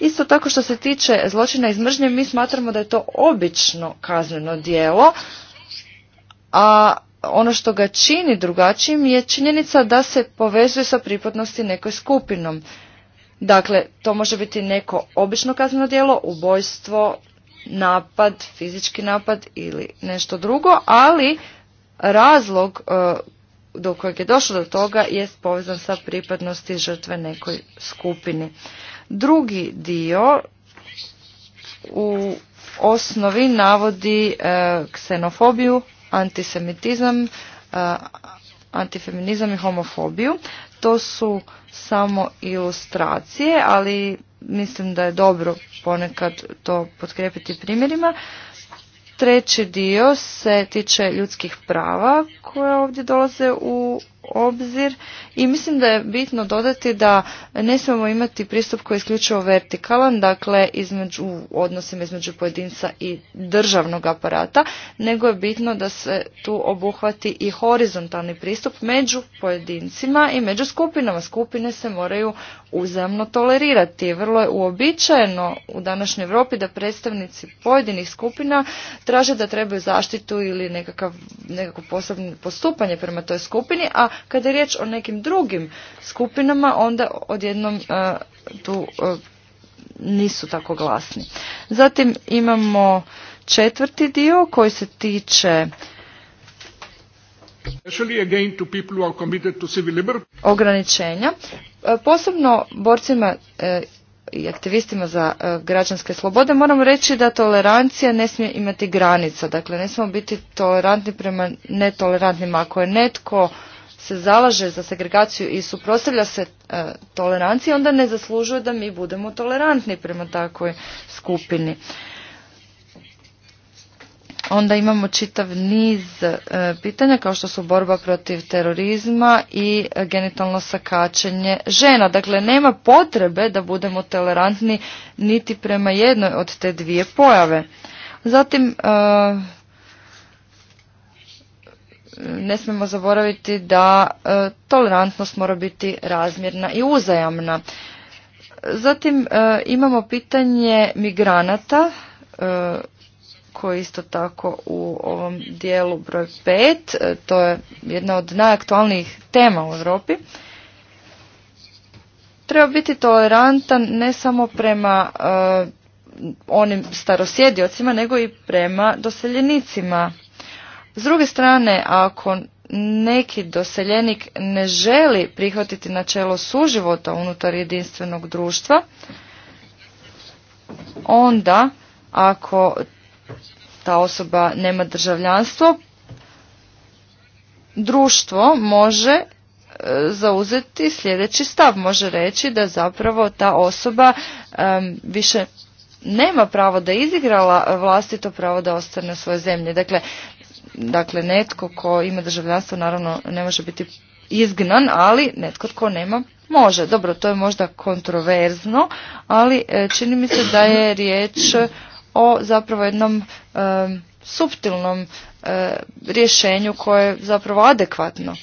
Isto tako što se tiče zločina iz mržnje, mi smatramo da je to obično kazneno djelo, a ono što ga čini drugačijim je činjenica da se povezuje sa pripadnosti nekoj skupinom. Dakle, to može biti neko obično kazneno djelo, ubojstvo, napad, fizički napad ili nešto drugo, ali razlog e, do kojeg je došlo do toga jest povezan sa pripadnosti žrtve nekoj skupini. Drugi dio u osnovi navodi e, ksenofobiju, antisemitizam, e, antifeminizam i homofobiju. To su samo ilustracije, ali mislim da je dobro ponekad to potkrijepiti primjerima. Treći dio se tiče ljudskih prava koje ovdje dolaze u obzir i mislim da je bitno dodati da ne smemo imati pristup koji je isključivo vertikalan, dakle između, u odnosima između pojedinca i državnog aparata, nego je bitno da se tu obuhvati i horizontalni pristup među pojedincima i među skupinama. Skupine se moraju uzemno tolerirati. Vrlo je uobičajeno u današnjoj Europi da predstavnici pojedinih skupina traže da trebaju zaštitu ili nekakav, nekako posebno postupanje prema toj skupini, a kada je riječ o nekim drugim skupinama, onda odjednom e, tu e, nisu tako glasni. Zatim imamo četvrti dio koji se tiče ograničenja. E, posebno borcima i aktivistima za građanske slobode moram reći da tolerancija ne smije imati granica. Dakle, ne smijemo biti tolerantni prema netolerantnima. Ako je netko se zalaže za segregaciju i suprotstavlja se e, toleranciji, onda ne zaslužuje da mi budemo tolerantni prema takvoj skupini. Onda imamo čitav niz e, pitanja kao što su borba protiv terorizma i genitalno sakačenje žena. Dakle, nema potrebe da budemo tolerantni niti prema jednoj od te dvije pojave. Zatim, e, ne smemo zaboraviti da e, tolerantnost mora biti razmjerna i uzajamna. Zatim e, imamo pitanje migranata e, koji isto tako u ovom dijelu broj 5, to je jedna od najaktualnijih tema u Europi. Treba biti tolerantan ne samo prema onim starosjediocima, nego i prema doseljenicima s druge strane, ako neki doseljenik ne želi prihvatiti načelo suživota unutar jedinstvenog društva, onda ako ta osoba nema državljanstvo, društvo može e, zauzeti sljedeći stav. Može reći da zapravo ta osoba više nema pravo da izigrala vlastito pravo da ostane u svojoj zemlji. Dakle, Dakle, netko ko ima državljanstvo naravno ne može biti izgnan, ali netko tko nema može. Dobro, to je možda kontroverzno, ali e, čini mi se da je riječ o zapravo jednom e, suptilnom e, rješenju koje je zapravo adekvatno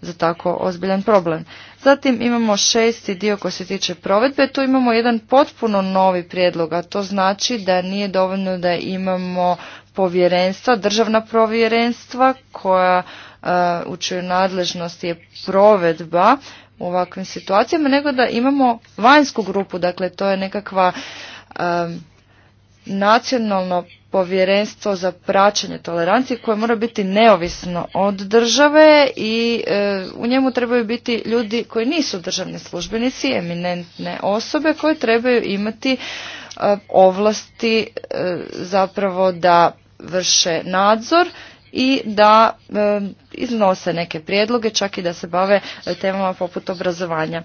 za tako ozbiljan problem. Zatim imamo šesti dio koji se tiče provedbe. Tu imamo jedan potpuno novi prijedlog, a to znači da nije dovoljno da imamo povjerenstva, državna povjerenstva koja e, u čijoj nadležnosti je provedba u ovakvim situacijama, nego da imamo vanjsku grupu, dakle to je nekakva e, nacionalno povjerenstvo za praćenje tolerancije koje mora biti neovisno od države i e, u njemu trebaju biti ljudi koji nisu državni službenici, eminentne osobe koje trebaju imati ovlasti zapravo da vrše nadzor i da iznose neke prijedloge, čak i da se bave e, temama poput obrazovanja.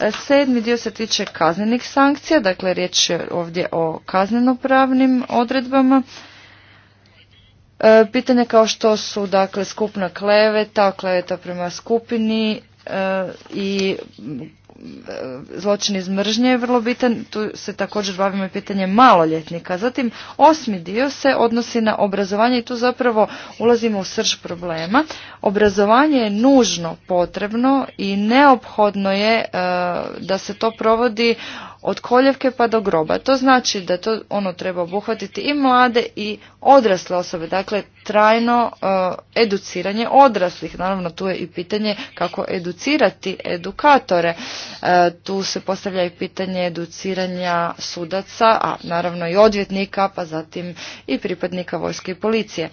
E, sedmi dio se tiče kaznenih sankcija, dakle riječ je ovdje o kaznenopravnim odredbama. E, pitanje kao što su dakle skupna kleveta, kleveta prema skupini E, i e, zločin iz mržnje je vrlo bitan, tu se također bavimo i pitanjem maloljetnika. Zatim osmi dio se odnosi na obrazovanje i tu zapravo ulazimo u srž problema. Obrazovanje je nužno potrebno i neophodno je e, da se to provodi od koljevke pa do groba. To znači da to ono treba obuhvatiti i mlade i odrasle osobe, dakle trajno eh, educiranje odraslih. Naravno tu je i pitanje kako educirati edukatore. Eh, tu se postavlja i pitanje educiranja sudaca, a naravno i odvjetnika, pa zatim i pripadnika vojske i policije.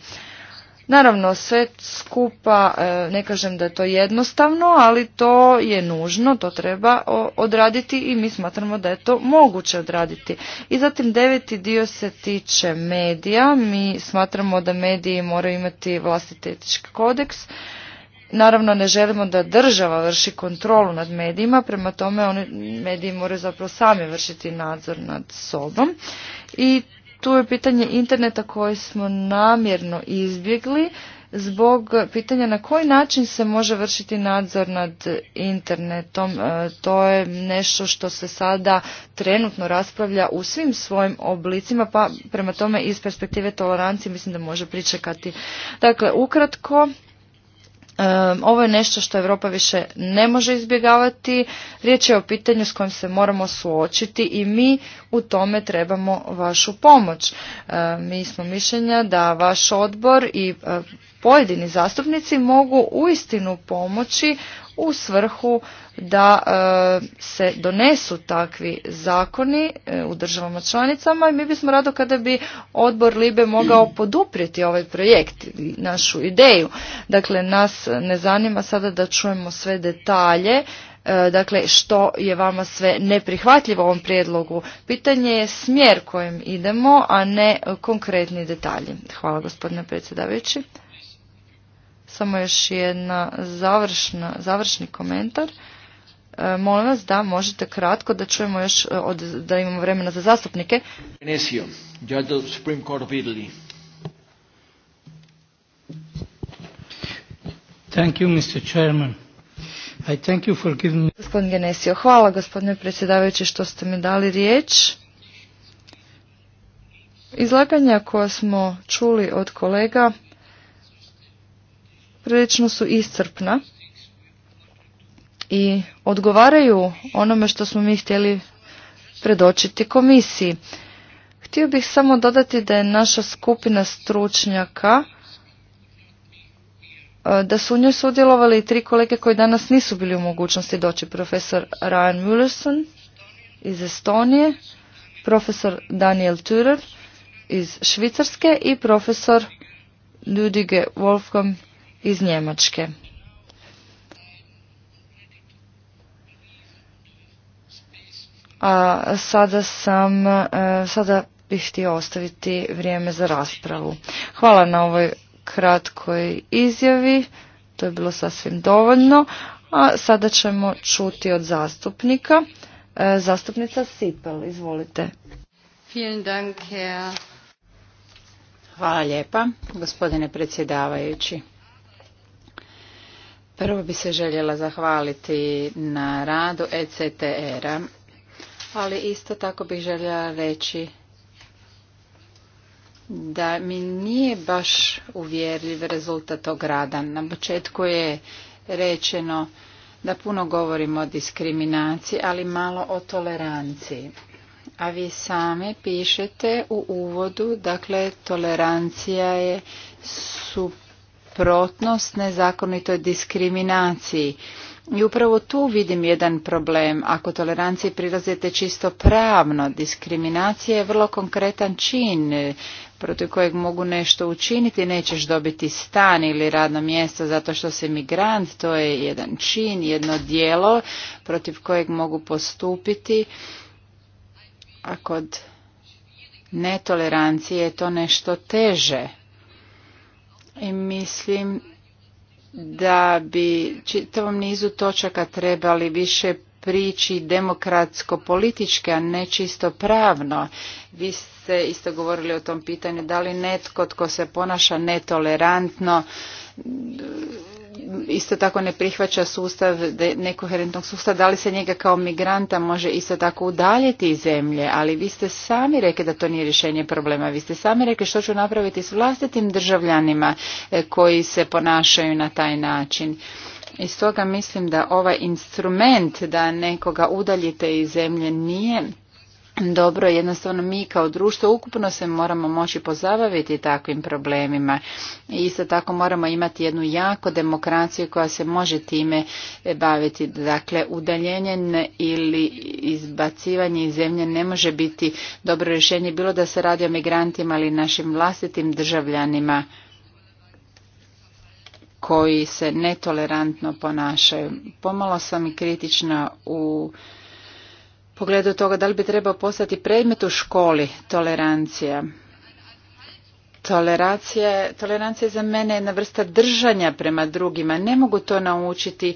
Naravno, sve skupa, e, ne kažem da je to jednostavno, ali to je nužno, to treba odraditi i mi smatramo da je to moguće odraditi. I zatim deveti dio se tiče medija. Mi smatramo da mediji moraju imati vlastiti etički kodeks. Naravno, ne želimo da država vrši kontrolu nad medijima, prema tome oni mediji moraju zapravo sami vršiti nadzor nad sobom. I tu je pitanje interneta koje smo namjerno izbjegli zbog pitanja na koji način se može vršiti nadzor nad internetom. E, to je nešto što se sada trenutno raspravlja u svim svojim oblicima, pa prema tome iz perspektive tolerancije mislim da može pričekati. Dakle, ukratko, ovo je nešto što Europa više ne može izbjegavati. Riječ je o pitanju s kojim se moramo suočiti i mi u tome trebamo vašu pomoć. Mi smo mišljenja da vaš odbor i pojedini zastupnici mogu uistinu pomoći u svrhu da e, se donesu takvi zakoni e, u državama članicama i mi bismo rado kada bi odbor Libe mogao poduprijeti ovaj projekt, našu ideju. Dakle, nas ne zanima sada da čujemo sve detalje, e, dakle što je vama sve neprihvatljivo u ovom prijedlogu. Pitanje je smjer kojim idemo, a ne konkretni detalji. Hvala gospodine predsjedavajući. Samo još jedna završna, završni komentar. E, molim vas da možete kratko da čujemo još e, od, da imamo vremena za zastupnike. Venecio, judge of Supreme Court of Italy. Thank you, Mr. Chairman. I thank you for giving me... Gospodin Genesio, hvala gospodine predsjedavajući što ste mi dali riječ. Izlaganja koja smo čuli od kolega prilično su iscrpna i odgovaraju onome što smo mi htjeli predočiti komisiji. Htio bih samo dodati da je naša skupina stručnjaka e, da su u njoj sudjelovali i tri kolege koji danas nisu bili u mogućnosti doći. Profesor Ryan Mullerson iz Estonije, profesor Daniel Türer iz Švicarske i profesor Ludige Wolfgang iz Njemačke. A sada sam, e, sada bih htio ostaviti vrijeme za raspravu. Hvala na ovoj kratkoj izjavi, to je bilo sasvim dovoljno. A sada ćemo čuti od zastupnika. E, zastupnica Sipel, izvolite. Hvala lijepa, gospodine predsjedavajući. Prvo bi se željela zahvaliti na radu ECTR-a, ali isto tako bih željela reći da mi nije baš uvjerljiv rezultat tog rada. Na početku je rečeno da puno govorimo o diskriminaciji, ali malo o toleranciji. A vi same pišete u uvodu, dakle, tolerancija je super suprotnost nezakonitoj diskriminaciji. I upravo tu vidim jedan problem. Ako toleranciji prilazite čisto pravno, diskriminacija je vrlo konkretan čin protiv kojeg mogu nešto učiniti, nećeš dobiti stan ili radno mjesto zato što si migrant, to je jedan čin, jedno dijelo protiv kojeg mogu postupiti. A kod netolerancije je to nešto teže. I mislim da bi čitavom nizu točaka trebali više prići demokratsko-političke, a ne čisto pravno. Vi ste isto govorili o tom pitanju da li netko tko se ponaša netolerantno isto tako ne prihvaća sustav nekoherentnog sustava, da li se njega kao migranta može isto tako udaljiti iz zemlje, ali vi ste sami rekli da to nije rješenje problema, vi ste sami rekli što ću napraviti s vlastitim državljanima e, koji se ponašaju na taj način. I stoga mislim da ovaj instrument da nekoga udaljite iz zemlje nije dobro, jednostavno mi kao društvo ukupno se moramo moći pozabaviti takvim problemima. I isto tako moramo imati jednu jako demokraciju koja se može time baviti. Dakle, udaljenje ili izbacivanje iz zemlje ne može biti dobro rješenje, bilo da se radi o migrantima ili našim vlastitim državljanima koji se netolerantno ponašaju. Pomalo sam i kritična u pogledu toga da li bi trebao postati predmet u školi tolerancija. tolerancija je za mene jedna vrsta držanja prema drugima. Ne mogu to naučiti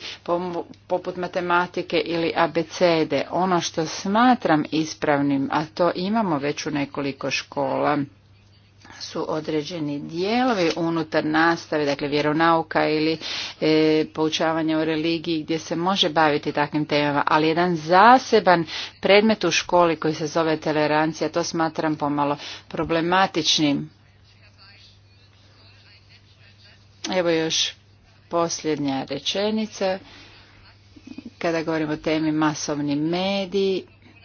poput matematike ili abecede. Ono što smatram ispravnim, a to imamo već u nekoliko škola, su određeni dijelovi unutar nastave, dakle vjeronauka ili e, poučavanje o religiji gdje se može baviti takvim temama, ali jedan zaseban predmet u školi koji se zove tolerancija, to smatram pomalo problematičnim. Evo još posljednja rečenica. Kada govorimo o temi masovni mediji,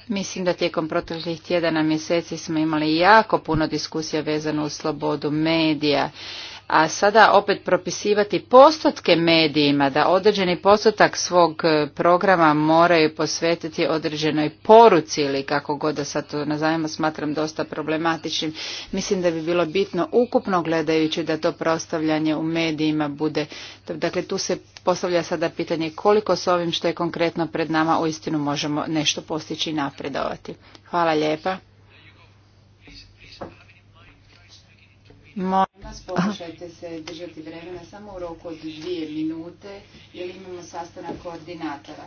Mislim da tijekom proteklih tjedana mjeseci smo imali jako puno diskusija vezano uz slobodu medija a sada opet propisivati postotke medijima da određeni postotak svog e, programa moraju posvetiti određenoj poruci ili kako god da sad to nazajemo, smatram dosta problematičnim. Mislim da bi bilo bitno ukupno gledajući da to prostavljanje u medijima bude. Dakle, tu se postavlja sada pitanje koliko s ovim što je konkretno pred nama uistinu možemo nešto postići i napredovati. Hvala lijepa. Molim držati vremena samo od minute, jer imamo sastanak koordinatora.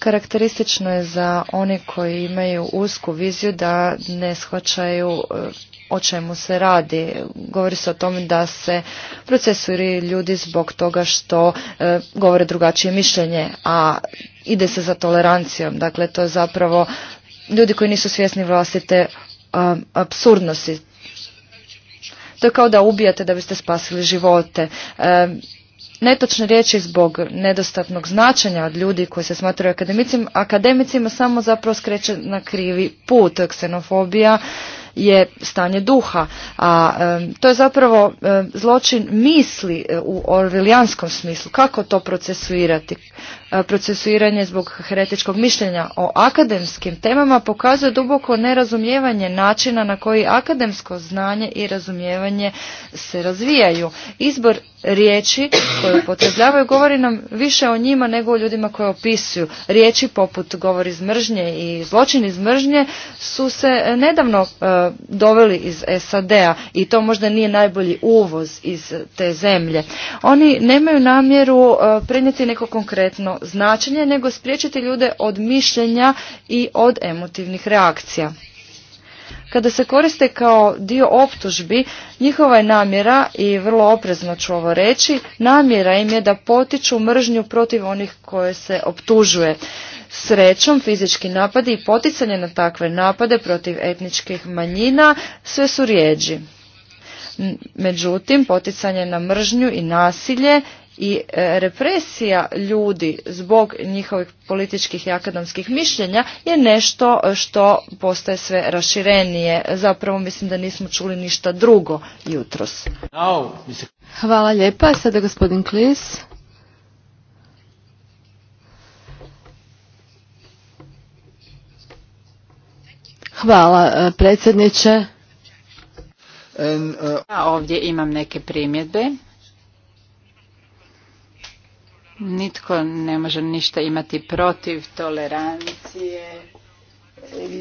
Karakteristično je za one koji imaju usku viziju da ne shvaćaju eh, o čemu se radi. Govori se o tome da se procesuri ljudi zbog toga što eh, govore drugačije mišljenje, a ide se za tolerancijom. Dakle, to je zapravo ljudi koji nisu svjesni vlastite apsurdnosti. To je kao da ubijate da biste spasili živote. E, netočne riječi zbog nedostatnog značenja od ljudi koji se smatraju akademicima, akademicima samo zapravo skreće na krivi put. Ksenofobija je stanje duha, a e, to je zapravo e, zločin misli u orvilijanskom smislu. Kako to procesuirati? E, procesuiranje zbog heretičkog mišljenja o akademskim temama pokazuje duboko nerazumijevanje načina na koji akademsko znanje i razumijevanje se razvijaju. Izbor riječi koje upotrebljavaju govori nam više o njima nego o ljudima koje opisuju. Riječi poput govor iz i zločin iz mržnje su se nedavno e, doveli iz SAD-a i to možda nije najbolji uvoz iz te zemlje. Oni nemaju namjeru e, prenijeti neko konkretno značenje, nego spriječiti ljude od mišljenja i od emotivnih reakcija. Kada se koriste kao dio optužbi, njihova je namjera, i vrlo oprezno ću ovo reći, namjera im je da potiču mržnju protiv onih koje se optužuje. Srećom, fizički napadi i poticanje na takve napade protiv etničkih manjina sve su rijeđi. Međutim, poticanje na mržnju i nasilje i e, represija ljudi zbog njihovih političkih i akademskih mišljenja je nešto e, što postaje sve raširenije. Zapravo mislim da nismo čuli ništa drugo jutros. Hvala lijepa. Sada gospodin Klis. Hvala e, predsjedniče. Ja ovdje imam neke primjedbe. Nitko ne može ništa imati protiv tolerancije,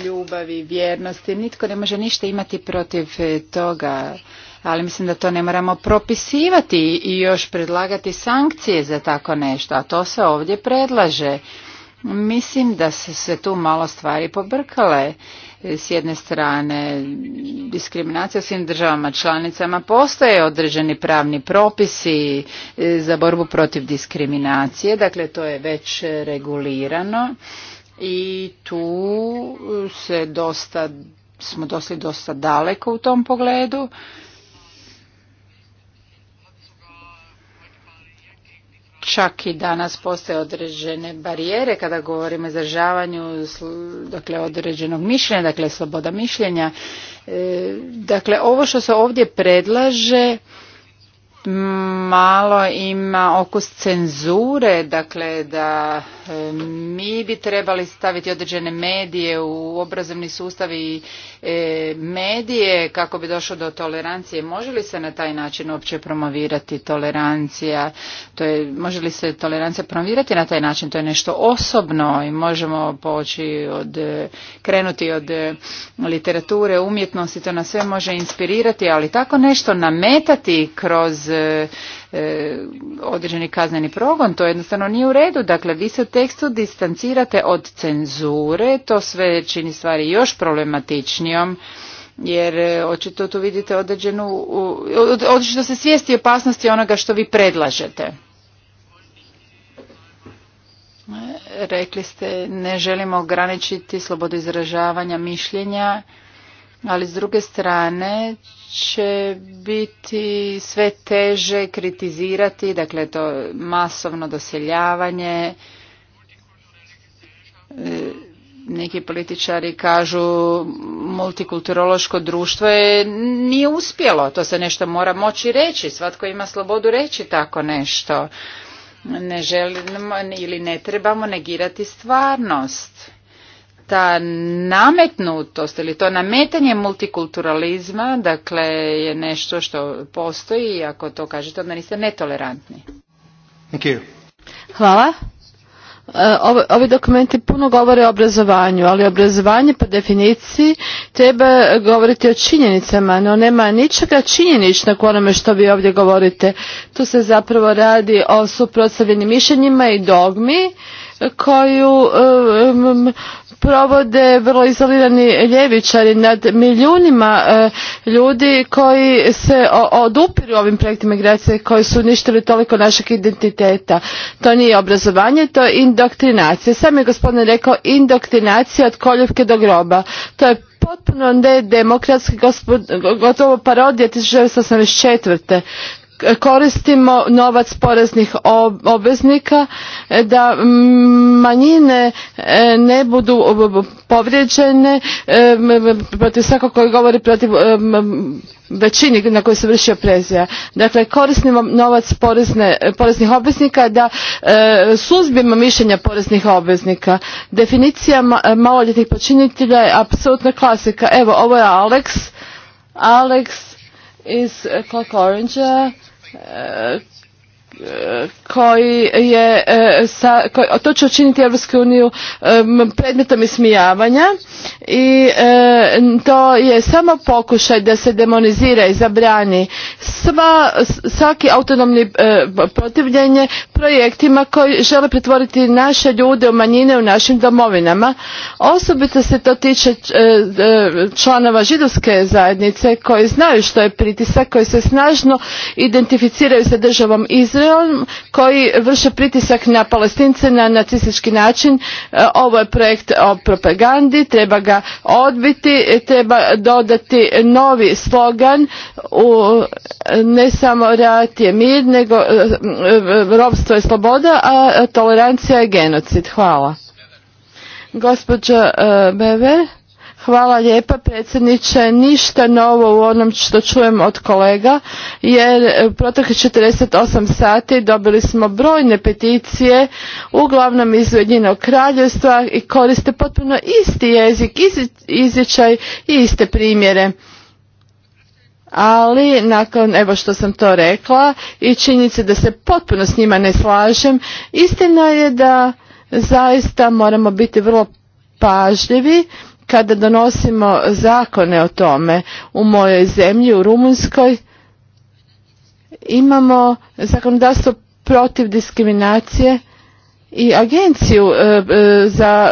ljubavi, vjernosti. Nitko ne može ništa imati protiv e, toga. Ali mislim da to ne moramo propisivati i još predlagati sankcije za tako nešto. A to se ovdje predlaže. Mislim da su se tu malo stvari pobrkale s jedne strane diskriminacija u svim državama članicama, postoje određeni pravni propisi e, za borbu protiv diskriminacije, dakle to je već regulirano i tu e, se dosta, smo dosli dosta daleko u tom pogledu. čak i danas postoje određene barijere kada govorimo o izražavanju dakle, određenog mišljenja, dakle sloboda mišljenja. E, dakle, ovo što se ovdje predlaže malo ima okus cenzure, dakle da E, mi bi trebali staviti određene medije u obrazovni sustav i e, medije kako bi došlo do tolerancije. Može li se na taj način uopće promovirati tolerancija? To je, može li se tolerancija promovirati na taj način? To je nešto osobno i možemo poći od, e, krenuti od literature, umjetnosti, to nas sve može inspirirati, ali tako nešto nametati kroz E, određeni kazneni progon, to jednostavno nije u redu. Dakle, vi se u tekstu distancirate od cenzure, to sve čini stvari još problematičnijom jer e, očito tu vidite određenu, očito se svijesti opasnosti onoga što vi predlažete. E, rekli ste ne želimo ograničiti slobodu izražavanja mišljenja ali s druge strane će biti sve teže kritizirati, dakle to masovno doseljavanje. E, neki političari kažu multikulturološko društvo je nije uspjelo, to se nešto mora moći reći, svatko ima slobodu reći tako nešto. Ne želimo ili ne trebamo negirati stvarnost ta nametnutost ili to nametanje multikulturalizma, dakle, je nešto što postoji i ako to kažete, onda niste netolerantni. Thank you. Hvala. E, ovi, dokumenti puno govore o obrazovanju, ali obrazovanje po definiciji treba govoriti o činjenicama, no nema ničega činjeničnog u onome što vi ovdje govorite. Tu se zapravo radi o suprotstavljenim mišljenjima i dogmi koju provode vrlo izolirani ljevičari nad milijunima eh, ljudi koji se odupiru ovim projektima migracije koji su uništili toliko našeg identiteta. To nije obrazovanje, to je indoktrinacija. Sam je gospodin rekao indoktrinacija od koljevke do groba. To je potpuno demokratski, gotovo parodija 1984 koristimo novac poreznih obveznika e, da manjine e, ne budu povrijeđene e, protiv svakog koji govori protiv većini na kojoj se vrši oprezija. Dakle, koristimo novac poreznih obveznika da suzbimo suzbijemo mišljenja poreznih obveznika. Definicija maloljetnih počinitelja je apsolutna klasika. Evo, ovo je Alex. Alex iz Clock Orange e koji je e, sa, to će učiniti Europsku uniju predmetom ismijavanja i e, to je samo pokušaj da se demonizira i zabrani sva, svaki autonomni e, protivljenje projektima koji žele pretvoriti naše ljude u manjine u našim domovinama. Osobito se to tiče članova židovske zajednice koji znaju što je pritisak, koji se snažno identificiraju sa državom Izrael koji vrše pritisak na palestince na nacistički način. E, ovo je projekt o propagandi, treba ga odbiti, treba dodati novi slogan u ne samo rat je mir, nego e, e, robstvo je sloboda, a tolerancija je genocid. Hvala. Gospođa Beve. Hvala lijepa predsjedniče. Ništa novo u onom što čujem od kolega jer e, u proteklih 48 sati dobili smo brojne peticije uglavnom iz Ujedinog kraljevstva i koriste potpuno isti jezik, izričaj i iste primjere ali nakon evo što sam to rekla i činjenice da se potpuno s njima ne slažem istina je da zaista moramo biti vrlo pažljivi kada donosimo zakone o tome u mojoj zemlji, u Rumunjskoj, imamo zakonodavstvo protiv diskriminacije i agenciju e, e, za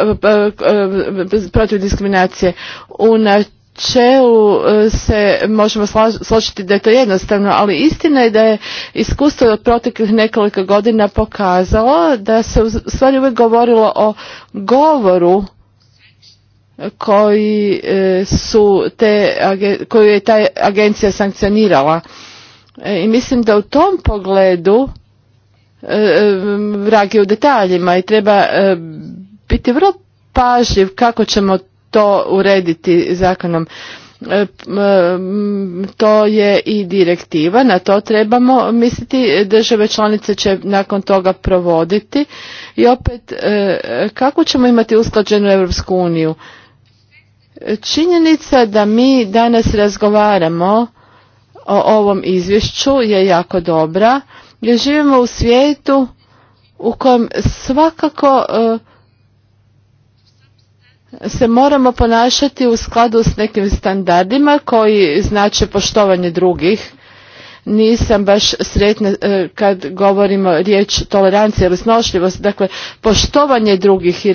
e, protiv diskriminacije u načelu se možemo složiti da je to jednostavno ali istina je da je iskustvo od proteklih nekoliko godina pokazalo da se u stvari uvijek govorilo o govoru koji e, su te, koju je ta agencija sankcionirala. E, I mislim da u tom pogledu e, vrag je u detaljima i treba biti vrlo pažljiv kako ćemo to urediti zakonom. To je i direktiva, na to trebamo misliti, države članice će nakon toga provoditi i opet kako ćemo imati usklađenu Europsku uniju? Činjenica da mi danas razgovaramo o ovom izvješću je jako dobra jer živimo u svijetu u kojem svakako e, se moramo ponašati u skladu s nekim standardima koji znače poštovanje drugih nisam baš sretna e, kad govorimo riječ tolerancija ili snošljivost. Dakle, poštovanje drugih i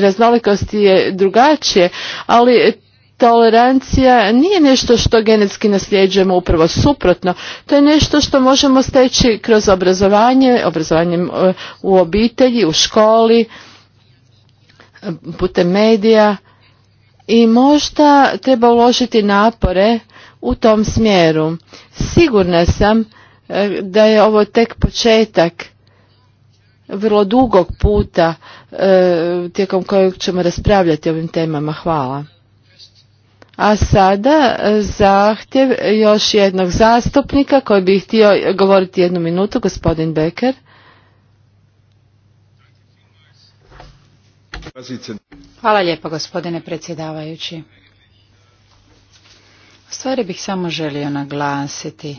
raznolikosti je drugačije, ali tolerancija nije nešto što genetski nasljeđujemo upravo suprotno to je nešto što možemo steći kroz obrazovanje obrazovanje e, u obitelji u školi e, putem medija i možda treba uložiti napore u tom smjeru. Sigurna sam e, da je ovo tek početak vrlo dugog puta e, tijekom kojeg ćemo raspravljati ovim temama. Hvala. A sada e, zahtjev još jednog zastupnika koji bi htio govoriti jednu minutu, gospodin Becker. Hvala lijepo gospodine predsjedavajući stvari bih samo želio naglasiti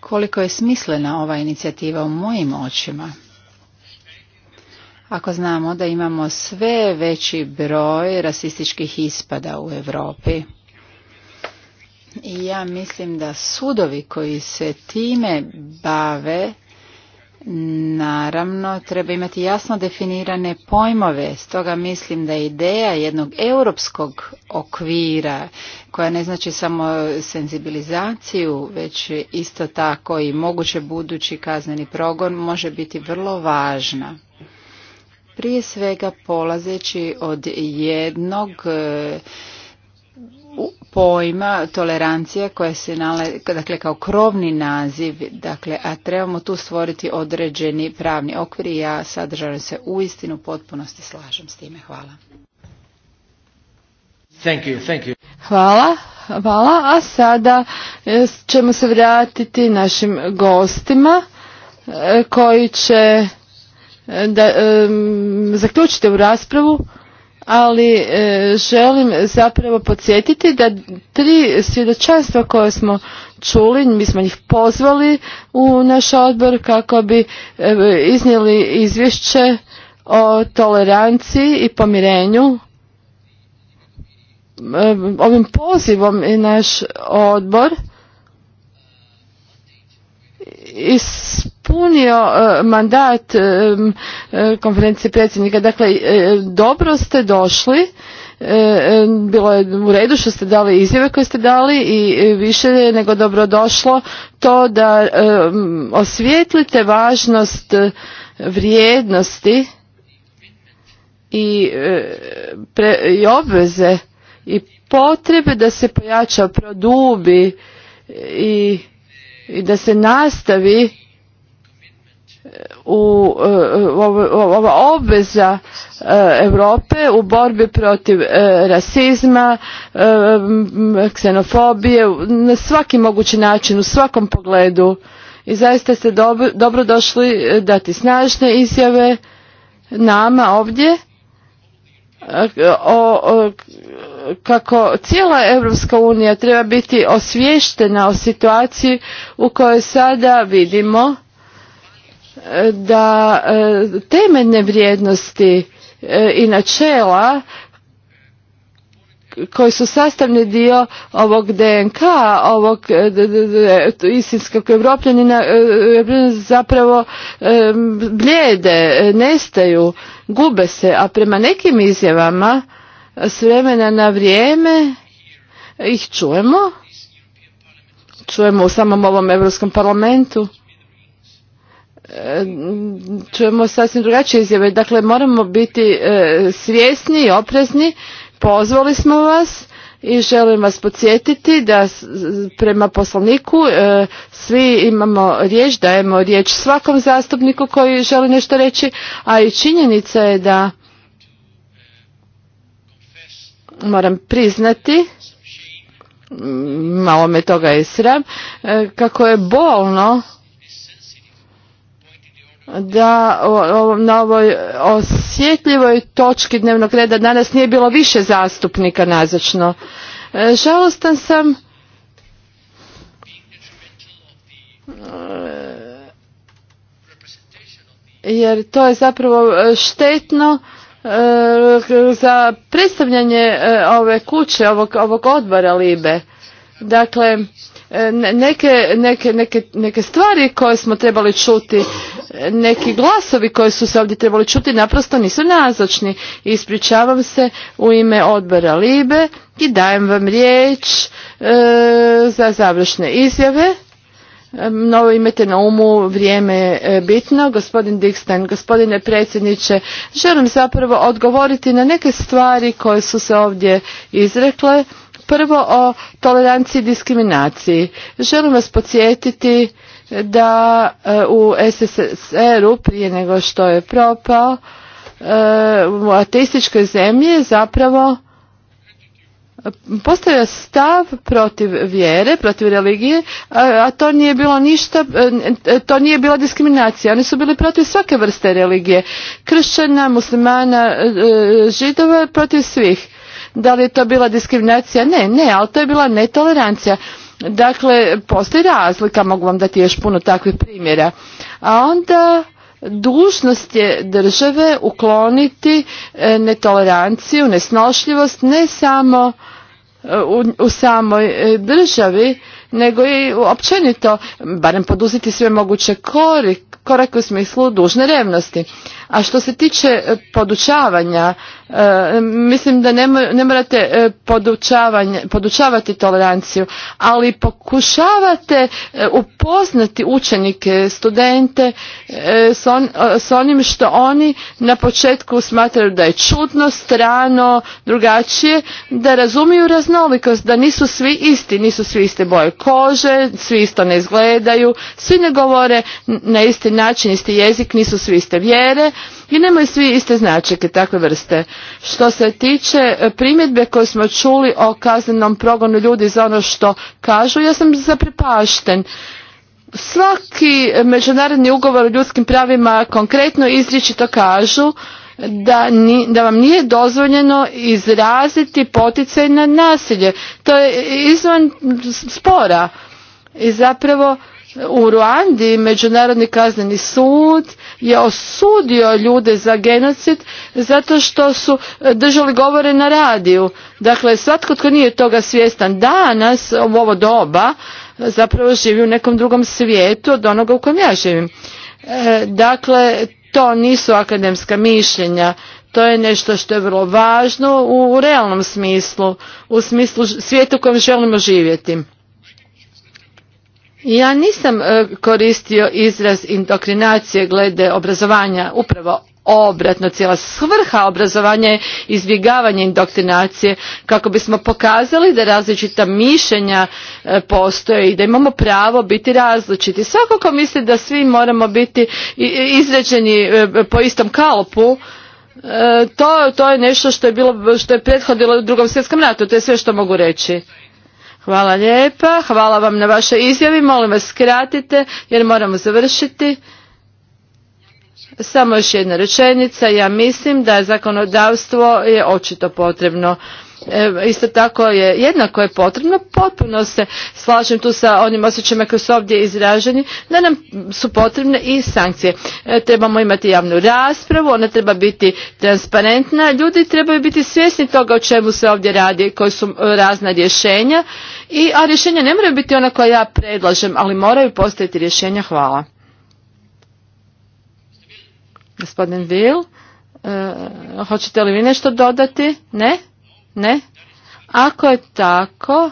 koliko je smislena ova inicijativa u mojim očima. Ako znamo da imamo sve veći broj rasističkih ispada u Europi, i ja mislim da sudovi koji se time bave Naravno, treba imati jasno definirane pojmove, stoga mislim da ideja jednog europskog okvira, koja ne znači samo senzibilizaciju, već isto tako i moguće budući kazneni progon, može biti vrlo važna. Prije svega polazeći od jednog pojma tolerancije koje se nalazi dakle, kao krovni naziv, dakle, a trebamo tu stvoriti određeni pravni okvir i ja sadržavam se u istinu potpunosti slažem s time. Hvala. Thank you, thank you. Hvala, A sada e, ćemo se vratiti našim gostima e, koji će e, da, um, zaključiti u raspravu ali e, želim zapravo podsjetiti da tri svjedočanstva koje smo čuli, mi smo ih pozvali u naš odbor kako bi e, iznijeli izvješće o toleranciji i pomirenju. E, ovim pozivom je naš odbor ispunio e, mandat e, e, konferencije predsjednika. Dakle, dobro ste došli, bilo je u redu što ste dali izjave koje ste dali i više je nego dobrodošlo to da osvijetlite važnost vrijednosti i, i obveze i potrebe da se pojača, produbi i i da se nastavi e, e, u ova obveza e, Europe u borbi protiv rasizma, ksenofobije, na svaki mogući način, u svakom pogledu. I zaista ste dobro, došli dati snažne izjave nama ovdje o, o, kako cijela Europska unija treba biti osviještena o situaciji u kojoj sada vidimo e, da e, temeljne vrijednosti e, i načela koji su sastavni dio ovog DNK, ovog istinskog evropljanina zapravo bljede, nestaju, gube se, a prema nekim izjavama s vremena na vrijeme ih čujemo. Čujemo u samom ovom Europskom parlamentu. E, čujemo sasvim drugačije izjave. Dakle, moramo biti e, svjesni i oprezni. Pozvali smo vas i želim vas podsjetiti da prema poslovniku e, svi imamo riječ, dajemo riječ svakom zastupniku koji želi nešto reći, a i činjenica je da moram priznati, mm, malo me toga je sram, e, kako je bolno da na ovoj osjetljivoj točki dnevnog reda danas nije bilo više zastupnika nazočno. E, žalostan sam e, jer to je zapravo štetno E, za predstavljanje e, ove kuće, ovog, ovog odbora Libe. Dakle, e, neke, neke, neke, neke stvari koje smo trebali čuti, neki glasovi koji su se ovdje trebali čuti naprosto nisu nazočni. Ispričavam se u ime odbora Libe i dajem vam riječ za završne izjave. Mnogo imate na umu, vrijeme je bitno. Gospodin Dikstan, gospodine predsjedniče, želim zapravo odgovoriti na neke stvari koje su se ovdje izrekle. Prvo o toleranciji i diskriminaciji. Želim vas podsjetiti da e, u ssr u prije nego što je propao e, u ateističkoj zemlji zapravo postavio stav protiv vjere, protiv religije, a to nije bilo ništa, e, e, to nije bila diskriminacija. Oni su bili protiv svake vrste religije, kršćana, muslimana, e, židova, protiv svih. Da li je to bila diskriminacija? Ne, ne, ali to je bila netolerancija. Dakle, postoji razlika, mogu vam dati još puno takvih primjera. A onda Dužnost je države ukloniti e, netoleranciju, nesnošljivost ne samo e, u, samoj e, državi, nego i općenito, barem poduzeti sve moguće korake u smislu dužne revnosti. A što se tiče e, podučavanja, e, mislim da ne morate e, podučavati toleranciju, ali pokušavate upoznati učenike, studente s onim što oni na početku smatraju da je čudno, strano, drugačije, da razumiju raznolikost, da nisu svi isti, nisu svi iste boje kože, svi isto ne izgledaju, svi ne govore na isti način, isti jezik, nisu svi iste vjere, i nemaju svi iste značajke takve vrste. Što se tiče e, primjedbe koje smo čuli o kaznenom progonu ljudi za ono što kažu, ja sam zaprepašten. Svaki međunarodni ugovor o ljudskim pravima konkretno izričito kažu da, ni, da vam nije dozvoljeno izraziti poticaj na nasilje. To je izvan spora. I zapravo u Ruandi Međunarodni kazneni sud je osudio ljude za genocid zato što su e, držali govore na radiju. Dakle, svatko tko nije toga svjestan danas u ovo doba zapravo živi u nekom drugom svijetu od onoga u kojem ja živim. E, dakle, to nisu akademska mišljenja. To je nešto što je vrlo važno u, realnom smislu, u smislu svijetu u kojem želimo živjeti. Ja nisam e, koristio izraz indoktrinacije glede obrazovanja, upravo obratno cijela svrha obrazovanja je izbjegavanje indoktrinacije kako bismo pokazali da različita mišljenja e, postoje i da imamo pravo biti različiti. Svako ko misli da svi moramo biti izrađeni e, po istom kalpu, to, je nešto što je, bilo, što je prethodilo u drugom svjetskom ratu, to je sve što mogu reći. Hvala lijepa, hvala vam na vašoj izjavi, molim vas skratite jer moramo završiti. Samo još jedna rečenica, ja mislim da zakonodavstvo je očito potrebno isto tako je jednako je potrebno, potpuno se slažem tu sa onim osjećajima koji su ovdje izraženi, da nam su potrebne i sankcije. E, trebamo imati javnu raspravu, ona treba biti transparentna, ljudi trebaju biti svjesni toga o čemu se ovdje radi, koji su e, razna rješenja, i, a rješenja ne moraju biti ona koja ja predlažem, ali moraju postojati rješenja. Hvala. Gospodin Vil, e, hoćete li vi nešto dodati? Ne? Ne? Ako je tako,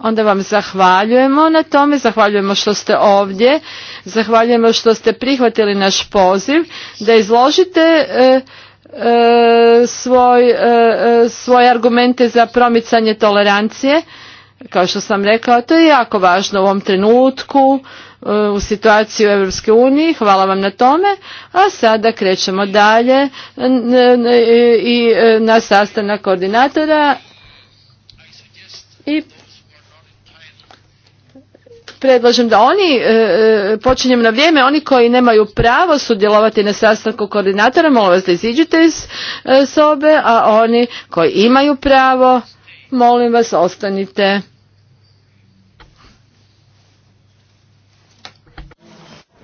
onda vam zahvaljujemo na tome, zahvaljujemo što ste ovdje, zahvaljujemo što ste prihvatili naš poziv da izložite e, e, svoj, e, svoje argumente za promicanje tolerancije. Kao što sam rekao, to je jako važno u ovom trenutku, eh, u situaciji u EU, uniji. Hvala vam na tome. A sada krećemo dalje i eh, na sastanak koordinatora. I predlažem da oni, eh, počinjem na vrijeme, oni koji nemaju pravo sudjelovati na sastanku koordinatora, molim vas da iziđete iz sobe, a oni koji imaju pravo, Molim vas, ostanite.